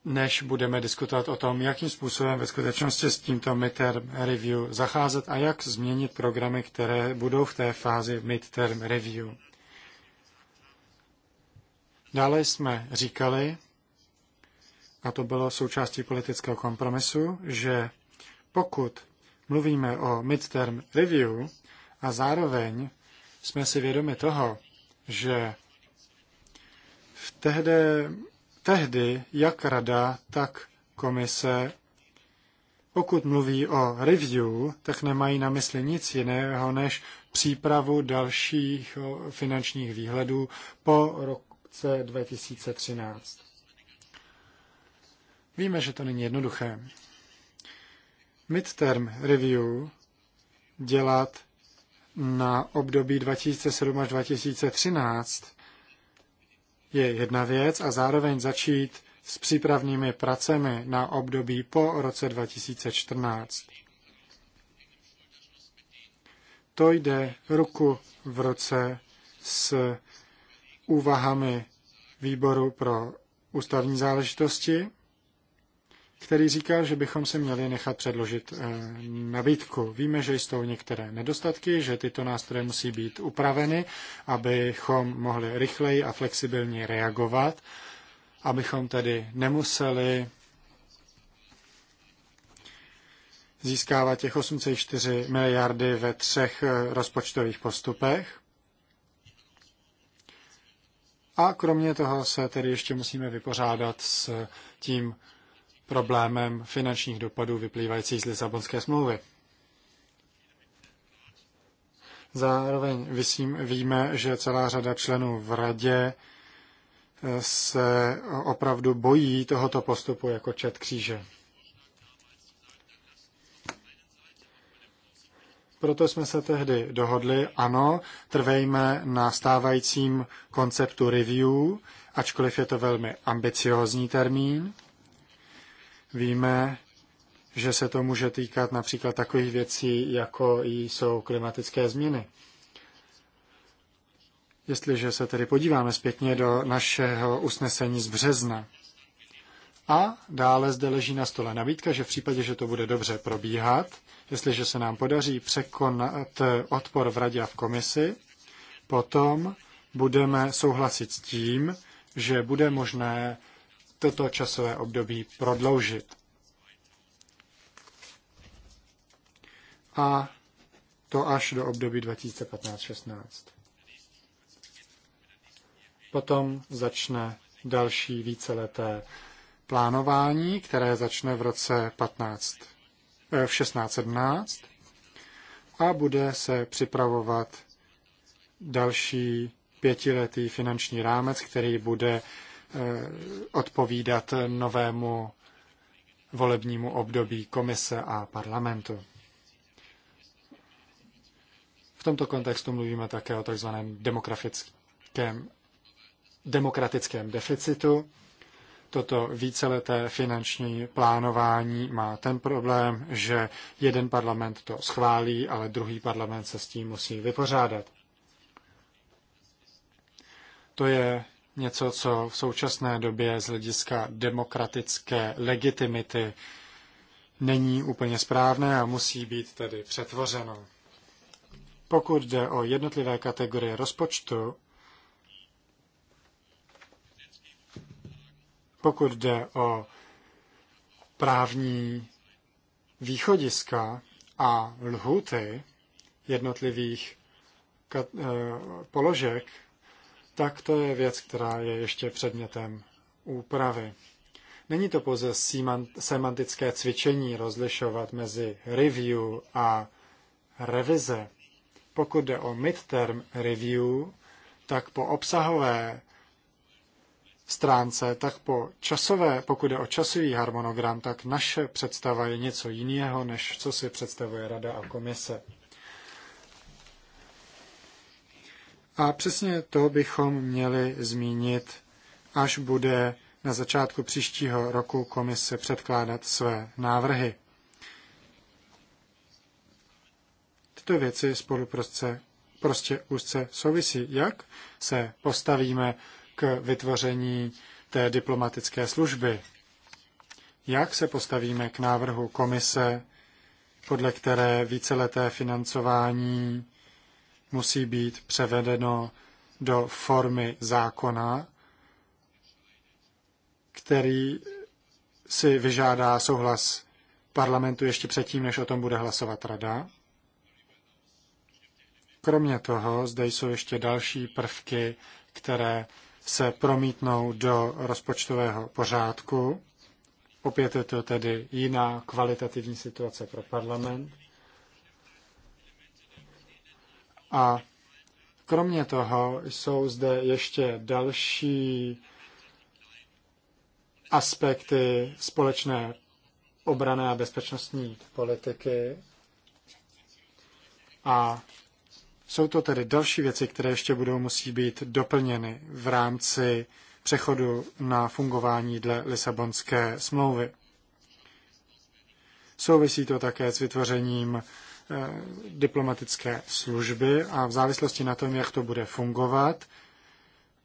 než budeme diskutovat o tom, jakým způsobem ve skutečnosti s tímto midterm review zacházet a jak změnit programy, které budou v té fázi midterm review. Dále jsme říkali, a to bylo součástí politického kompromisu, že pokud mluvíme o midterm review a zároveň jsme si vědomi toho, že v tehde, tehdy jak rada, tak komise, pokud mluví o review, tak nemají na mysli nic jiného než přípravu dalších finančních výhledů po roce 2013. Víme, že to není jednoduché. Midterm review dělat na období 2007 až 2013 je jedna věc a zároveň začít s přípravnými pracemi na období po roce 2014. To jde ruku v roce s úvahami výboru pro ústavní záležitosti který říká, že bychom si měli nechat předložit eh, nabídku. Víme, že jsou některé nedostatky, že tyto nástroje musí být upraveny, abychom mohli rychleji a flexibilně reagovat, abychom tedy nemuseli získávat těch 8,4 miliardy ve třech eh, rozpočtových postupech. A kromě toho se tedy ještě musíme vypořádat s tím problémem finančních dopadů vyplývajících z Lisabonské smlouvy. Zároveň vysím, víme, že celá řada členů v radě eh, se opravdu bojí tohoto postupu jako čet kříže. Proto jsme se tehdy dohodli, ano, trvejme na stávajícím konceptu review, ačkoliv je to velmi ambiciózní termín. Víme, že se to může týkat například takových věcí, jako jsou klimatické změny. Jestliže se tedy podíváme zpětně do našeho usnesení z března. A dále zde leží na stole nabídka, že v případě, že to bude dobře probíhat, jestliže se nám podaří překonat odpor v radě a v komisi, potom budeme souhlasit s tím, že bude možné toto časové období prodloužit. A to až do období 2015-16. Potom začne další víceleté plánování, které začne v roce 15, eh, v 1617 a bude se připravovat další pětiletý finanční rámec, který bude Eh, odpovídat novému volebnímu období komise a parlamentu. V tomto kontextu mluvíme také o tzv. demografickém, demokratickém deficitu. Toto víceleté finanční plánování má ten problém, že jeden parlament to schválí, ale druhý parlament se s tím musí vypořádat. To je něco, co v současné době z hlediska demokratické legitimity není úplně správné a musí být tedy přetvořeno. Pokud jde o jednotlivé kategorie rozpočtu, pokud jde o právní východiska a lhuty jednotlivých eh, položek, tak to je věc, která je ještě předmětem úpravy. Není to pouze semantické cvičení rozlišovat mezi review a revize. Pokud jde o midterm review, tak po obsahové stránce, tak po časové, pokud jde o časový harmonogram, tak naše představa je něco jiného, než co si představuje Rada a Komise. A přesně to bychom měli zmínit, až bude na začátku příštího roku komise předkládat své návrhy. Tyto věci spolu prostě, prostě úzce souvisí. Jak se postavíme k vytvoření té diplomatické služby? Jak se postavíme k návrhu komise, podle které víceleté financování musí být převedeno do formy zákona, který si vyžádá souhlas parlamentu ještě předtím, než o tom bude hlasovat rada. Kromě toho, zde jsou ještě další prvky, které se promítnou do rozpočtového pořádku. Opět je to tedy jiná kvalitativní situace pro parlament. A kromě toho jsou zde ještě další aspekty společné obrané a bezpečnostní politiky. A jsou to tedy další věci, které ještě budou musí být doplněny v rámci přechodu na fungování dle Lisabonské smlouvy. Souvisí to také s vytvořením Eh, diplomatické služby a v závislosti na tom, jak to bude fungovat,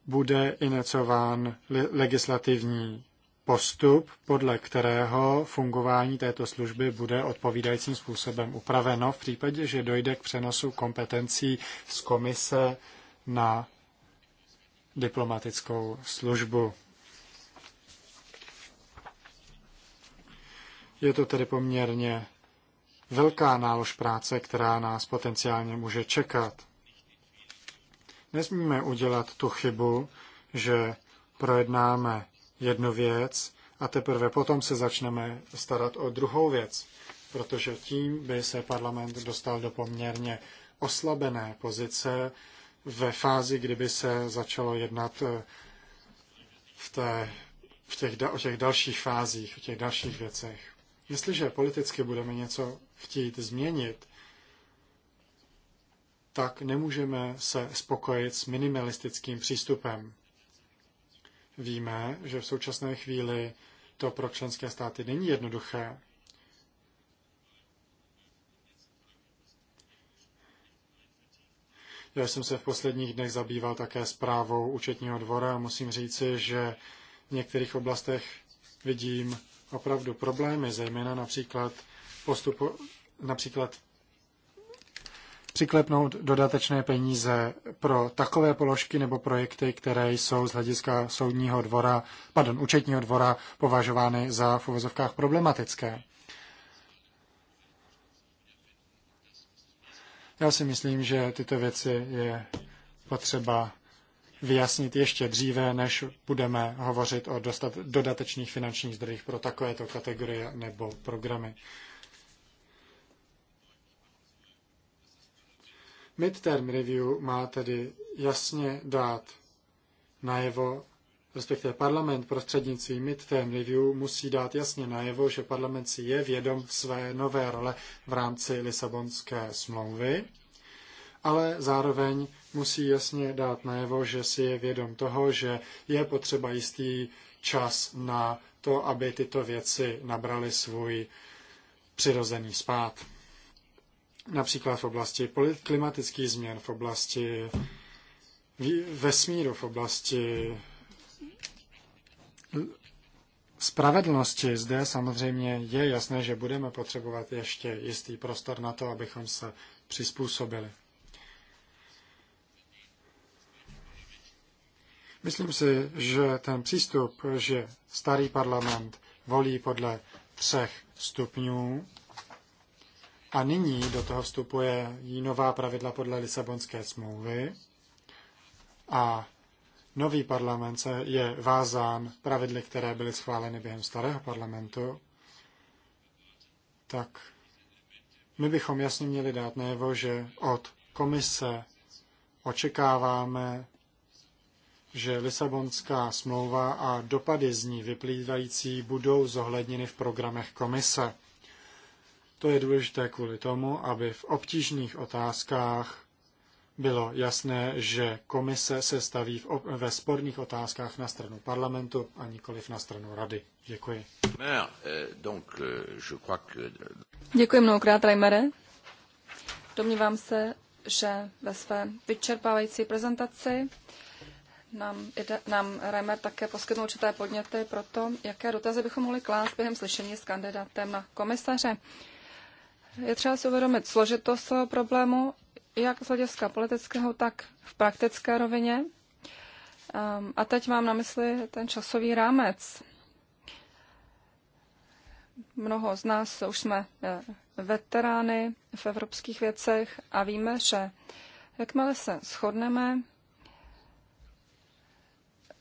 bude inicován legislativní postup, podle kterého fungování této služby bude odpovídajícím způsobem upraveno v případě, že dojde k přenosu kompetencí z komise na diplomatickou službu. Je to tedy poměrně velká nálož práce, která nás potenciálně může čekat. Nesmíme udělat tu chybu, že projednáme jednu věc a teprve potom se začneme starat o druhou věc, protože tím by se parlament dostal do poměrně oslabené pozice ve fázi, kdyby se začalo jednat eh, v, té, v těch, o těch dalších fázích, o těch dalších věcech. Jestliže politicky budeme něco chtít změnit, tak nemůžeme se spokojit s minimalistickým přístupem. Víme, že v současné chvíli to pro členské státy není jednoduché. Já jsem se v posledních dnech zabýval také zprávou účetního dvora a musím říci, že v některých oblastech vidím opravdu problémy, zejména například postupu například přiklepnout dodatečné peníze pro takové položky nebo projekty, které jsou z hlediska soudního dvora, pardon, účetního dvora považovány za v uvozovkách problematické. Já si myslím, že tyto věci je potřeba vyjasnit ještě dříve, než budeme hovořit o dostat, dodatečných finančních zdrojích pro takovéto kategorie nebo programy. Midterm review má tedy jasně dát najevo, respektive parlament prostřednictvím midterm review musí dát jasně najevo, že parlament si je vědom své nové role v rámci Lisabonské smlouvy, ale zároveň musí jasně dát najevo, že si je vědom toho, že je potřeba jistý čas na to, aby tyto věci nabraly svůj přirozený spát například v oblasti klimatických změn, v oblasti vesmíru, v oblasti spravedlnosti. Zde samozřejmě je jasné, že budeme potřebovat ještě jistý prostor na to, abychom se přizpůsobili. Myslím si, že ten přístup, že starý parlament volí podle třech stupňů, a nyní do toho vstupuje jí nová pravidla podle Lisabonské smlouvy a nový parlament se je vázán pravidly, které byly schváleny během starého parlamentu, tak my bychom jasně měli dát najevo, že od komise očekáváme, že Lisabonská smlouva a dopady z ní vyplývající budou zohledněny v programech komise. To je důležité kvůli tomu, aby v obtížných otázkách bylo jasné, že komise se staví v, ve sporných otázkách na stranu parlamentu a nikoliv na stranu rady. Děkuji. Eh, eh, Děkuji mnohokrát, Reimere. Domnívám se, že ve své vyčerpávající prezentaci nám, nám Reimer také poskytnul určité podněty pro to, jaké dotazy bychom mohli klást během slyšení s kandidátem na komisaře je třeba si uvědomit složitost toho problému, jak z hlediska politického, tak v praktické rovině. Ehm, a teď mám na mysli ten časový rámec. Mnoho z nás už jsme eh, veterány v evropských věcech a víme, že jakmile se shodneme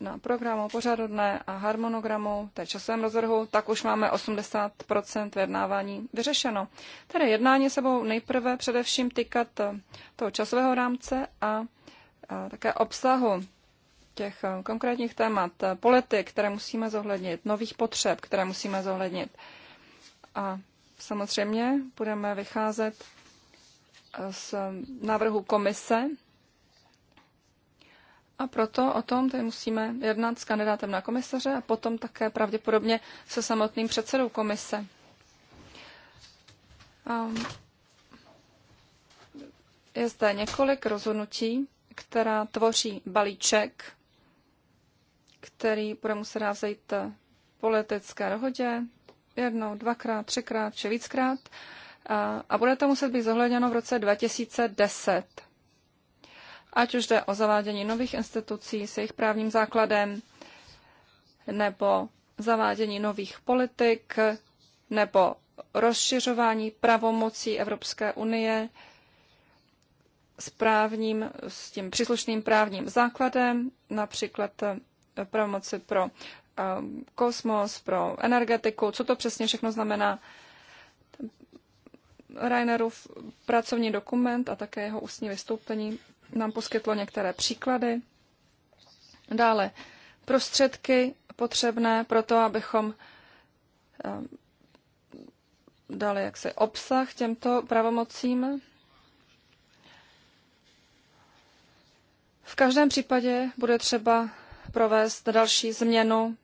na programu pořadu dne a harmonogramu, té časovém rozvrhu, tak už máme 80 vyjednávání vyřešeno. Tedy jednání sebou nejprve především týkat eh, toho časového rámce a, a také obsahu těch eh, konkrétních témat, eh, politik, které musíme zohlednit, nových potřeb, které musíme zohlednit. A samozřejmě budeme vycházet z návrhu komise, a proto o tom tady musíme jednat s kandidátem na komisaře a potom také pravděpodobně se samotným předsedou komise. Um, je zde několik rozhodnutí, která tvoří balíček, který bude muset dázejt politické dohodě jednou, dvakrát, třikrát či víckrát a, a bude to muset být zohledněno v roce 2010 ať už jde o zavádění nových institucí s jejich právním základem, nebo zavádění nových politik, nebo rozšiřování pravomocí Evropské unie s, právním, s tím příslušným právním základem, například eh, pravomoci pro eh, kosmos, pro energetiku, co to přesně všechno znamená. Reinerův pracovní dokument a také jeho ústní vystoupení nám poskytlo některé příklady. Dále prostředky potřebné pro to, abychom ehm, dali jaksi obsah těmto pravomocím. V každém případě bude třeba provést další změnu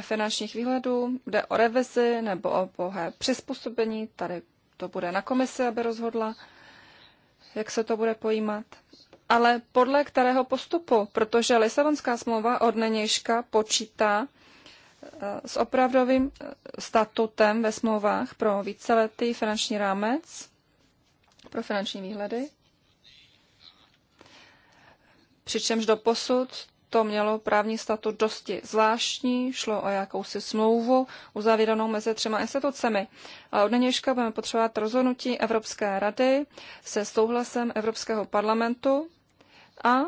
finančních výhledů, jde o revizi nebo o pohé přizpůsobení, tady to bude na komisi, aby rozhodla, jak se to bude pojímat ale podle kterého postupu, protože Lisabonská smlouva od nynějška počítá eh, s opravdovým eh, statutem ve smlouvách pro víceletý finanční rámec, pro finanční výhledy, přičemž do posud to mělo právní statut dosti zvláštní, šlo o jakousi smlouvu uzavíranou mezi třema institucemi. A od nynějška budeme potřebovat rozhodnutí Evropské rady se souhlasem Evropského parlamentu a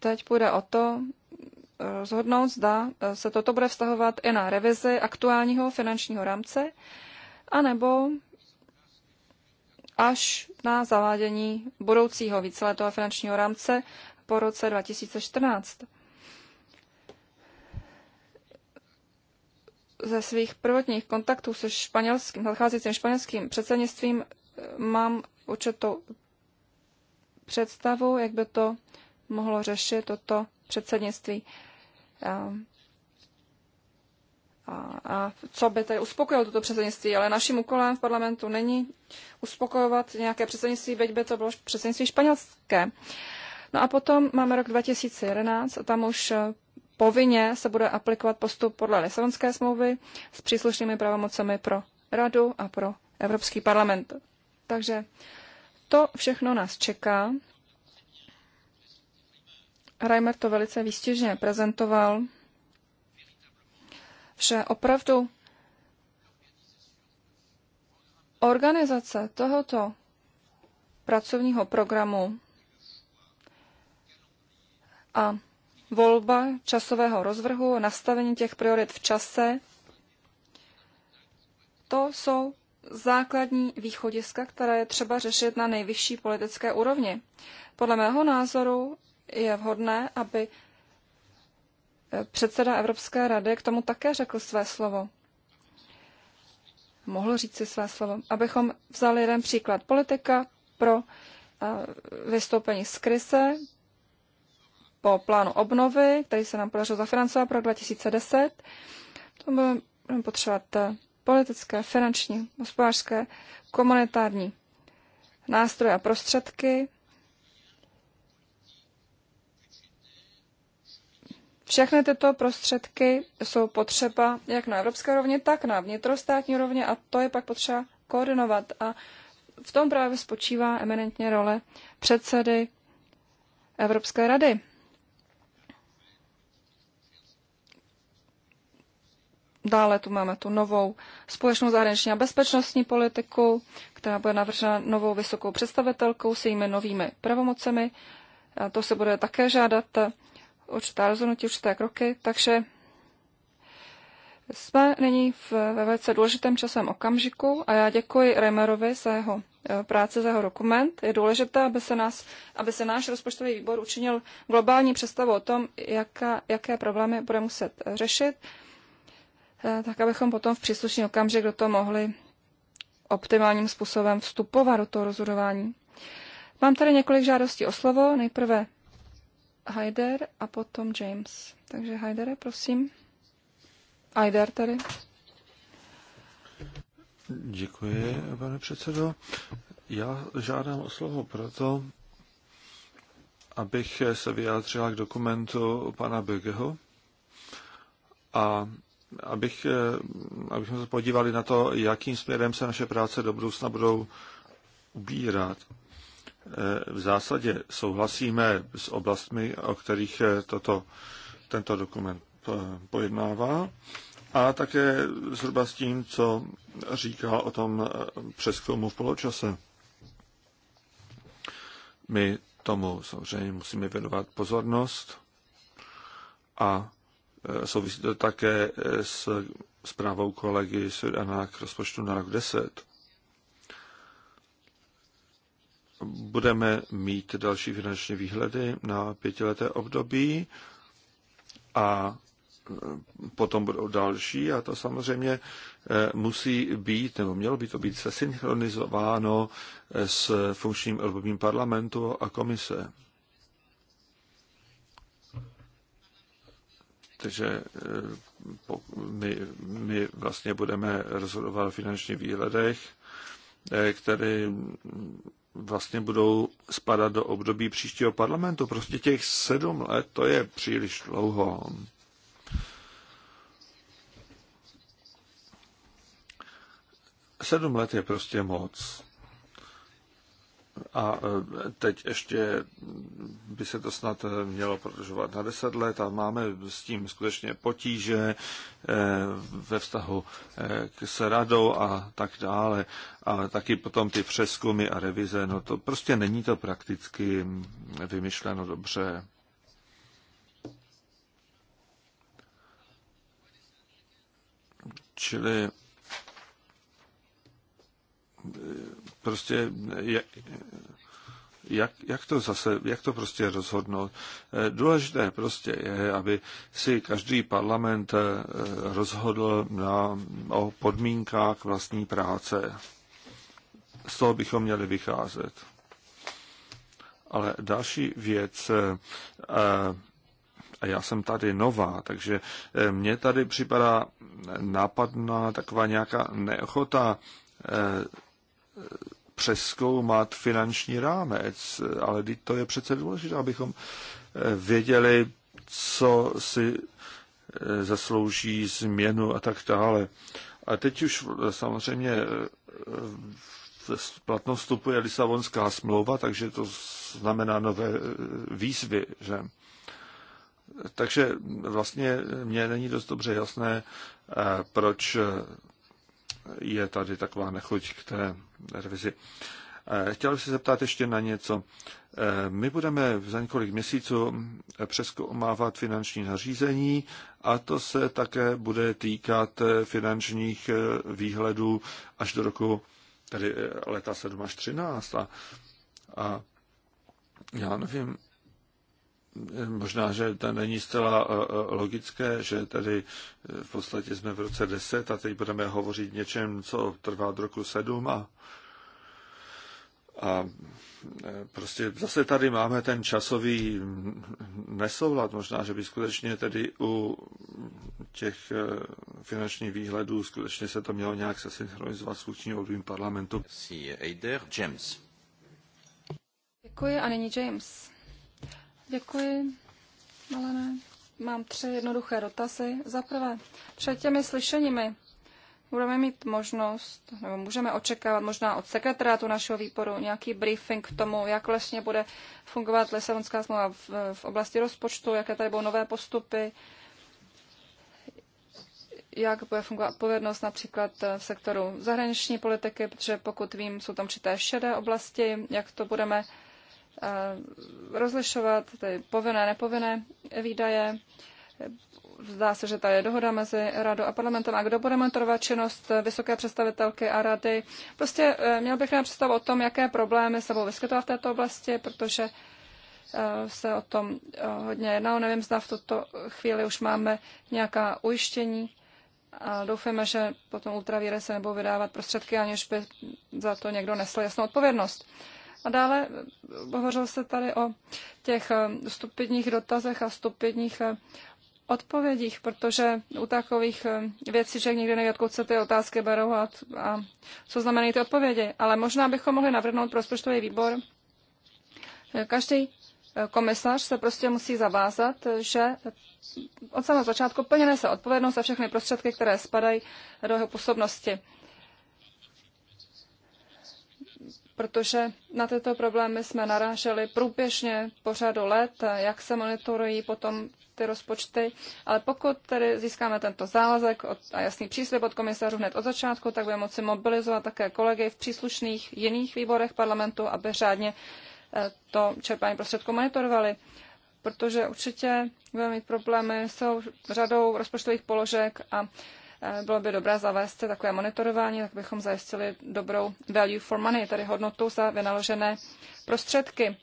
teď půjde o to rozhodnout, eh, zda eh, se toto bude vztahovat i na revizi aktuálního finančního rámce, anebo až na zavádění budoucího víceletého finančního rámce po roce 2014. Ze svých prvotních kontaktů se španělským, nadcházejícím španělským předsednictvím eh, mám určitou představu, jak by to mohlo řešit toto předsednictví. A, a, a co by tady uspokojilo toto předsednictví, ale naším úkolem v parlamentu není uspokojovat nějaké předsednictví, byť by to bylo předsednictví španělské. No a potom máme rok 2011 a tam už e, povinně se bude aplikovat postup podle Lisabonské smlouvy s příslušnými pravomocemi pro Radu a pro Evropský parlament. Takže to všechno nás čeká. Reimer to velice výstěžně prezentoval, že opravdu organizace tohoto pracovního programu a volba časového rozvrhu, nastavení těch priorit v čase, to jsou základní východiska, které je třeba řešit na nejvyšší politické úrovni. Podle mého názoru je vhodné, aby eh, předseda Evropské rady k tomu také řekl své slovo. Mohl říct si své slovo. Abychom vzali jeden příklad politika pro eh, vystoupení z krise po plánu obnovy, který se nám podařilo zafinancovat pro 2010. To budeme potřebovat eh, politické, finanční, hospodářské, komunitární nástroje a prostředky. Všechny tyto prostředky jsou potřeba jak na evropské rovně, tak na vnitrostátní rovně a to je pak potřeba koordinovat. A v tom právě spočívá eminentně role předsedy Evropské rady. Dále tu máme tu novou společnou zahraniční a bezpečnostní politiku, která bude navržena novou vysokou představitelkou s jejími novými pravomocemi. A to se bude také žádat eh, určitá rozhodnutí, určité kroky, takže jsme nyní v, ve velice důležitém časovém okamžiku a já děkuji Remerovi za jeho eh, práci, za jeho dokument. Je důležité, aby se, nás, aby se náš rozpočtový výbor učinil globální představu o tom, jaká, jaké problémy bude muset eh, řešit Eh, tak abychom potom v příslušný okamžik do toho mohli optimálním způsobem vstupovat do toho rozhodování. Mám tady několik žádostí o slovo. Nejprve Heider a potom James. Takže Heidere, prosím. Heider tady. Děkuji, pane předsedo. Já žádám o slovo proto, abych se vyjádřila k dokumentu pana Bögeho a abych, eh, abychom se podívali na to, jakým směrem se naše práce do budoucna budou ubírat. Eh, v zásadě souhlasíme s oblastmi, o kterých eh, toto, tento dokument pojednává a také zhruba s tím, co říká o tom přeskoumu v poločase. My tomu samozřejmě musíme věnovat pozornost a Eh, souvisí to také eh, s zprávou kolegy Sudana k rozpočtu na rok 10. Budeme mít další finanční výhledy na pětileté období a eh, potom budou další a to samozřejmě musí být, nebo mělo by to být sesynchronizováno s funkčním obdobím parlamentu a komise. protože eh, my, my vlastně budeme rozhodovat o finančních výhledech, eh, které vlastně budou spadat do období příštího parlamentu. Prostě těch sedm let, to je příliš dlouho. Sedm let je prostě moc. A e, teď ještě by se to snad e, mělo prodlužovat na deset let a máme s tím skutečně potíže e, ve vztahu k radou a tak dále. A taky potom ty přeskumy a revize, no to prostě není to prakticky vymyšleno dobře. Čili prostě jak, jak, jak to zase, jak to prostě rozhodnout. Eh, důležité prostě je, aby si každý parlament eh, rozhodl na, o podmínkách vlastní práce. Z toho bychom měli vycházet. Ale další věc, eh, a já jsem tady nová, takže mně tady připadá nápadná taková nějaká neochota přeskoumat finanční rámec, ale to je přece důležité, abychom eh, věděli, co si eh, zaslouží změnu a tak dále. A teď už eh, samozřejmě v platnost vstupuje Lisabonská smlouva, takže to znamená nové výzvy, že takže vlastně mně není dost dobře jasné, proč je tady taková nechuť k té revizi. Eh, chtěl bych se zeptat ještě na něco. Eh, my budeme za několik měsíců přeskoumávat finanční nařízení a to se také bude týkat eh, finančních výhledů až do roku, tedy leta 7 až 13. A, a já nevím, možná, že to není zcela eh, eh, logické, že tady eh, v podstatě jsme v roce 10 a teď budeme hovořit něčem, co trvá od roku 7 a, a prostě zase tady máme ten časový nesoulad. Možná, že by skutečně tedy u těch finančních výhledů skutečně se to mělo nějak se synchronizovat s funkčním obdobím parlamentu. Děkuji a nyní James. Děkuji, Malene. Mám tři jednoduché dotazy. Za prvé, před těmi slyšeními budeme mít možnost, nebo můžeme očekávat možná od sekretariátu našeho výboru nějaký briefing k tomu, jak vlastně bude fungovat Lisabonská smlouva v, v oblasti rozpočtu, jaké tady budou nové postupy, jak bude fungovat odpovědnost například eh, v sektoru zahraniční politiky, protože pokud vím, jsou tam určité šedé oblasti, jak to budeme Eh, rozlišovat ty povinné, nepovinné výdaje. Zdá se, že tady je dohoda mezi radou a parlamentem. A kdo bude monitorovat činnost vysoké představitelky a rady? Prostě eh, měl bych nám představu o tom, jaké problémy se budou vyskytovat v této oblasti, protože eh, se o tom hodně jednalo. Nevím, zda v tuto chvíli už máme nějaká ujištění. A doufujeme, že potom ultravíry se nebudou vydávat prostředky, aniž by za to někdo nesl jasnou odpovědnost. A dále eh, hovořil se tady o těch eh, stupidních dotazech a stupidních eh, odpovědích, protože u takových věcí, že nikdy neví, odkud se ty otázky berou a, a co znamenají ty odpovědi. Ale možná bychom mohli navrhnout prospočtový výbor. Každý komisař se prostě musí zavázat, že od samého začátku plně nese odpovědnost za všechny prostředky, které spadají do jeho působnosti. protože na tyto problémy jsme naráželi průběžně po řadu let, jak se monitorují potom ty rozpočty, ale pokud tedy získáme tento závazek a jasný příslip od komisařů hned od začátku, tak budeme moci mobilizovat také kolegy v příslušných jiných výborech parlamentu, aby řádně eh, to čerpání prostředků monitorovali, protože určitě budeme mít problémy s řadou rozpočtových položek a Eh, bylo by dobré zavést takové monitorování, tak bychom zajistili dobrou value for money, tedy hodnotu za vynaložené prostředky.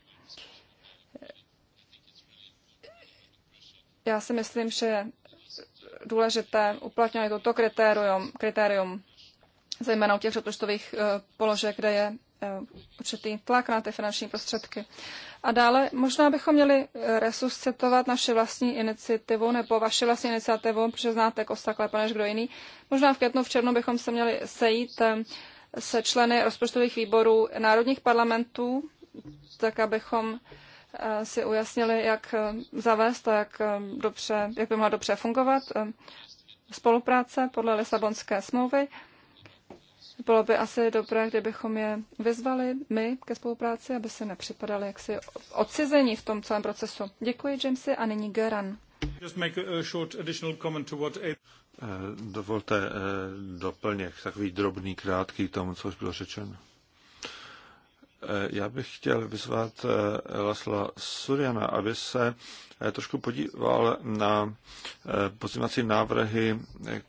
Já si myslím, že je důležité uplatňovat toto kritérium, kritérium zejména u těch rozpočtových eh, položek, kde je Eh, určitý tlak na ty finanční prostředky. A dále možná bychom měli eh, resuscitovat naše vlastní iniciativu nebo vaši vlastní iniciativu, protože znáte Kostak lépe než kdo jiný. Možná v květnu, v červnu bychom se měli sejít eh, se členy rozpočtových výborů národních parlamentů, tak abychom si ujasnili, jak zavést a jak, dobře, jak by mohla dobře fungovat spolupráce podle Lisabonské smlouvy. Bylo by asi dobré, kdybychom je vyzvali my ke spolupráci, aby se nepřipadali jaksi odcizení v tom celém procesu. Děkuji, Jamesy, a nyní Geran. Eh, dovolte eh, doplněk, takový drobný, krátký k tomu, co už bylo řečeno. Eh, já bych chtěl vyzvat Lasla Suriana, aby se trošku podíval na pozimací návrhy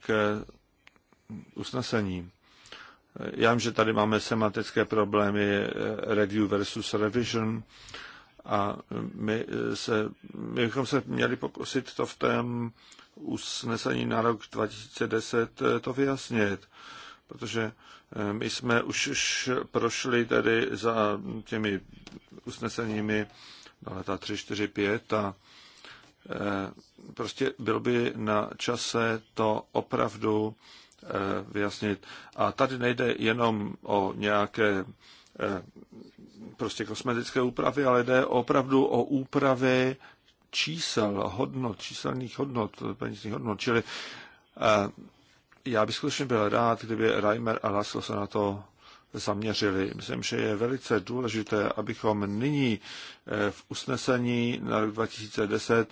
k usnesení. Já vím, že tady máme semantické problémy eh, review versus revision a my, eh, se, my bychom se měli pokusit to v tém usnesení na rok 2010 eh, to vyjasnit, protože my jsme už prošli tedy za těmi usneseními na leta 3, 4, 5 a prostě byl by na čase to opravdu Eh, vyjasnit. A tady nejde jenom o nějaké eh, prostě kosmetické úpravy, ale jde opravdu o úpravy čísel, hodnot, číselných hodnot, peněžních hodnot. Čili eh, já bych skutečně byl rád, kdyby Reimer a Laslo se na to zaměřili. Myslím, že je velice důležité, abychom nyní v usnesení na rok 2010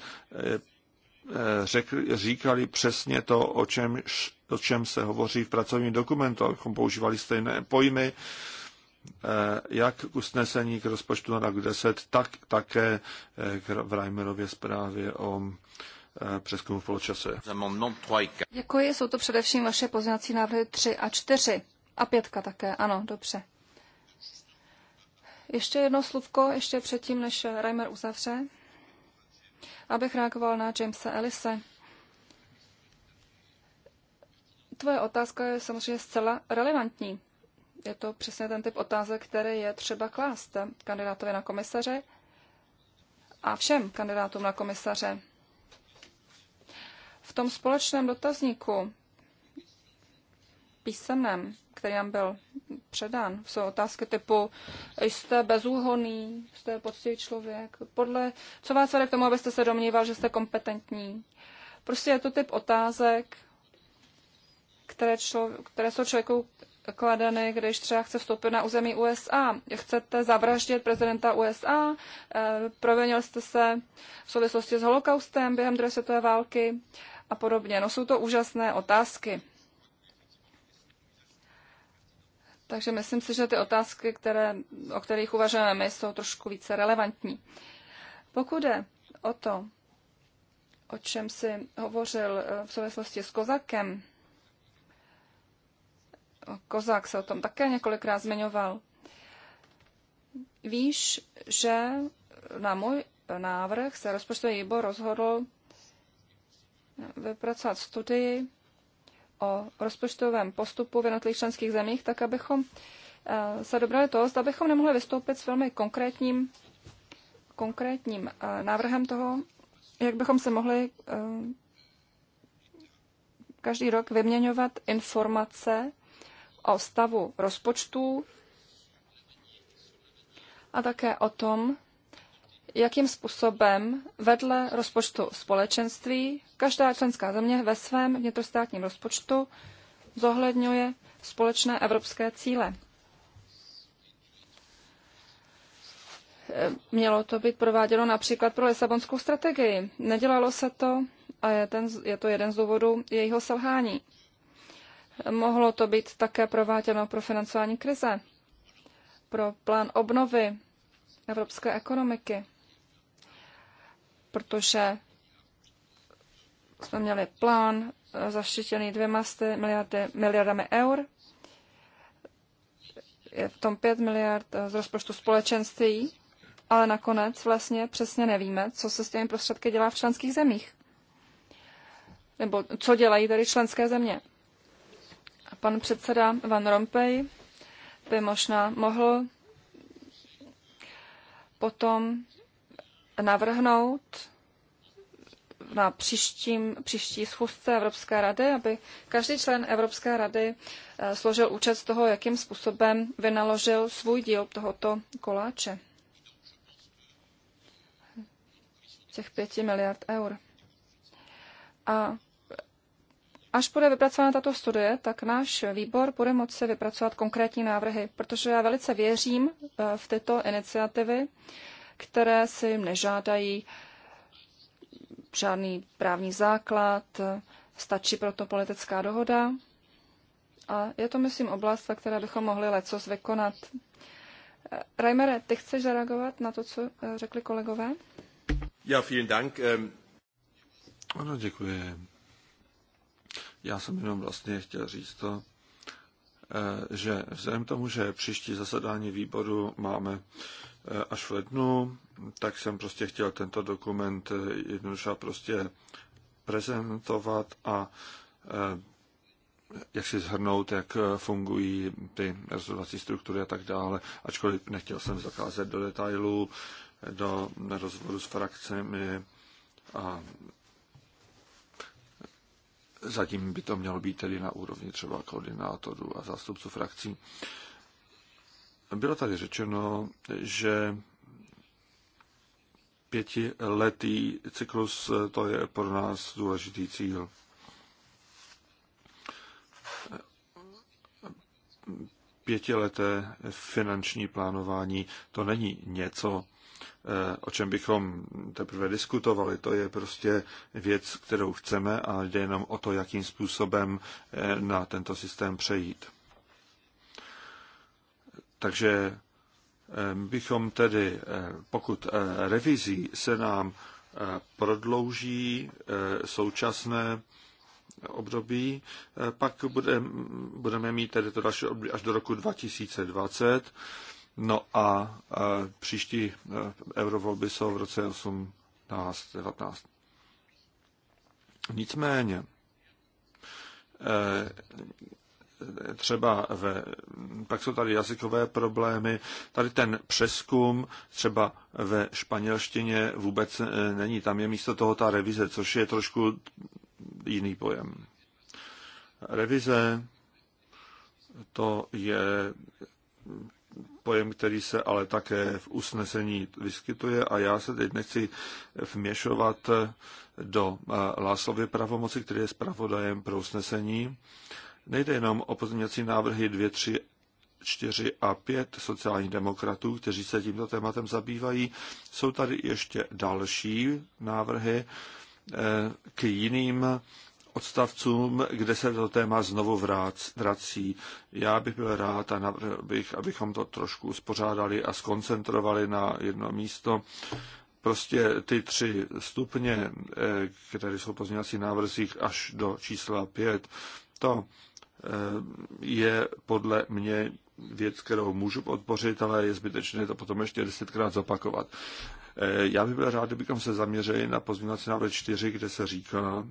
Eh, řekli, říkali přesně to, o čem, o čem se hovoří v pracovním dokumentu, abychom používali stejné pojmy, eh, jak k usnesení k rozpočtu na rok 10, tak také eh, k Reimerově zprávě o přeskumu v poločase. Děkuji, jsou to především vaše pozměňovací návrhy 3 a 4 a 5 také, ano, dobře. Ještě jedno slovko, ještě předtím, než Reimer uzavře. Abych reagoval na Jamesa Ellise. Tvoje otázka je samozřejmě zcela relevantní. Je to přesně ten typ otázek, který je třeba klást kandidátovi na komisaře a všem kandidátům na komisaře. V tom společném dotazníku písemném který nám byl předán. Jsou otázky typu, jste bezúhonný, jste poctivý člověk, podle, co vás vede k tomu, abyste se domníval, že jste kompetentní. Prostě je to typ otázek, které, člo, které jsou člověku kladeny, když třeba chce vstoupit na území USA. Chcete zavraždit prezidenta USA, eh, provinil jste se v souvislosti s holokaustem během druhé světové války a podobně. No jsou to úžasné otázky. Takže myslím si, že ty otázky, které, o kterých uvažujeme my, jsou trošku více relevantní. Pokud je o to, o čem si hovořil eh, v souvislosti s Kozakem, Kozák se o tom také několikrát zmiňoval, víš, že na můj návrh se rozpočtový výbor rozhodl vypracovat studii o rozpočtovém postupu v jednotlivých členských zemích, tak abychom eh, se dobrali toho, zda bychom nemohli vystoupit s velmi konkrétním, konkrétním eh, návrhem toho, jak bychom se mohli eh, každý rok vyměňovat informace o stavu rozpočtů a také o tom, jakým způsobem vedle rozpočtu společenství každá členská země ve svém vnitrostátním rozpočtu zohledňuje společné evropské cíle. Mělo to být prováděno například pro Lisabonskou strategii. Nedělalo se to a je, ten, je to jeden z důvodů jejího selhání. Mohlo to být také prováděno pro financování krize, pro plán obnovy evropské ekonomiky protože jsme měli plán eh, zaštítěný dvěma miliardy, miliardami eur. Je v tom 5 miliard eh, z rozpočtu společenství, ale nakonec vlastně přesně nevíme, co se s těmi prostředky dělá v členských zemích. Nebo co dělají tady členské země. A pan předseda Van Rompuy by možná mohl potom navrhnout na příštím, příští schůzce Evropské rady, aby každý člen Evropské rady eh, složil účet z toho, jakým způsobem vynaložil svůj díl tohoto koláče. Těch pěti miliard eur. A až bude vypracována tato studie, tak náš výbor bude moci vypracovat konkrétní návrhy, protože já velice věřím eh, v tyto iniciativy které si nežádají žádný právní základ, stačí proto politická dohoda. A je to, myslím, oblast, ve které bychom mohli lecos vykonat. Reimere, ty chceš zareagovat na to, co eh, řekli kolegové? Ja, vielen Dank. Ehm. Ano, děkuji. Já jsem jenom vlastně chtěl říct to, eh, že vzhledem tomu, že příští zasedání výboru máme Eh, až v lednu, tak jsem prostě chtěl tento dokument eh, jednoduše prostě prezentovat a eh, jak si zhrnout, jak fungují ty rozhodovací struktury a tak dále, ačkoliv nechtěl jsem zakázet do detailů, do rozhovoru s frakcemi a zatím by to mělo být tedy na úrovni třeba koordinátorů a zástupců frakcí. Bylo tady řečeno, že pětiletý cyklus to je pro nás důležitý cíl. Pětileté finanční plánování to není něco, eh, o čem bychom teprve diskutovali. To je prostě věc, kterou chceme a jde jenom o to, jakým způsobem eh, na tento systém přejít. Takže eh, bychom tedy, eh, pokud eh, revizí se nám prodlouží současné období, pak budeme mít tedy to další období až do roku 2020. No a příští eurovolby jsou v roce 18, 19. Nicméně, třeba ve, pak jsou tady jazykové problémy, tady ten přeskum třeba ve španělštině vůbec e, není, tam je místo toho ta revize, což je trošku jiný pojem. Revize to je pojem, který se ale také v usnesení vyskytuje a já se teď nechci vměšovat do e, Láslovy pravomoci, který je zpravodajem pro usnesení, Nejde jenom o pozměňovací návrhy 2, 3, 4 a 5 sociálních demokratů, kteří se tímto tématem zabývají. Jsou tady ještě další návrhy eh, k jiným odstavcům, kde se to téma znovu vrací. Já bych byl rád a navrhl bych, abychom to trošku spořádali a skoncentrovali na jedno místo. Prostě ty tři stupně, eh, které jsou pozměňovací návrzích až do čísla pět, to Eh, je podle mě věc, kterou můžu podpořit, ale je zbytečné to potom ještě desetkrát zopakovat. Eh, já bych byl rád, kdybychom se zaměřili na pozměňovací návrh 4, kde se říká,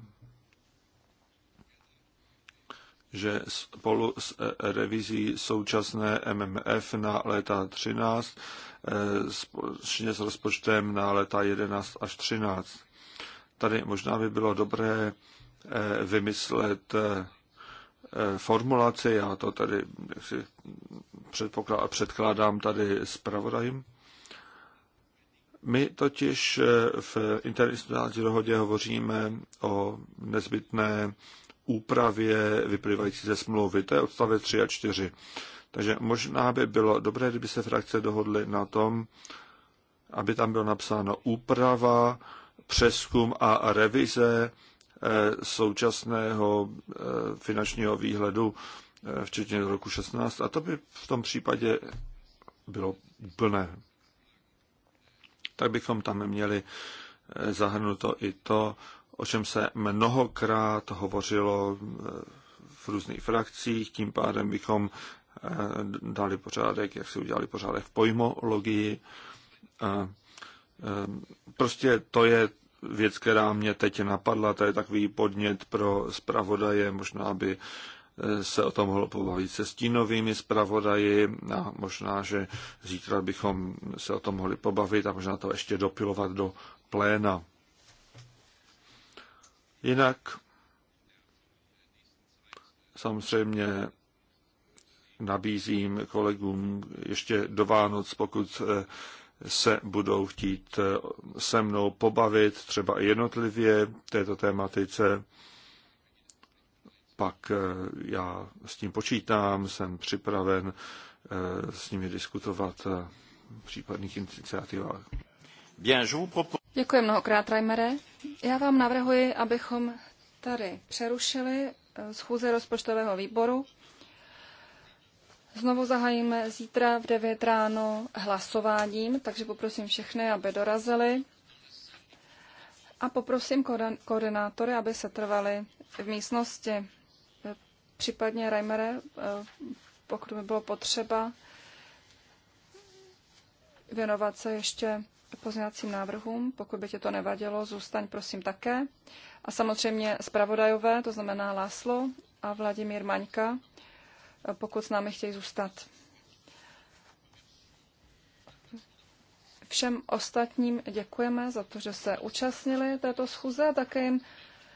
že spolu s eh, revizí současné MMF na léta 13 společně s rozpočtem na léta 11 až 13. Tady možná by bylo dobré vymyslet Eh, formulaci, já to tady si předkládám tady zpravodajím. My totiž eh, v interinstitucionální dohodě hovoříme o nezbytné úpravě vyplývající ze smlouvy. To je odstavec 3 a 4. Takže možná by bylo dobré, kdyby se frakce dohodly na tom, aby tam bylo napsáno úprava, přeskum a revize Eh, současného eh, finančního výhledu, eh, včetně roku 16, a to by v tom případě bylo úplné. Tak bychom tam měli zahrnuto i to, o čem se mnohokrát hovořilo v různých frakcích, tím pádem bychom dali pořádek, jak si udělali pořádek v pojmologii. Prostě to je věc, která mě teď napadla, to je takový podnět pro zpravodaje, možná by e, se o tom mohlo pobavit se stínovými zpravodaji a možná, že zítra bychom se o tom mohli pobavit a možná to ještě dopilovat do pléna. Jinak samozřejmě nabízím kolegům ještě do Vánoc, pokud e, se budou chtít eh, se mnou pobavit, třeba i jednotlivě této tématice, pak eh, já s tím počítám, jsem připraven eh, s nimi diskutovat v případných iniciativách. Děkuji mnohokrát, Reimere. Já vám navrhuji, abychom tady přerušili schůze rozpočtového výboru Znovu zahájíme zítra v 9 ráno hlasováním, takže poprosím všechny, aby dorazili. A poprosím koordinátory, aby se trvali v místnosti. Případně Reimere, eh, pokud by bylo potřeba, věnovat se ještě pozněvacím návrhům. Pokud by tě to nevadilo, zůstaň prosím také. A samozřejmě zpravodajové, to znamená Láslo a Vladimír Maňka, pokud s námi chtějí zůstat. Všem ostatním děkujeme za to, že se účastnili této schůze a také jim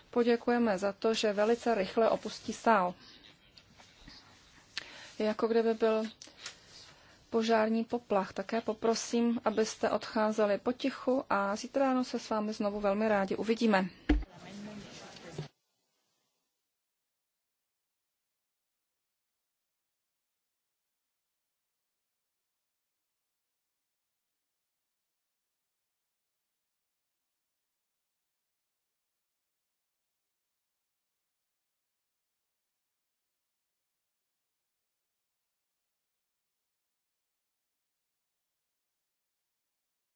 poděkujeme za to, že velice rychle opustí sál. Jako kdyby byl požární poplach. Také poprosím, abyste odcházeli potichu a zítra ráno se s vámi znovu velmi rádi uvidíme.